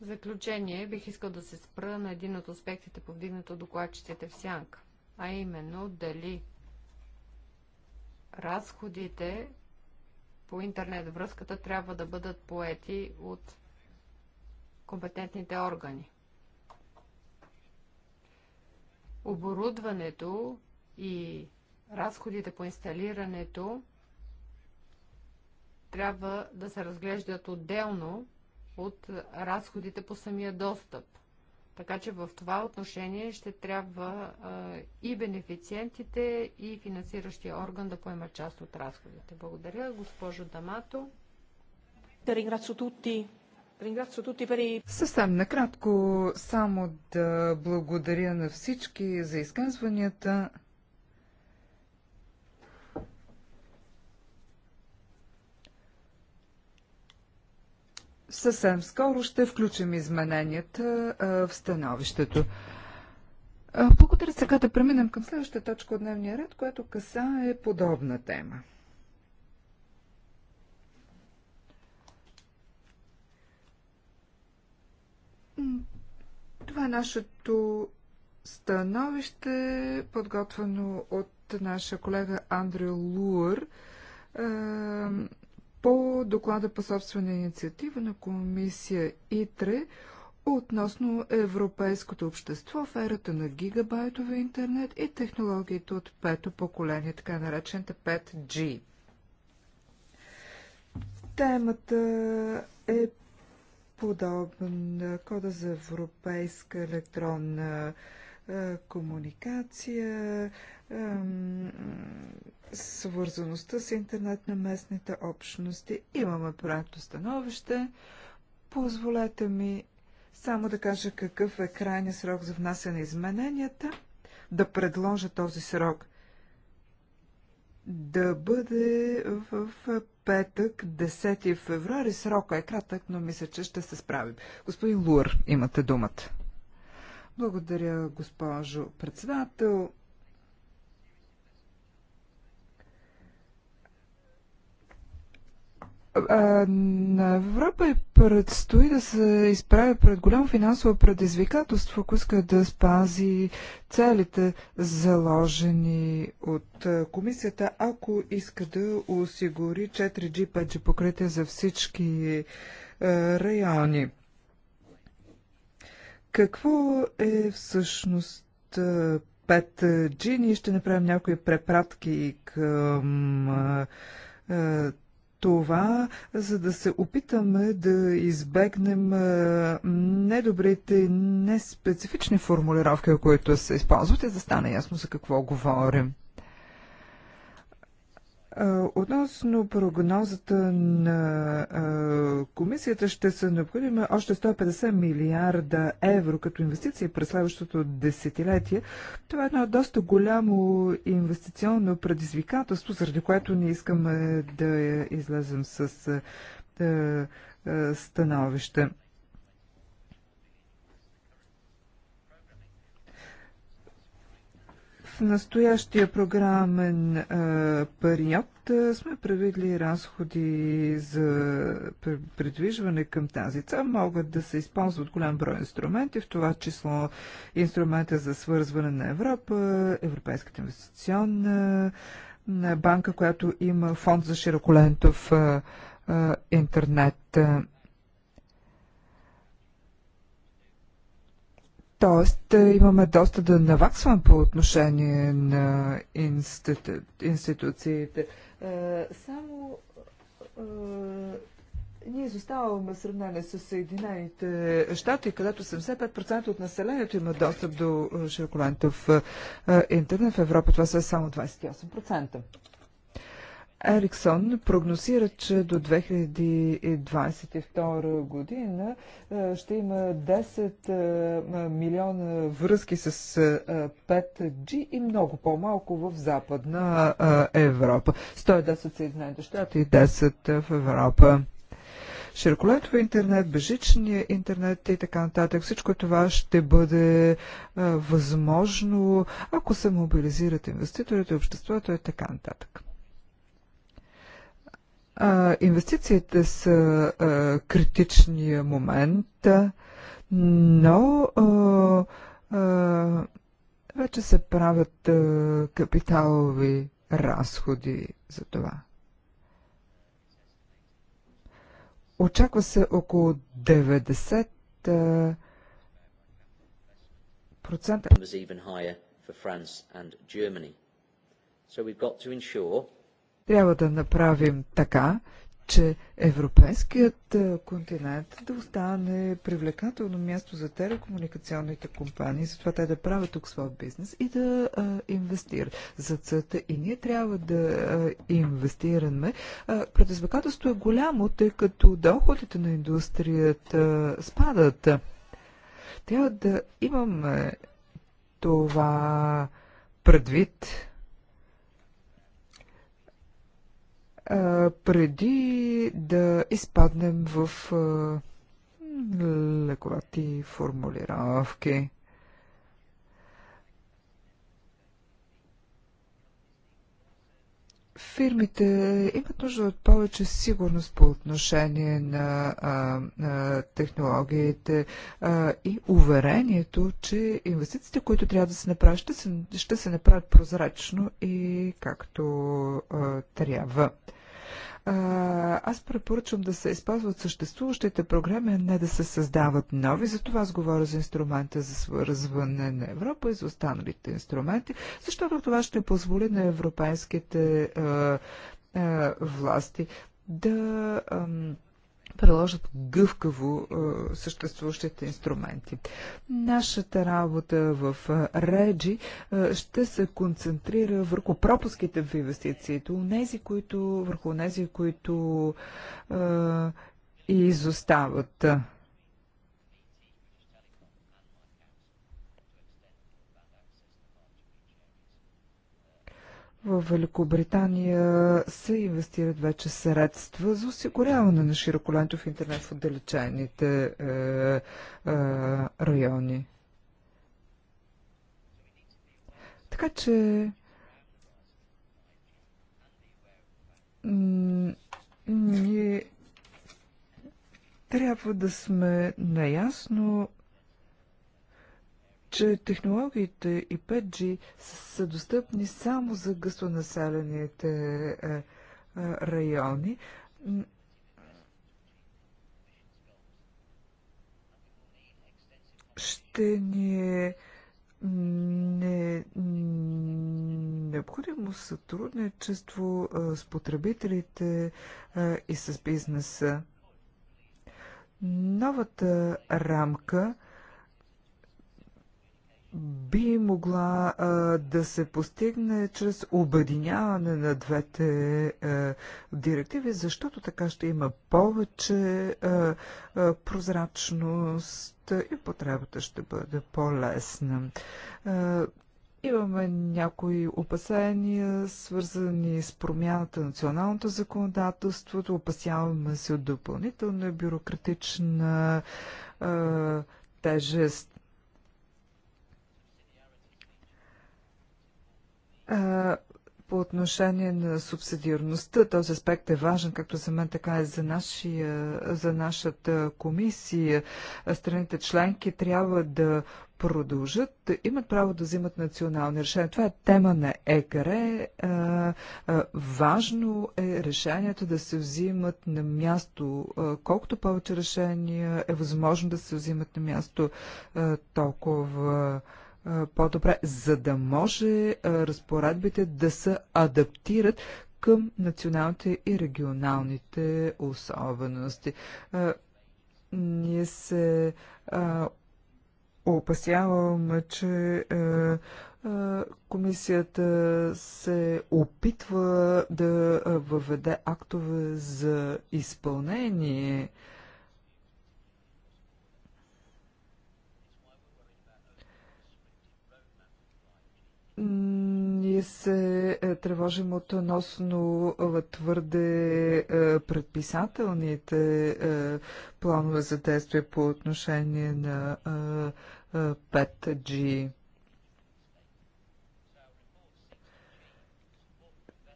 В заключение бих искал да се спра на един от аспектите, повдигнато от докладчиците в сянка, а именно дали разходите по интернет връзката трябва да бъдат поети от компетентните органи. оборудването и разходите по инсталирането трябва да се разглеждат отделно от разходите по самия достъп. Така че в това отношение ще трябва и бенефициентите, и финансиращия орган да поемат част от разходите. Благодаря, госпожо Дамато. Ringrazio Съвсем накратко, само да благодаря на всички за изказванията. Съвсем скоро ще включим измененията в становището. Благодаря сега да преминем към следващата точка от дневния ред, която касае подобна тема. Това е нашето становище, подготвено от наша колега Андрю Луър е, по доклада по собствена инициатива на комисия ИТРЕ относно европейското общество в ерата на гигабайтове интернет и технологиите от пето поколение, така наречената 5G. Темата е подобен кода за европейска електронна комуникация, свързаността с интернет на местните общности. Имаме проекто становище. Позволете ми само да кажа какъв е крайният срок за внасяне на измененията, да предложа този срок да бъде в петък, 10 феврари. Срока е кратък, но мисля, че ще се справим. Господин Луър, имате думата. Благодаря, госпожо председател. на Европа предстои да се изправи пред голямо финансово предизвикателство, ако иска да спази целите заложени от комисията, ако иска да осигури 4G, 5G покритие за всички райони. Какво е всъщност 5G? Ние ще направим някои препратки към това, за да се опитаме да избегнем недобрите, неспецифични формулировки, които се използват и да стане ясно за какво говорим. Относно прогнозата на комисията ще са необходими още 150 милиарда евро като инвестиции през следващото десетилетие. Това е едно доста голямо инвестиционно предизвикателство, заради което не искаме да излезем с становище. настоящия програмен а, период а, сме правили разходи за придвижване към тази цел. Могат да се използват голям брой инструменти, в това число инструмента за свързване на Европа, Европейската инвестиционна банка, която има фонд за широколентов а, интернет. А, Тоест, е, имаме доста да наваксваме по отношение на институ... институциите. Е, само е, ние изоставаме в сравнение с Съединените щати, където 75% от населението има достъп до широколентов интернет. В Европа това са само 28%. Ериксон прогнозира, че до 2022 година ще има 10 милиона връзки с 5G и много по-малко в Западна Европа. 110 в Съединените щати и 10 в Европа широколентови интернет, бежичния интернет и така нататък. Всичко това ще бъде а, възможно, ако се мобилизират инвеститорите, обществото и така нататък. А, инвестициите са а, критичния момент, но а, а, вече се правят а, капиталови разходи за това. Очаква се около 90 а, процента. So we've got to ensure трябва да направим така, че европейският е, континент да остане привлекателно място за телекомуникационните компании, затова те да правят тук своя бизнес и да а, е, инвестират. За цъта. и ние трябва да а, е, инвестираме. А, предизвикателство е голямо, тъй като доходите на индустрията спадат. Трябва да имаме това предвид. преди да изпаднем в лековати формулировки. Фирмите имат нужда от повече сигурност по отношение на, а, на технологиите а, и уверението, че инвестициите, които трябва да се направят, ще се, ще се направят прозрачно и както а, трябва аз препоръчвам да се използват съществуващите програми, а не да се създават нови. За това аз говоря за инструмента за свързване на Европа и за останалите инструменти, защото това ще позволи на европейските а, а, власти да. А, приложат гъвкаво е, съществуващите инструменти. Нашата работа в Реджи ще се концентрира върху пропуските в инвестициите, унези, които, върху тези, които е, изостават. В Великобритания се инвестират вече средства за осигуряване на широколентов интернет в отдалечените е, е, райони. Така че ние трябва да сме наясно че технологиите и 5G са достъпни само за гъстонаселените е, е, райони. Ще ни е не, необходимо сътрудничество е, с потребителите и с бизнеса. Новата рамка – би могла а, да се постигне чрез обединяване на двете а, директиви, защото така ще има повече а, а, прозрачност и потребата ще бъде по-лесна. Имаме някои опасения, свързани с промяната на националното законодателство. Опасяваме се от допълнителна бюрократична а, тежест. по отношение на субсидиарността, този аспект е важен както за мен, така и за, нашия, за нашата комисия. Страните членки трябва да продължат, да имат право да взимат национални решения. Това е тема на ЕКРЕ. Важно е решенията да се взимат на място. Колкото повече решения е възможно да се взимат на място, толкова по-добре, за да може разпоредбите да се адаптират към националните и регионалните особености. Ние се опасяваме, че комисията се опитва да въведе актове за изпълнение Ние се е, тревожим относно е, твърде е, предписателните планове за действие по отношение на 5G.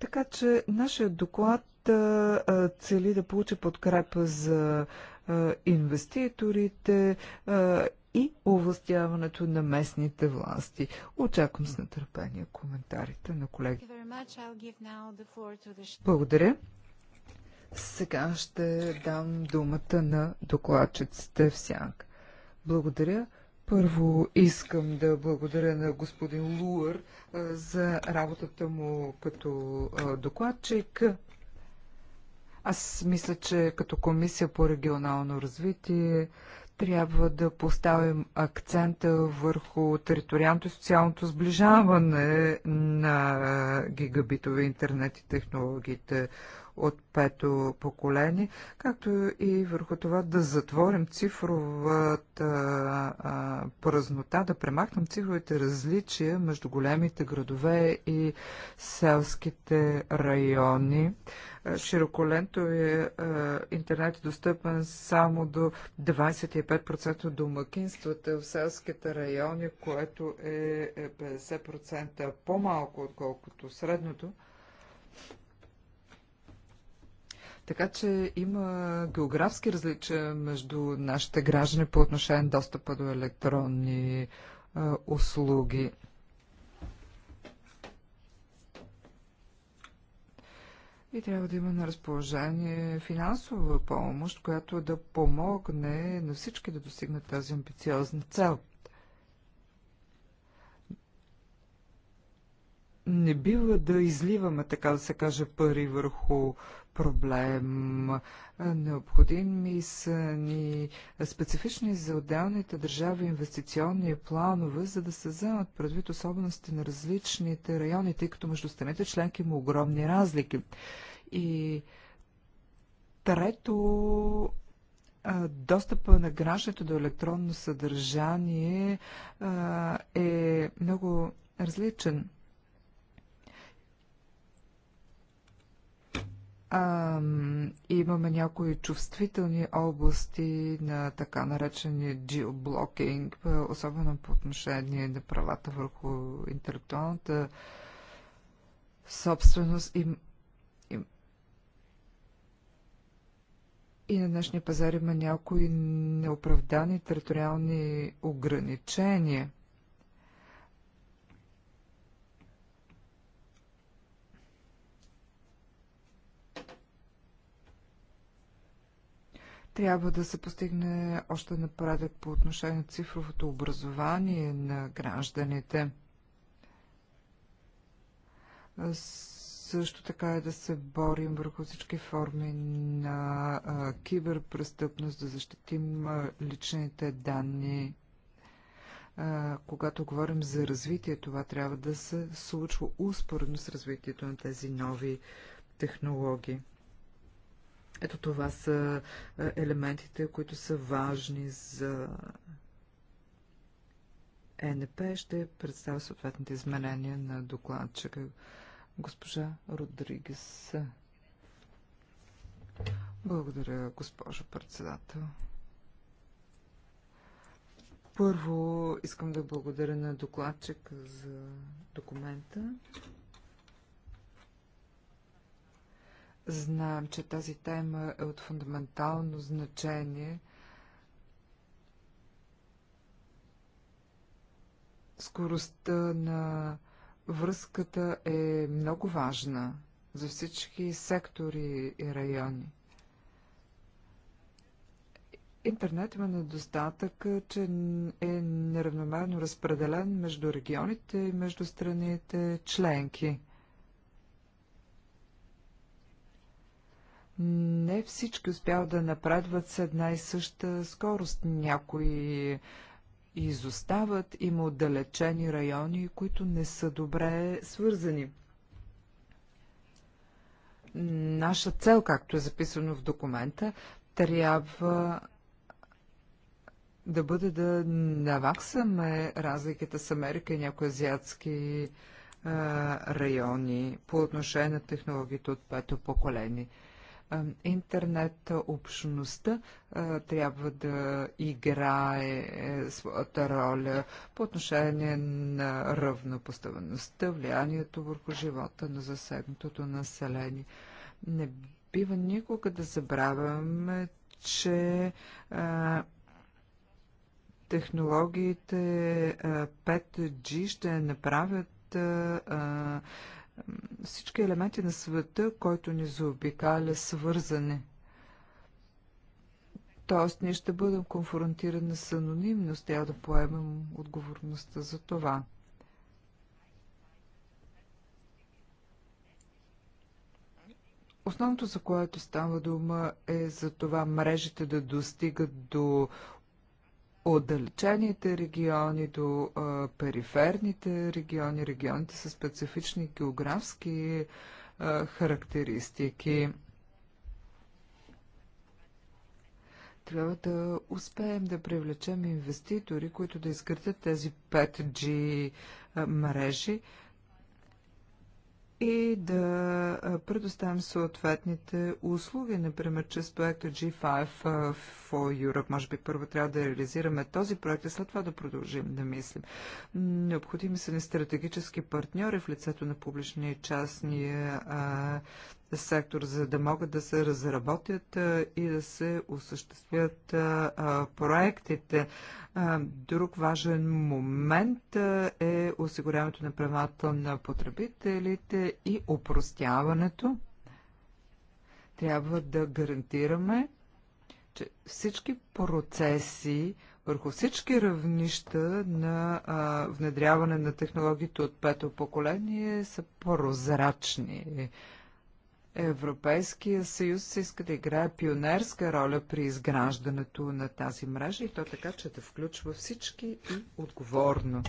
Така че нашия доклад цели да получи подкрепа за инвеститорите и овластяването на местните власти. Очаквам с нетърпение коментарите на колеги. Благодаря. Сега ще дам думата на докладчиците в сянка. Благодаря. Първо искам да благодаря на господин Луър за работата му като докладчик. Аз мисля, че като комисия по регионално развитие трябва да поставим акцента върху териториалното и социалното сближаване на гигабитове интернет и технологиите от пето поколение, както и върху това да затворим цифровата празнота, да премахнем цифровите различия между големите градове и селските райони. Широколентовия интернет е достъпен само до 25% от домакинствата в селските райони, което е 50% е по-малко, отколкото средното. Така че има географски различия между нашите граждани по отношение на достъпа до електронни а, услуги. И трябва да има на разположение финансова помощ, която да помогне на всички да достигнат тази амбициозна цел. не бива да изливаме, така да се каже, пари върху проблем. Необходими са ни специфични за отделните държави инвестиционни планове, за да се вземат предвид особености на различните райони, тъй като между страните членки има огромни разлики. И трето, достъпа на гражданите до електронно съдържание е много различен. А, имаме някои чувствителни области на така наречения geoblocking, е, особено по отношение на правата върху интелектуалната собственост и, и, и на днешния пазар има някои неоправдани териториални ограничения – Трябва да се постигне още напредък по отношение на цифровото образование на гражданите. Също така е да се борим върху всички форми на киберпрестъпност, да защитим личните данни. когато говорим за развитие, това трябва да се случва успоредно с развитието на тези нови технологии. Ето това са е, елементите, които са важни за ЕНП. Ще представя съответните изменения на докладчика госпожа Родригес. Благодаря, госпожо председател. Първо искам да благодаря на докладчик за документа. Знаем, че тази тема е от фундаментално значение. Скоростта на връзката е много важна за всички сектори и райони. Интернет има недостатък, че е неравномерно разпределен между регионите и между страните членки. не всички успяват да напредват с една и съща скорост. Някои изостават, има отдалечени райони, които не са добре свързани. Наша цел, както е записано в документа, трябва да бъде да наваксаме разликата с Америка и някои азиатски а, райони по отношение на технологиите от пето поколение интернет общността трябва да играе е, своята роля по отношение на равнопоставеността, влиянието върху живота на засегнатото население. Не бива никога да забравяме, че технологиите 5G ще направят а, всички елементи на света, който ни заобикаля, свързане. Тоест, ние ще бъдем конфронтирани с анонимност, трябва да поемем отговорността за това. Основното, за което става дума, е за това мрежите да достигат до отдалечените региони до а, периферните региони, регионите с специфични географски а, характеристики. Трябва да успеем да привлечем инвеститори, които да изградят тези 5G мрежи, и да предоставим съответните услуги, например, чрез проекта G5 for Europe. Може би първо трябва да реализираме този проект и след това да продължим да мислим. Необходими са ни стратегически партньори в лицето на публичния и частния сектор, за да могат да се разработят и да се осъществят проектите. Друг важен момент е осигуряването на правата на потребителите и упростяването. Трябва да гарантираме, че всички процеси върху всички равнища на а, внедряване на технологиите от пето поколение са прозрачни. Европейския съюз иска да играе пионерска роля при изграждането на тази мрежа и то така, че да включва всички и отговорно.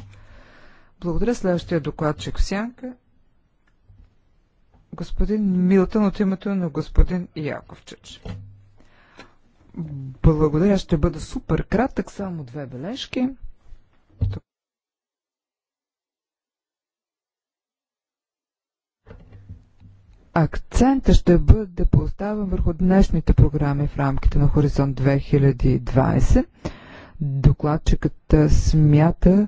Благодаря следващия докладчик в сянка. Господин Милтън от името на господин Яковчич. Благодаря, ще бъда супер кратък, само две бележки. акцента ще бъде да поставям върху днешните програми в рамките на Хоризонт 2020. Докладчикът смята,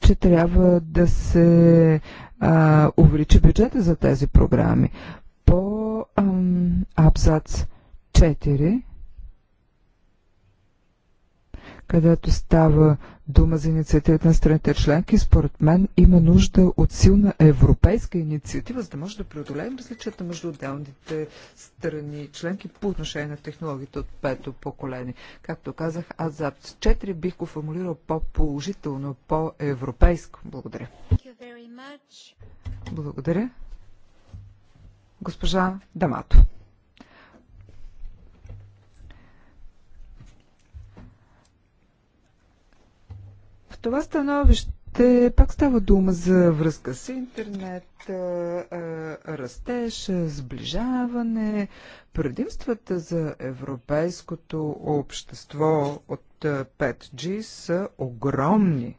че трябва да се а, увеличи бюджета за тези програми. По ам, абзац 4 където става дума за инициативата на страните членки, според мен има нужда от силна европейска инициатива, за да може да преодолеем различията между отделните страни членки по отношение на технологията от пето поколение. Както казах, аз за 4 бих го формулирал по-положително, по-европейско. Благодаря. Благодаря. Госпожа Дамато. това становище пак става дума за връзка с интернет, растеж, сближаване, предимствата за европейското общество от 5G са огромни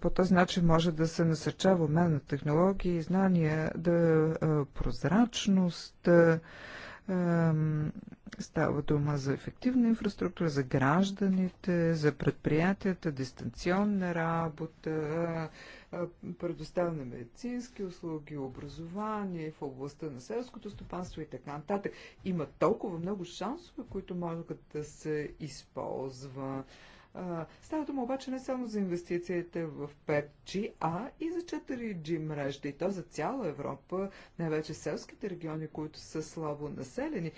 по този начин може да се насърчава обмен на технологии, знания, да, прозрачност, Става дума за ефективна инфраструктура, за гражданите, за предприятията, дистанционна работа, предоставяне на медицински услуги, образование в областта на селското стопанство и така нататък. Има толкова много шансове, които могат да се използва Става дума обаче не само за инвестициите в 5G, а и за 4G мрежда. И то за цяла Европа, най-вече селските региони, които са слабо населени.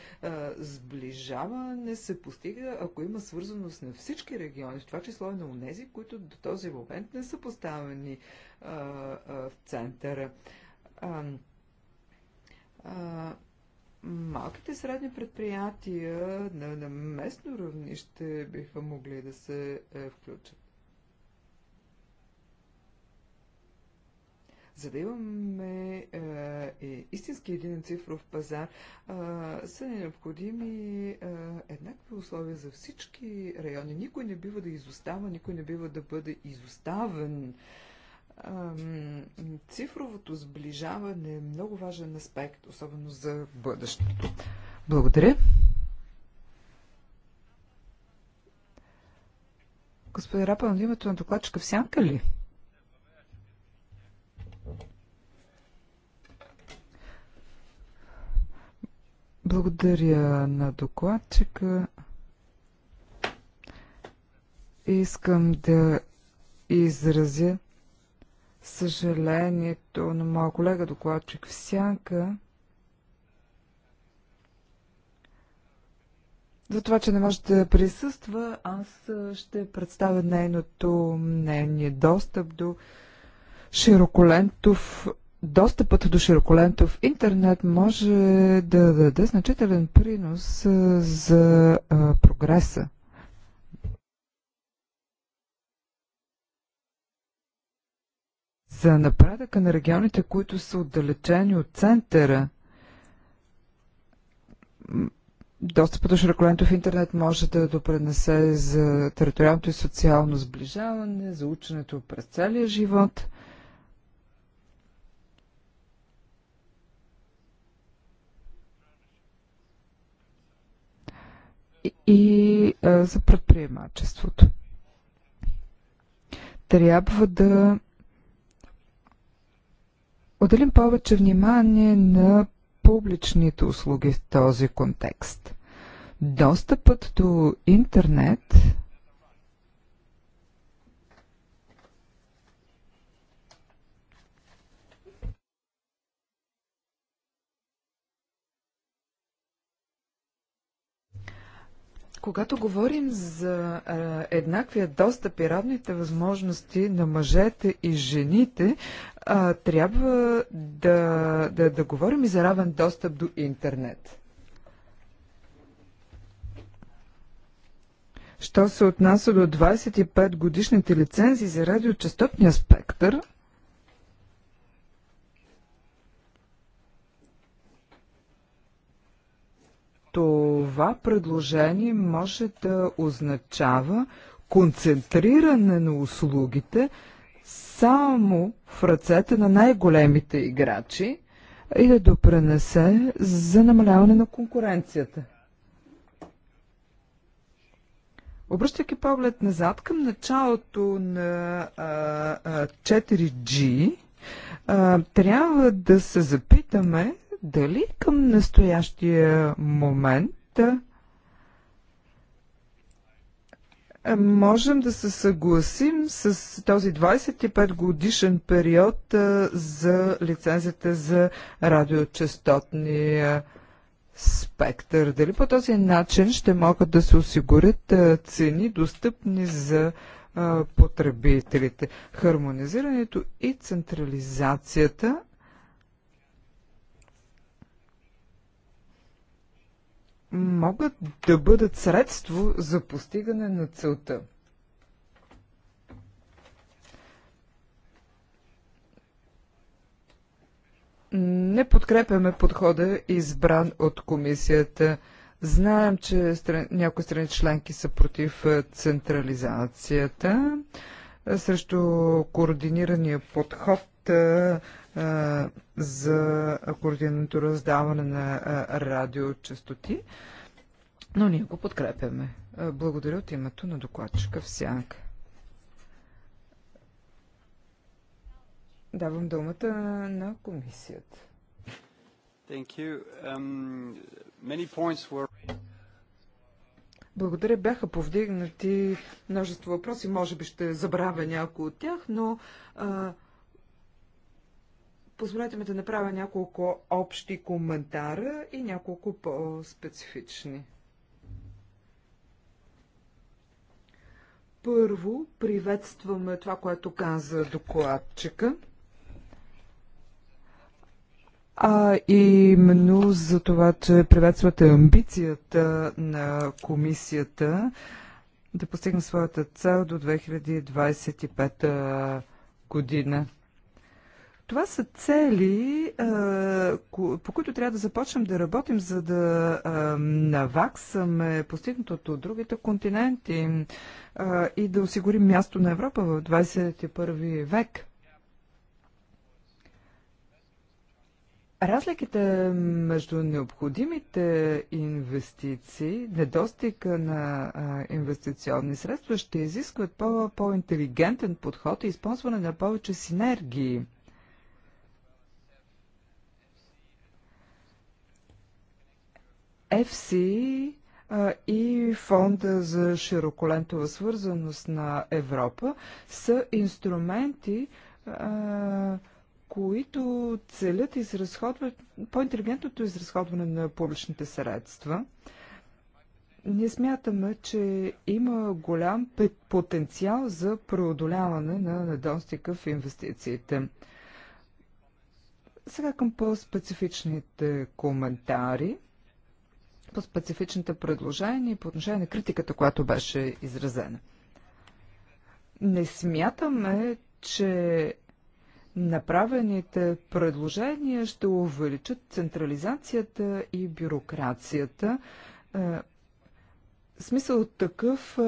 Сближаване се постига, ако има свързаност на всички региони, в това число и на унези, които до този момент не са поставени в центъра. А, а, малките и средни предприятия на, на местно равнище биха могли да се е, включат. За да имаме е, е, истински един цифров пазар, е, са ни необходими е, еднакви условия за всички райони. Никой не бива да изостава, никой не бива да бъде изоставен. Е, цифровото сближаване е много важен аспект, особено за бъдещето. Благодаря. Господин Рапа, на името на докладчика в сянка ли? Благодаря на докладчика. Искам да изразя съжалението на моя колега докладчик в сянка за това, че не може да присъства, аз ще представя нейното мнение. Достъп до широколентов Достъпът до широколентов интернет може да даде значителен принос за прогреса за напредъка на регионите, които са отдалечени от центъра. Достъпът до широколентов интернет може да допренесе за териториалното и социално сближаване, за ученето през целия живот. И, и а, за предприемачеството. Трябва да отделим повече внимание на публичните услуги в този контекст. Достъпът до интернет Когато говорим за а, еднаквия достъп и равните възможности на мъжете и жените, а, трябва да, да, да говорим и за равен достъп до интернет. Що се отнася до 25 годишните лицензии за радиочастотния спектър, това предложение може да означава концентриране на услугите само в ръцете на най-големите играчи и да допренесе за намаляване на конкуренцията. Обръщайки поглед назад към началото на а, а, 4G, а, трябва да се запитаме дали към настоящия момент можем да се съгласим с този 25 годишен период за лицензията за радиочастотния спектър. Дали по този начин ще могат да се осигурят цени достъпни за потребителите. Хармонизирането и централизацията могат да бъдат средство за постигане на целта. Не подкрепяме подхода, избран от комисията. Знаем, че някои страни членки са против е, централизацията е, срещу координирания подход е, за координатното раздаване на радиочастоти, но ние го подкрепяме. Благодаря от името на докладчика сянка. Давам думата на комисията. Um, were... Благодаря. Бяха повдигнати множество въпроси. Може би ще забравя някои от тях, но Позволете ми да направя няколко общи коментара и няколко по-специфични. Първо, приветстваме това, което каза докладчика. А именно за това, че приветствате амбицията на комисията да постигне своята цел до 2025 година. Това са цели, по които трябва да започнем да работим, за да наваксаме постигнатото от другите континенти и да осигурим място на Европа в 21 век. Разликите между необходимите инвестиции, недостига на инвестиционни средства ще изискват по- по-интелигентен подход и използване на повече синергии. FC и Фонда за широколентова свързаност на Европа са инструменти, които целят изразходват, по-интелигентното изразходване на публичните средства. Ние смятаме, че има голям потенциал за преодоляване на недостига в инвестициите. Сега към по-специфичните коментари по специфичните предложения и по отношение на критиката, която беше изразена. Не смятаме, че направените предложения ще увеличат централизацията и бюрокрацията, е, Смисъл такъв,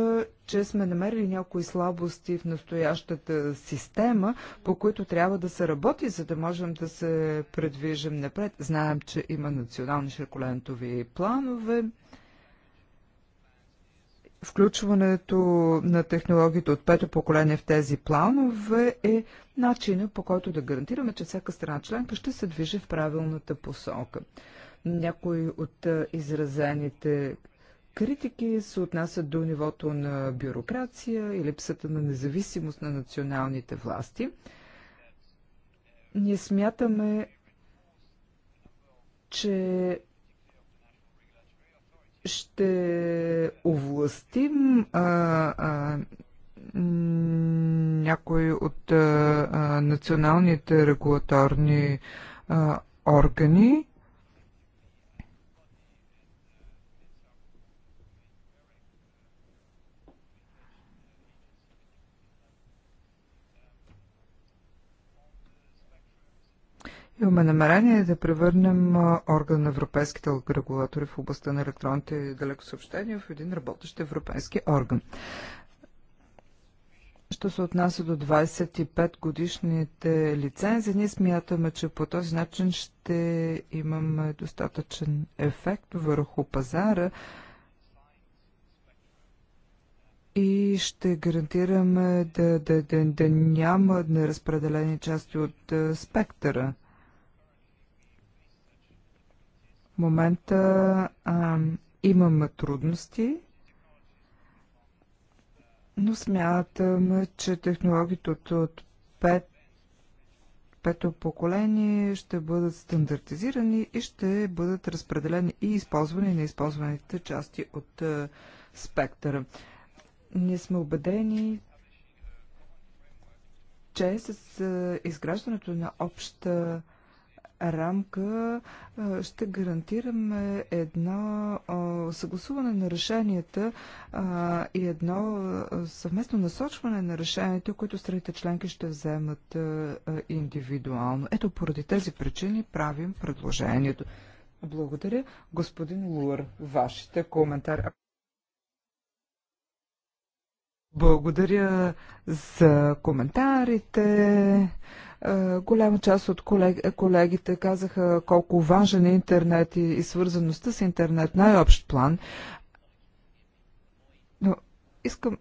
че сме намерили някои слабости в настоящата система, по които трябва да се работи, за да можем да се предвижим напред. Знаем, че има национални широколентови планове. Включването на технологиите от пето поколение в тези планове е начина по който да гарантираме, че всяка страна членка ще се движи в правилната посока. Някои от изразените критики се отнасят до нивото на бюрокрация и липсата на независимост на националните власти. Ние смятаме, че ще овластим а, а, някой от а, националните регулаторни а, органи Имаме намерение да превърнем орган на европейските регулатори в областта на електронните и далекосъобщения в един работещ европейски орган. Що се отнася до 25 годишните лицензи, ние смятаме, че по този начин ще имаме достатъчен ефект върху пазара и ще гарантираме да, да, да, да няма неразпределени части от спектъра. В момента а, имаме трудности, но смятам, че технологиите от, от пет, пето поколение ще бъдат стандартизирани и ще бъдат разпределени и използвани на използваните части от а, спектъра. Ние сме убедени, че с а, изграждането на обща рамка ще гарантираме едно съгласуване на решенията и едно съвместно насочване на решенията, които страните членки ще вземат индивидуално. Ето поради тези причини правим предложението. Благодаря. Господин Луър, вашите коментари. Благодаря за коментарите. Е, голяма част от колег, колегите казаха колко важен е интернет и, и свързаността с интернет най-общ план. Но искам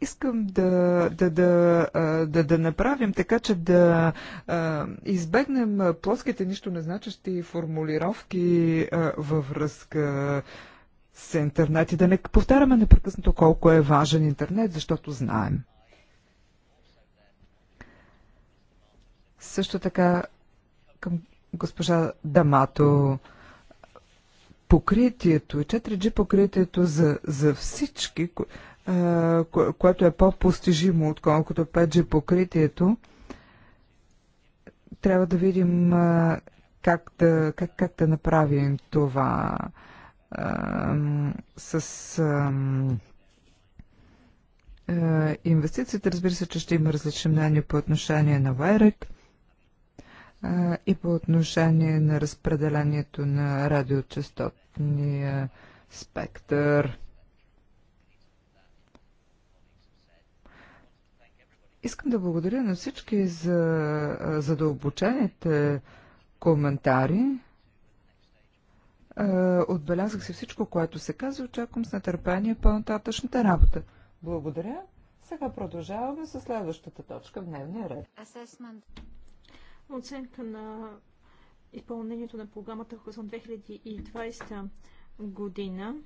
Искам да, да, да, е, да, да направим така, че да е, избегнем плоските, нищо незначащи формулировки във връзка с интернет и да не повтаряме непрекъснато колко е важен интернет, защото знаем. Също така към госпожа Дамато покритието, 4G покритието за, за всички, кое, което е по-постижимо, отколкото 5G покритието, трябва да видим как да, как, как да направим това с а, а, е, инвестициите. Разбира се, че ще има различни мнения по отношение на Вайрек и по отношение на разпределението на радиочастотния спектър. Искам да благодаря на всички за задълбочените да коментари. Е, отбелязах се всичко, което се казва, Очаквам с нетърпение по-нататъчната работа. Благодаря. Сега продължаваме с следващата точка в дневния ред. Асесмент. Оценка на изпълнението на програмата Хоризон 2020 година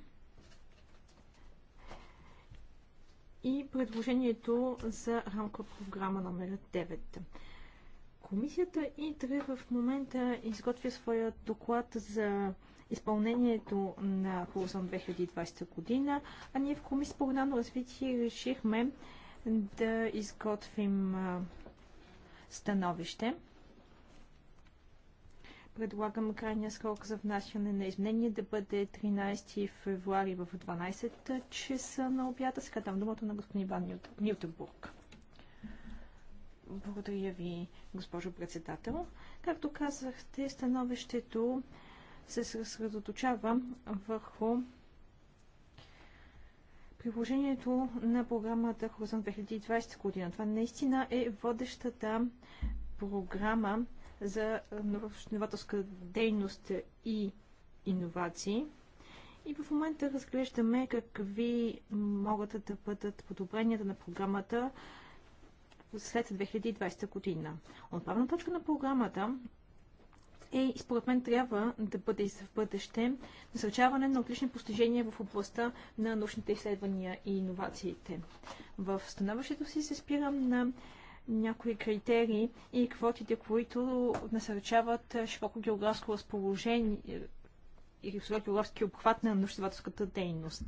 и предложението за рамка програма номер 9. Комисията ИТРЕ в момента изготвя своя доклад за изпълнението на Хоризонт 2020 година, а ние в Комисия по регионално развитие решихме да изготвим становище. Предлагам крайния срок за внасяне на изменение да бъде 13 февруари в 12 часа на обята. Сега там думата на господин Иван Нютенбург. Благодаря ви, госпожо председател. Както казахте, становището се съсредоточава върху приложението на програмата Хоризон 2020 година. Това наистина е водещата програма за новаторска дейност и иновации. И в момента разглеждаме какви могат да бъдат подобренията на програмата след 2020 година. Отправна точка на програмата е и според мен трябва да бъде и в бъдеще насърчаване на отлични постижения в областта на научните изследвания и иновациите. В становището си се спирам на някои критерии и квотите, които насърчават широко географско разположение е, или широк географски обхват на научно дейност.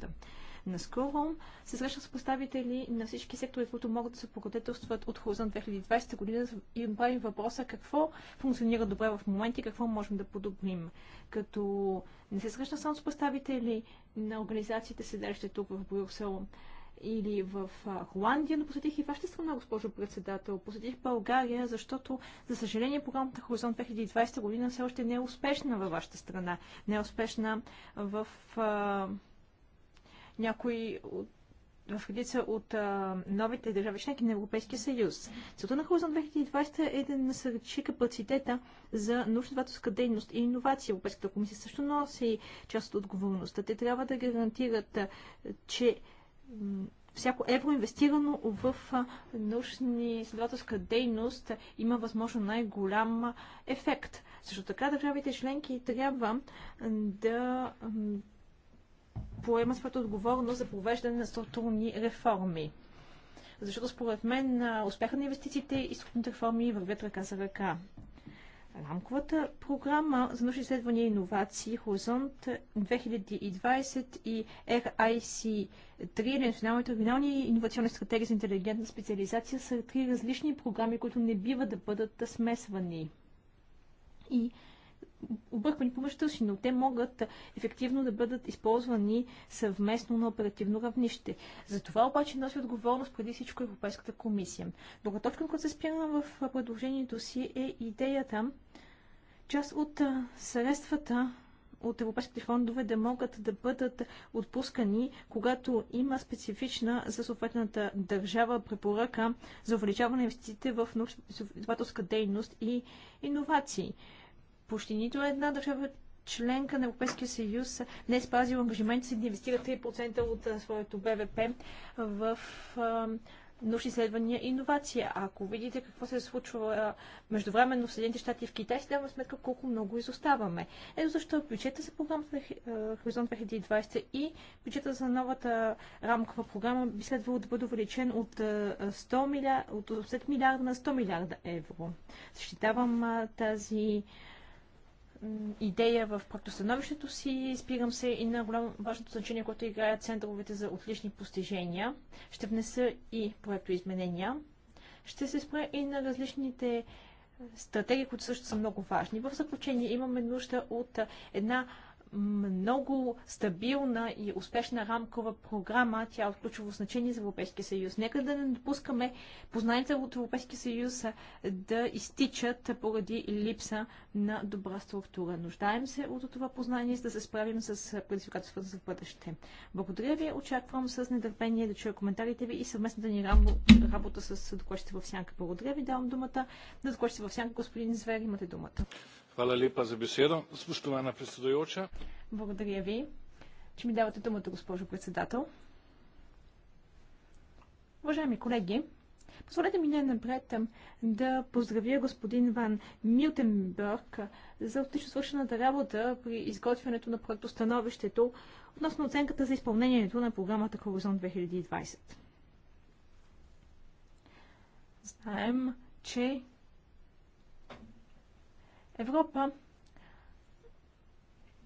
Наскоро се срещах с представители на всички сектори, които могат да се покладетелстват от Хоризонт 2020 година и правим въпроса какво функционира добре в момента и какво можем да подобрим. Като не се срещах само с представители на организациите, седалище тук в Брюксел, или в Холандия, но посетих и вашата страна, госпожо председател. Посетих България, защото, за съжаление, програмата Хоризонт 2020 година все още не е успешна във вашата страна. Не е успешна в а, някои от в редица от а, новите държави членки на Европейския съюз. Целта на Хоризонт 2020 е да насърчи капацитета за научно-изследователска дейност и иновация. Европейската комисия също носи част от отговорността. Те трябва да гарантират, а, че всяко евро инвестирано в научни изследователска дейност има възможно най-голям ефект. Също така държавите членки трябва да поема своята отговорност за провеждане на структурни реформи. Защото според мен успеха на инвестициите и структурните реформи вървят ръка за ръка. Рамковата програма за научни изследвания и иновации Хоризонт 2020 и RIC 3 на националните регионални инновационни стратегии за интелигентна специализация са три различни програми, които не бива да бъдат смесвани. И обърквани помежду си, но те могат ефективно да бъдат използвани съвместно на оперативно равнище. За това обаче носи отговорност преди всичко Европейската комисия. Друга точка, която се спирам в предложението си е идеята част от средствата от европейските фондове да могат да бъдат отпускани, когато има специфична за съответната държава препоръка за увеличаване на инвестициите в научно-изследователска дейност и иновации почти нито една държава членка на Европейския съюз не е спазил ангажимент си да инвестира 3% от своето БВП в научни изследвания и иновации. Ако видите какво се е случва междувременно в Съединените щати и в Китай, си даваме сметка колко много изоставаме. Ето защо бюджета за програмата Хоризонт 2020 и бюджета за новата рамкова програма би следвало да бъде увеличен от 100 милиарда, от 10 милиарда на 100 милиарда евро. Защитавам тази идея в проектостановището си. Спирам се и на голямо важното значение, което играят центровете за отлични постижения. Ще внеса и проектоизменения. Ще се спра и на различните стратегии, които също са много важни. В заключение имаме нужда от една много стабилна и успешна рамкова програма. Тя е от ключово значение за Европейския съюз. Нека да не допускаме познанията от Европейския съюз да изтичат поради липса на добра структура. Нуждаем се от това познание, за да се справим с предизвикателствата за бъдеще. Благодаря ви. Очаквам с нетърпение да чуя коментарите ви и съвместната ни работа с докладчите в сянка. Благодаря ви. Давам думата на докладчите в сянка. Господин Звер, имате думата. Hvala lepa za besedo, spoštovana predsedujoča. Благодаря ви. Че ми давате думата, госпожо председател. Уважаеми колеги, позволете ми най-напред да поздравя господин Ван Милтенбърг за отлично свършената работа при изготвянето на проектостановището относно оценката за изпълнението на програмата Хоризонт 2020. Знаем, че Европа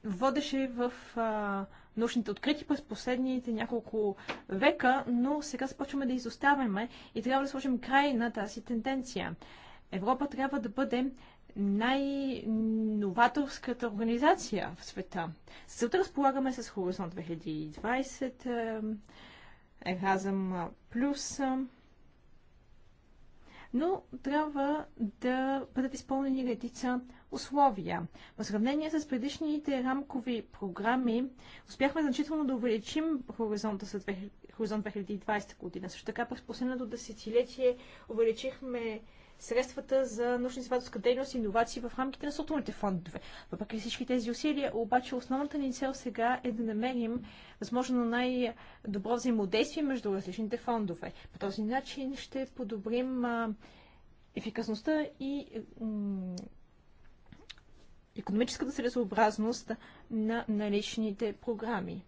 водеше в а, научните открити през последните няколко века, но сега започваме да изоставяме и трябва да сложим край на тази тенденция. Европа трябва да бъде най-новаторската организация в света. Целта разполагаме с Хоризонт 2020, е, Еразъм Плюс, е, но трябва да бъдат изпълнени редица условия. В сравнение с предишните рамкови програми, успяхме значително да увеличим хоризонта с 2020 година. Също така през последното десетилетие увеличихме средствата за научно-изследователска дейност и иновации в рамките на структурните фондове. Въпреки всички тези усилия, обаче основната ни цел сега е да намерим възможно най-добро взаимодействие между различните фондове. По този начин ще подобрим ефикасността и економическата целесообразност на наличните програми.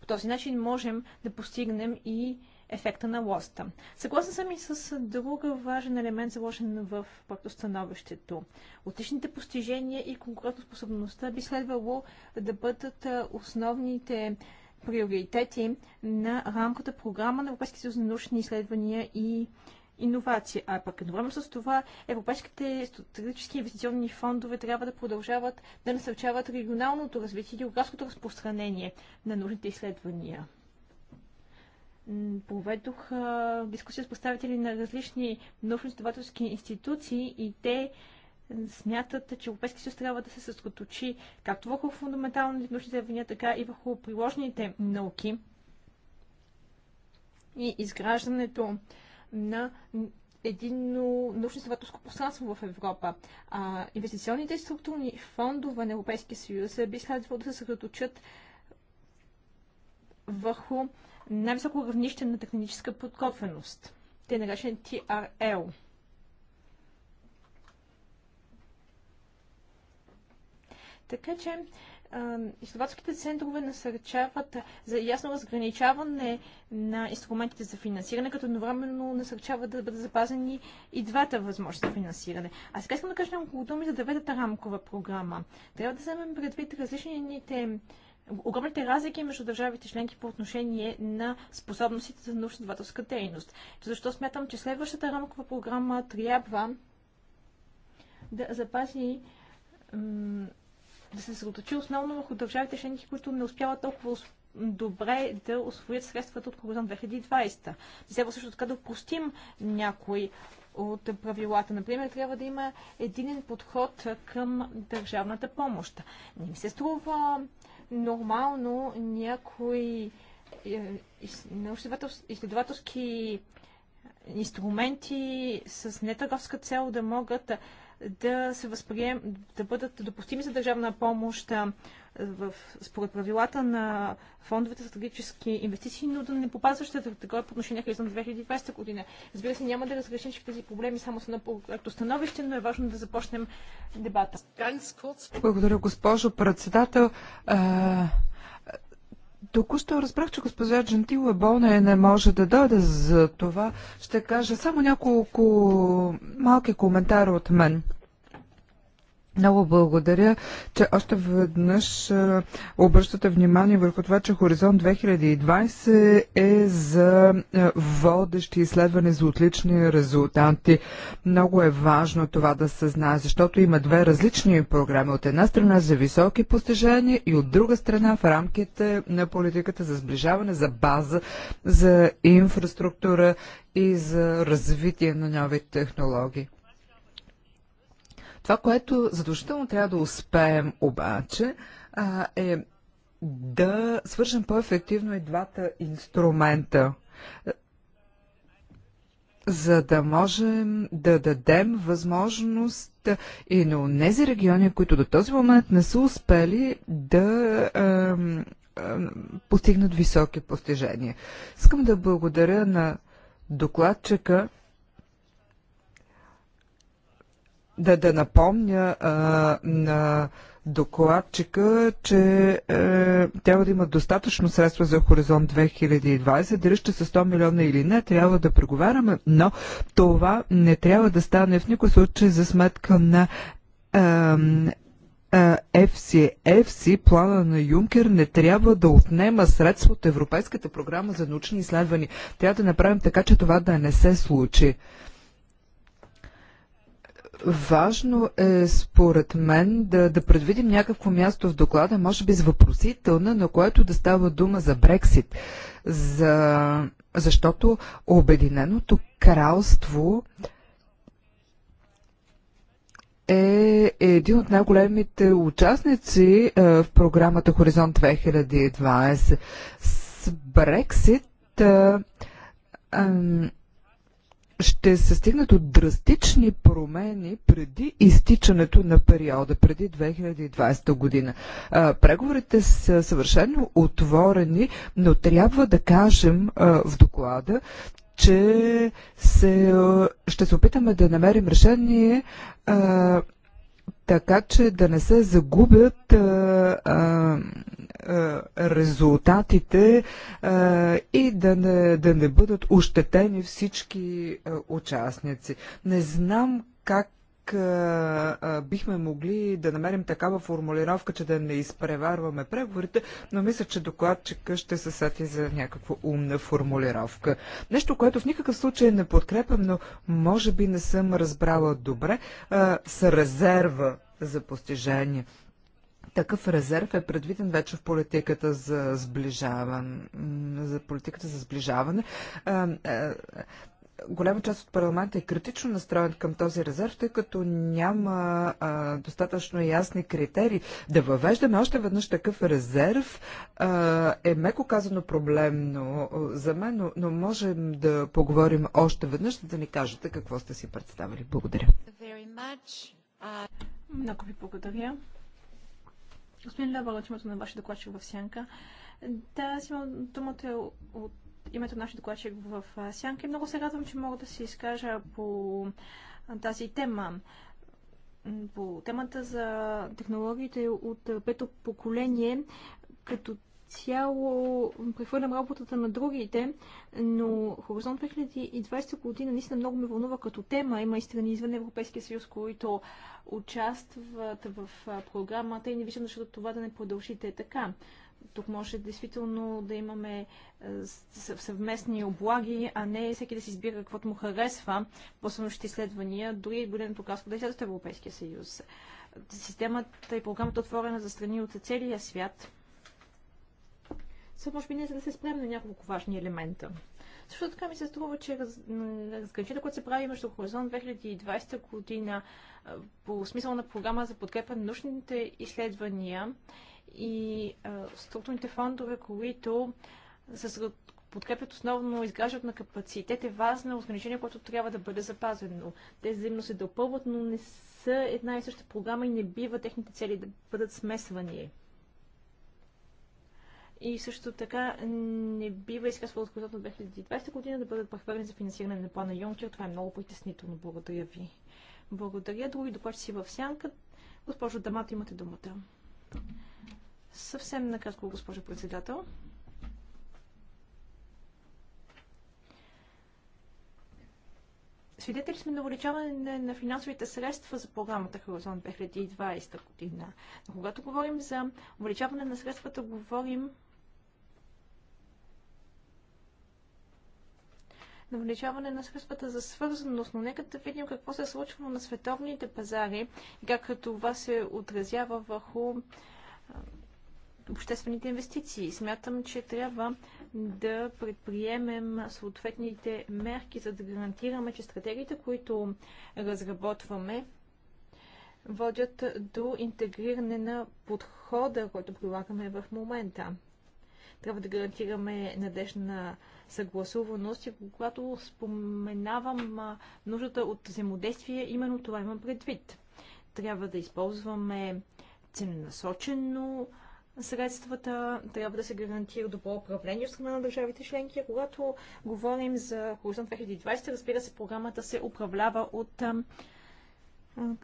По този начин можем да постигнем и ефекта на лоста. Съгласна съм и с друг важен елемент, заложен в становището. Отличните постижения и конкретно способността би следвало да бъдат основните приоритети на рамката програма на Европейския съюз на научни изследвания и иновации. А пък едновременно с това европейските стратегически инвестиционни фондове трябва да продължават да насърчават регионалното развитие и географското разпространение на нужните изследвания проведох дискусия с представители на различни научно-изследователски институции и те смятат, че Европейския съюз трябва да се съсредоточи както върху фундаменталните научни изследвания, така и върху приложените науки и изграждането на единно научно-изследователско пространство в Европа. А, инвестиционните структурни фондове на Европейския съюз би следвало да се съсредоточат върху най-високо равнище на техническа подкопеност. те наречен TRL. Така че изследователските центрове насърчават за ясно разграничаване на инструментите за финансиране, като едновременно насърчават да бъдат запазени и двата възможности за финансиране. А сега искам да кажа няколко думи за деветата рамкова програма. Трябва да вземем предвид различните огромните разлики между държавите членки по отношение на способностите за научно-давателска дейност. Защо смятам, че следващата рамкова програма трябва да запази да се съсредоточи основно върху държавите членки, които не успяват толкова добре да освоят средствата от Хоризонт 2020. И трябва също така да простим някои от правилата. Например, трябва да има единен подход към държавната помощ. Не ми се струва нормално някои е, изследователски инструменти с нетърговска цел да могат да се възприем, да бъдат допустими за държавна помощ в, според правилата на фондовете за стратегически инвестиции, но да не попада същата такова по отношение към 2020 година. Разбира се, няма да разрешим всички тези проблеми само с едно становище, но е важно да започнем дебата. Благодаря, госпожо председател. Е, току-що разбрах, че госпожа Джентил е болна и не може да дойде за това. Ще кажа само няколко малки коментари от мен. Много благодаря, че още веднъж обръщате внимание върху това, че Хоризонт 2020 е за водещи изследване за отлични резултати. Много е важно това да се знае, защото има две различни програми. От една страна за високи постижения и от друга страна в рамките на политиката за сближаване, за база, за инфраструктура и за развитие на нови технологии. Това, което задължително трябва да успеем обаче, а, е да свържем по-ефективно и двата инструмента, за да можем да дадем възможност и на тези региони, които до този момент не са успели да а, а, постигнат високи постижения. Искам да благодаря на докладчика да, да напомня а, на докладчика, че е, трябва да има достатъчно средства за Хоризонт 2020. Дали ще са 100 милиона или не, трябва да преговаряме, но това не трябва да стане в никой случай за сметка на е, FC, FC, плана на Юнкер, не трябва да отнема средства от Европейската програма за научни изследвания. Трябва да направим така, че това да не се случи. Важно е, според мен, да, да предвидим някакво място в доклада, може би с въпросителна, на което да става дума за Брексит. За... Защото Обединеното кралство е един от най-големите участници е, в програмата Хоризонт 2020. С Брексит е, ще се стигнат от драстични промени преди изтичането на периода, преди 2020 година. Преговорите са съвършено отворени, но трябва да кажем в доклада, че се, ще се опитаме да намерим решение така че да не се загубят а, а, а, резултатите а, и да не, да не бъдат ощетени всички а, участници. Не знам как как а, а, бихме могли да намерим такава формулировка, че да не изпреварваме преговорите, но мисля, че докладчика ще се сети за някаква умна формулировка. Нещо, което в никакъв случай не подкрепям, но може би не съм разбрала добре, а, са резерва за постижение. Такъв резерв е предвиден вече в политиката за сближаване. За политиката за сближаване голяма част от парламента е критично настроен към този резерв, тъй като няма а, достатъчно ясни критерии. Да въвеждаме още веднъж такъв резерв а, е меко казано проблемно за мен, но, но можем да поговорим още веднъж, за да ни кажете какво сте си представили. Благодаря. Много ви благодаря. Господин от името на вашия докладчик в Сянка. Да, си имам думата е от името на нашия докладчик в Сянка и много се радвам, че мога да се изкажа по тази тема. По темата за технологиите от пето поколение, като цяло прехвърлям работата на другите, но Хоризонт 2020 година наистина много ме вълнува като тема. Има и страни извън Европейския съюз, които участват в програмата и не виждам защото това да не продължите така. Тук може действително да имаме е, съвместни облаги, а не всеки да си избира каквото му харесва по научните изследвания, дори голямото кралство да излезе от Европейския съюз. Системата и програмата е отворена за страни от целия свят. Само може би не за да се спрем на няколко важни елемента. Също така ми се струва, че раз, разграничението, което се прави между Хоризонт 2020 година по смисъл на програма за подкрепа на научните изследвания и структурните фондове, които се подкрепят основно изграждат на капацитет е важно ограничение, което трябва да бъде запазено. Те взаимно се допълват, но не са една и съща програма и не бива техните цели да бъдат смесвани. И също така не бива изказвало от хората от 2020 година да бъдат прехвърлени за финансиране на плана Юнкер. Това е много притеснително. Благодаря ви. Благодаря. Други докладчици в сянка. Госпожо Дамато, имате думата. Съвсем накратко, госпожо председател. Свидетели сме на увеличаване на финансовите средства за програмата Хоризонт 2020 година. Но когато говорим за увеличаване на средствата, говорим На увеличаване на средствата за свързаност, но нека да видим какво се е случвало на световните пазари и как това се отразява върху обществените инвестиции. Смятам, че трябва да предприемем съответните мерки, за да гарантираме, че стратегиите, които разработваме, водят до интегриране на подхода, който прилагаме в момента. Трябва да гарантираме надежна съгласуваност и когато споменавам нуждата от взаимодействие, именно това имам предвид. Трябва да използваме целенасочено средствата, трябва да се гарантира добро управление от страна на държавите членки. Когато говорим за Хоризонт 2020, разбира се, програмата се управлява от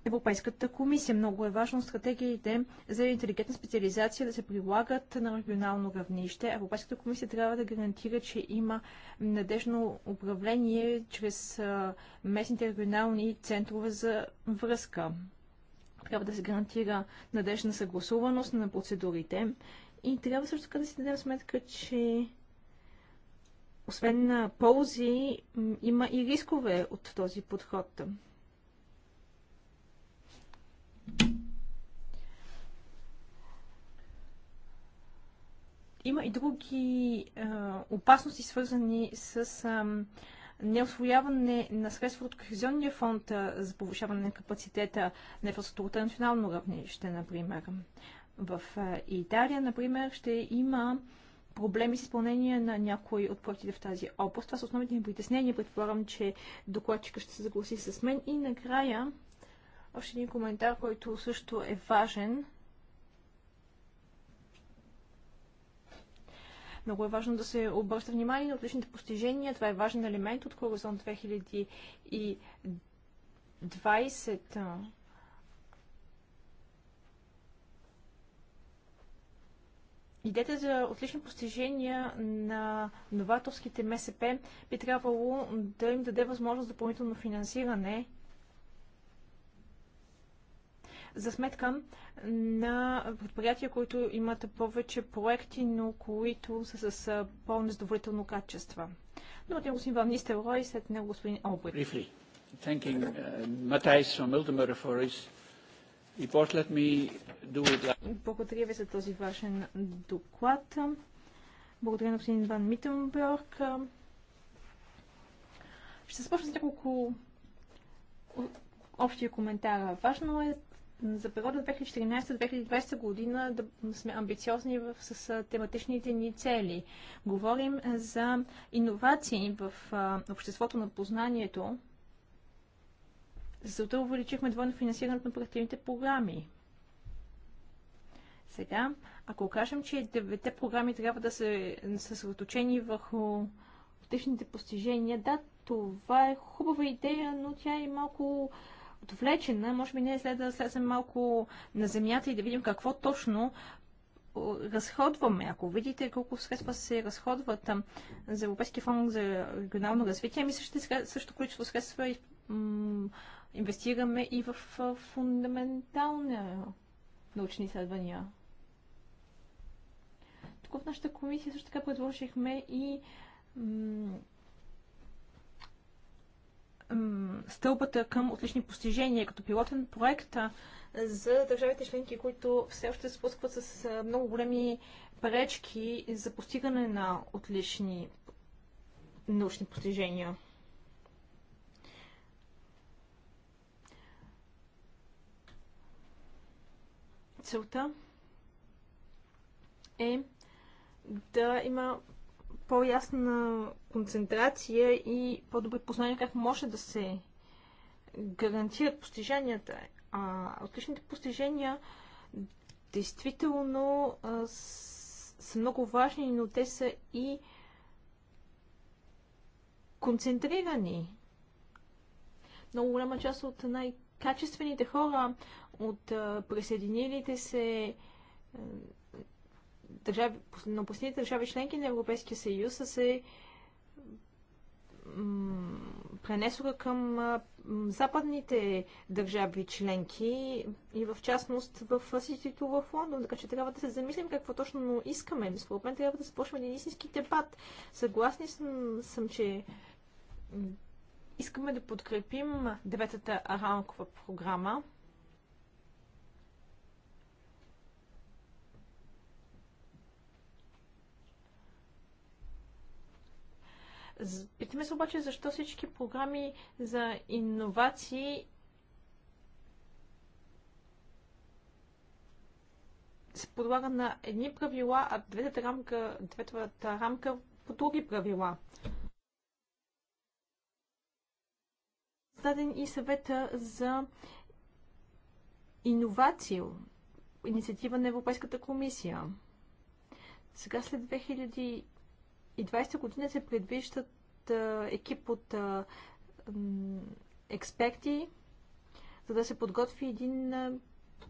Европейската комисия. Много е важно стратегиите за интелигентна специализация да се прилагат на регионално равнище. Европейската комисия трябва да гарантира, че има надежно управление чрез местните регионални центрове за връзка. Трябва да се гарантира надежна съгласуваност на процедурите. И трябва също така да си дадем сметка, че освен на ползи, има и рискове от този подход. Има и други а, опасности, свързани с а, неосвояване на средства от Кохезионния фонд за повишаване на капацитета на инфраструктурата на национално равнище, например. В Италия, например, ще има проблеми с изпълнение на някои от проектите в тази област. Това са основните ми притеснения. Предполагам, че докладчика ще се съгласи с мен. И накрая, още един коментар, който също е важен Много е важно да се обръща внимание на отличните постижения. Това е важен елемент от Хоризонт 2020. Идете за отлични постижения на новаторските МСП би трябвало да им даде възможност допълнително финансиране за сметка на предприятия, които имат повече проекти, но които са с по-нездоволително качество. Но от него господин Ван Нистелрой след него господин Олбрит. Briefly, thanking uh, Matthijs from Ultimate for his report. Let me do it like... Благодаря ви за този важен доклад. Благодаря на господин Ван Митенберг. Ще започна с няколко общия коментар. Важно е за периода 2014-2020 година да сме амбициозни в, с тематичните ни цели. Говорим за иновации в а, обществото на познанието. Зато увеличихме двойно финансирането на проективните програми. Сега, ако кажем, че девете програми трябва да се съсредоточени върху техните постижения, да, това е хубава идея, но тя е малко отвлечена, може би не е след да слезем малко на земята и да видим какво точно разходваме. Ако видите колко средства се разходват за Европейския фонд за регионално развитие, ами същото, също количество средства инвестираме и в фундаментални научни изследвания. Тук в нашата комисия също така предложихме и стълбата към отлични постижения, като пилотен проект за държавите членки, които все още се спускват с много големи пречки за постигане на отлични научни постижения. Целта е да има по-ясна концентрация и по-добри познания как може да се гарантират постиженията. А отличните постижения действително а, са много важни, но те са и концентрирани. Много голяма част от най-качествените хора от а, присъединилите се държави, на последните държави членки на Европейския съюз са се пренесоха към западните държави членки и в частност в Ситито в Лондон. Така че трябва да се замислим какво точно искаме. Според мен трябва да започнем един истински дебат. Съгласни съм, съм че искаме да подкрепим деветата рамкова програма. Питаме се обаче защо всички програми за иновации се подлага на едни правила, а двете рамка, двете рамка по други правила. Даден и съвета за иновации, инициатива на Европейската комисия. Сега след 2000 2020 година се предвиждат екип от експерти, за да се подготви един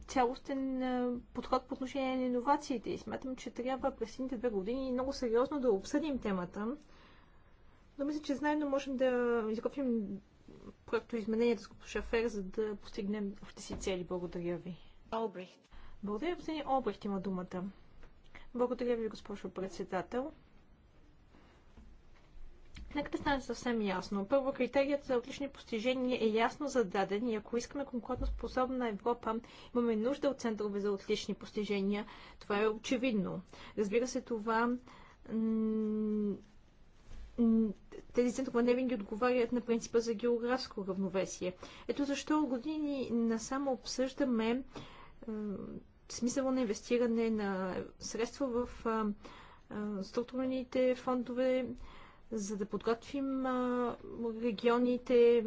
цялостен подход по отношение на иновациите. И смятам, че трябва през следните две години много сериозно да обсъдим темата. Но мисля, че заедно можем да изготвим проекто изменението с госпожа Шафер, за да постигнем общите си цели. Благодаря ви. Олбрихт. Благодаря, господин Олбрихт има думата. Благодаря ви, госпожо председател. Нека да стане съвсем ясно. Първо, критерият за отлични постижения е ясно зададен и ако искаме способна Европа, имаме нужда от центрове за отлични постижения. Това е очевидно. Разбира се, това тези центрове не винаги отговарят на принципа за географско равновесие. Ето защо години насам обсъждаме смисъла на инвестиране на средства в структурните фондове, за да подготвим регионите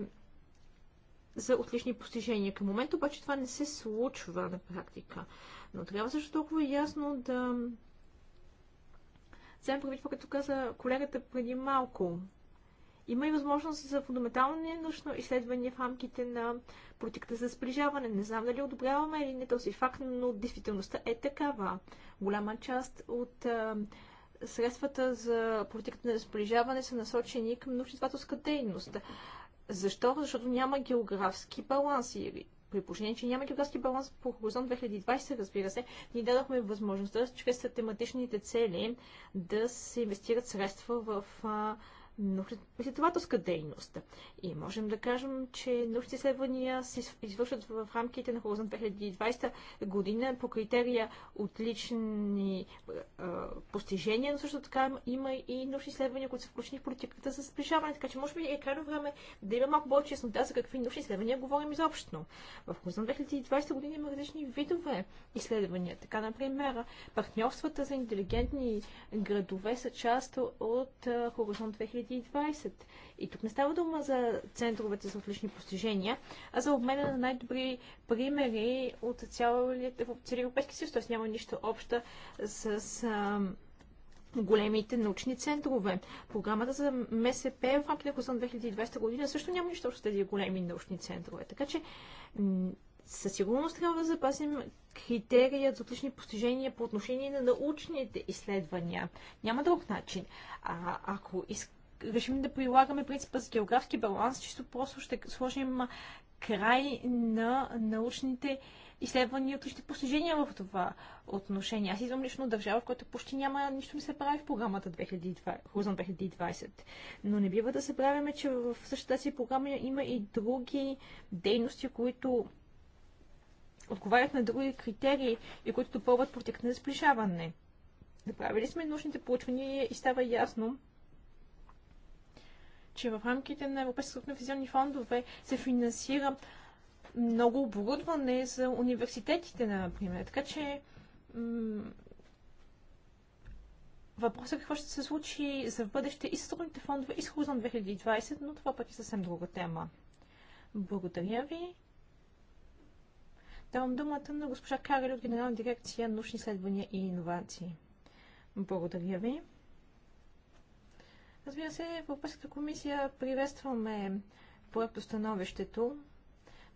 за отлични постижения. Към момента обаче това не се случва на практика. Но трябва също толкова ясно да вземем предвид като каза колегата преди малко. Има и възможност за фундаментални научно изследвания в рамките на политиката за сближаване. Не знам дали одобряваме или не този факт, но действителността е такава. Голяма част от средствата за политиката на сближаване са насочени към научно-изследователска дейност. Защо? Защото няма географски баланс или при положение, че няма географски баланс по хоризонт 2020, разбира се, ни дадохме възможността чрез тематичните цели да се инвестират средства в а, изследователска дейност. И можем да кажем, че научните изследвания се извършват в рамките на Хоризонт 2020 година по критерия отлични а, постижения, но също така има и научни изследвания, които са включени в политиката за сближаване. Така че може би е крайно време да има малко повече яснота за какви научни изследвания говорим изобщо. В Хоризонт 2020 година има различни видове изследвания. Така, например, партньорствата за интелигентни градове са част от Хоризонт 2020 2020. И тук не става дума за центровете за отлични постижения, а за обмена на най-добри примери от цял Европейски съюз. Тоест няма нищо общо с, а, големите научни центрове. Програмата за МСП е в рамките на 2020 година също няма нищо общо с тези големи научни центрове. Така че със сигурност трябва да запазим критерият за отлични постижения по отношение на научните изследвания. Няма друг начин. А ако иск решим да прилагаме принципа за географски баланс, чисто просто ще сложим край на научните изследвания, и отлични постижения в това отношение. Аз идвам лично от държава, в която почти няма нищо не се прави в програмата 2020, Хоризонт 2020. Но не бива да се правиме, че в същата си програма има и други дейности, които отговарят на други критерии и които допълват протекта на сближаване. Направили сме научните получвания и става ясно, че в рамките на Европейските конфесионни фондове се финансира много оборудване за университетите, например. Така че въпросът е какво ще се случи за в бъдеще и с трудните фондове и с 2020, но това пък е съвсем друга тема. Благодаря ви. Давам думата на госпожа Карел от Генерална дирекция научни изследвания и иновации. Благодаря ви. Разбира се, в Европейската комисия приветстваме становището.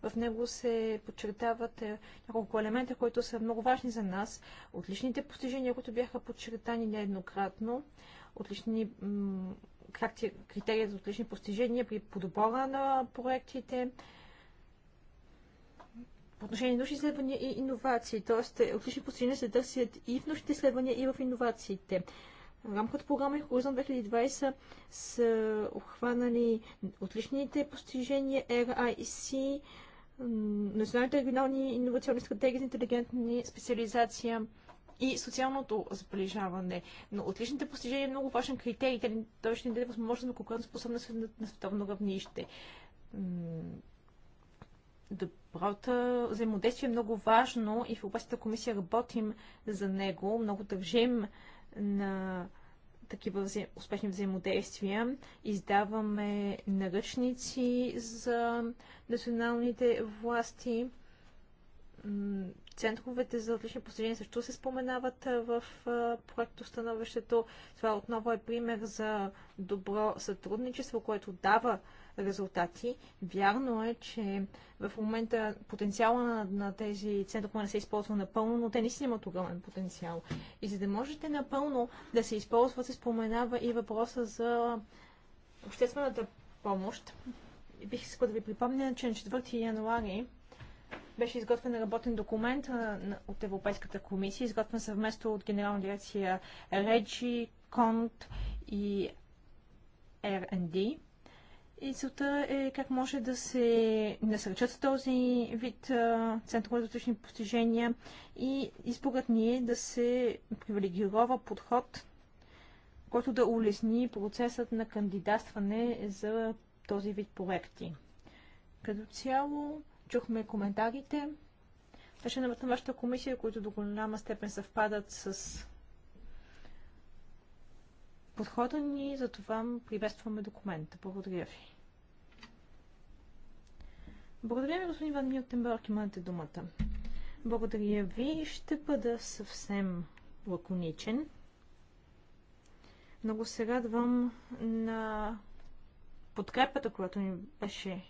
В него се подчертават е, няколко елемента, които са много важни за нас. Отличните постижения, които бяха подчертани нееднократно, отлични критерии за отлични постижения при подобора на проектите, по отношение на научни изследвания и иновации. Тоест, е, отлични постижения се търсят и в научните изследвания, и в иновациите. Рамката програма и Хоризонт 2020 са обхванали отличните постижения RIC, националните регионални инновационни стратегии за интелигентни специализация и социалното сближаване. Но отличните постижения е много важен критерий. Той ще ни даде възможност на способна на световно равнище доброто взаимодействие е много важно и в областната комисия работим за него. Много държим на такива взаим... успешни взаимодействия. Издаваме наръчници за националните власти. Центровете за отлични постижения също се споменават в проекто становището. Това отново е пример за добро сътрудничество, което дава резултати. Вярно е, че в момента потенциала на, на тези центрове не се използва напълно, но те наистина имат огромен потенциал. И за да можете напълно да се използват, се споменава и въпроса за обществената помощ. Бих искал да ви припомня, че на 4 януари беше изготвен работен документ от Европейската комисия, изготвен съвместно от Генерална дирекция Реджи, Конт и R&D. И целта е как може да се насърчат този вид центрове за отлични постижения и изборът ни е да се привилегирова подход, който да улесни процесът на кандидатстване за този вид проекти. Като цяло, чухме коментарите. Беше на вашата комисия, които до голяма степен съвпадат с подхода ни, затова приветстваме документа. Благодаря ви. Благодаря ви, господин Ван Милтенберг. Имате думата. Благодаря ви. Ще бъда съвсем лаконичен. Много се радвам на подкрепата, която ми беше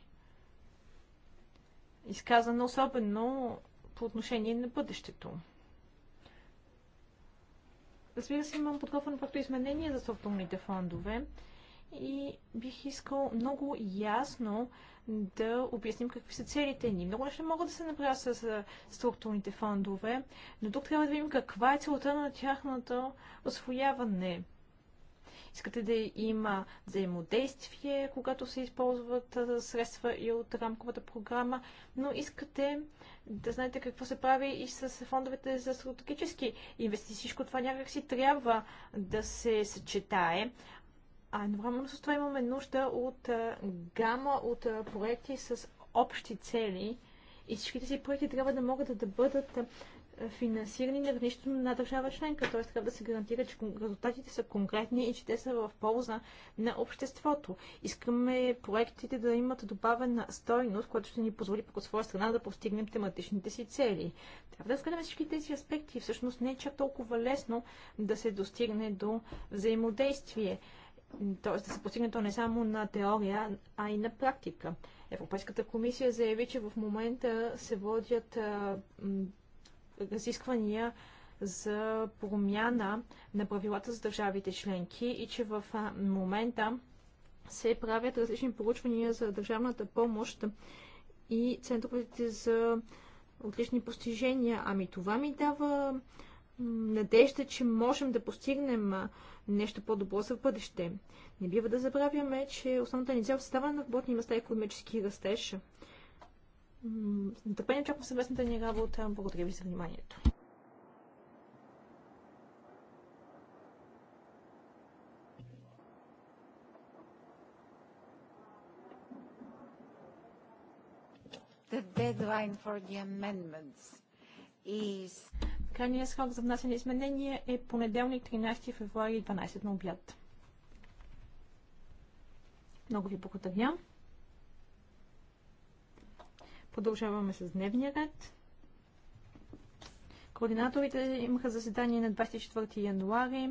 изказана, особено по отношение на бъдещето. Разбира се, имам подготвено проекто изменение за структурните фондове и бих искал много ясно да обясним какви са целите ни. Много неща могат да се направят с структурните фондове, но тук трябва да видим каква е целта на тяхното освояване. Искате да има взаимодействие, когато се използват средства и от рамковата програма, но искате да знаете какво се прави и с фондовете за стратегически инвестиции. Всичко това някакси трябва да се съчетае, а едновременно с това имаме нужда от гама от проекти с общи цели и всички тези проекти трябва да могат да бъдат финансирани на равнището на държава членка, т.е. трябва да се гарантира, че резултатите са конкретни и че те са в полза на обществото. Искаме проектите да имат добавена стойност, която ще ни позволи по своя страна да постигнем тематичните си цели. Трябва да разгледаме всички тези аспекти. Всъщност не е чак толкова лесно да се достигне до взаимодействие т.е. да се постигне то не само на теория, а и на практика. Европейската комисия заяви, че в момента се водят разисквания за промяна на правилата за държавите членки и че в момента се правят различни поручвания за държавната помощ и центровете за отлични постижения. Ами това ми дава надежда, че можем да постигнем нещо по-добро за бъдеще. Не бива да забравяме, че основната ни цел в създаване на работни места е економически растеж. С нетърпение очаквам съвместната ни работа. Благодаря ви за вниманието. The deadline for the amendments is Крайният срок за внасяне изменения е понеделник 13 февруари 12 на обяд. Много ви благодаря. Продължаваме с дневния ред. Координаторите имаха заседание на 24 януари.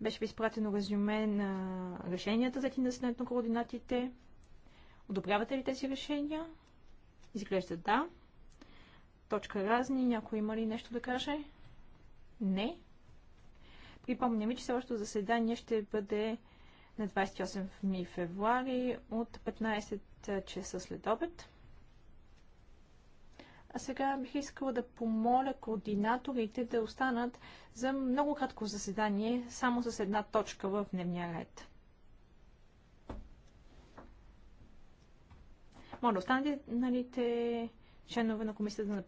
Беше изпратено резюме на решенията, за на на координатите. Одобрявате ли тези решения? Изглежда да точка разни. Някой има ли нещо да каже? Не. Припомням ви, че следващото заседание ще бъде на 28 февруари от 15 часа след обед. А сега бих искала да помоля координаторите да останат за много кратко заседание, само с една точка в дневния ред. Моля, останалите нали, членове на комисията да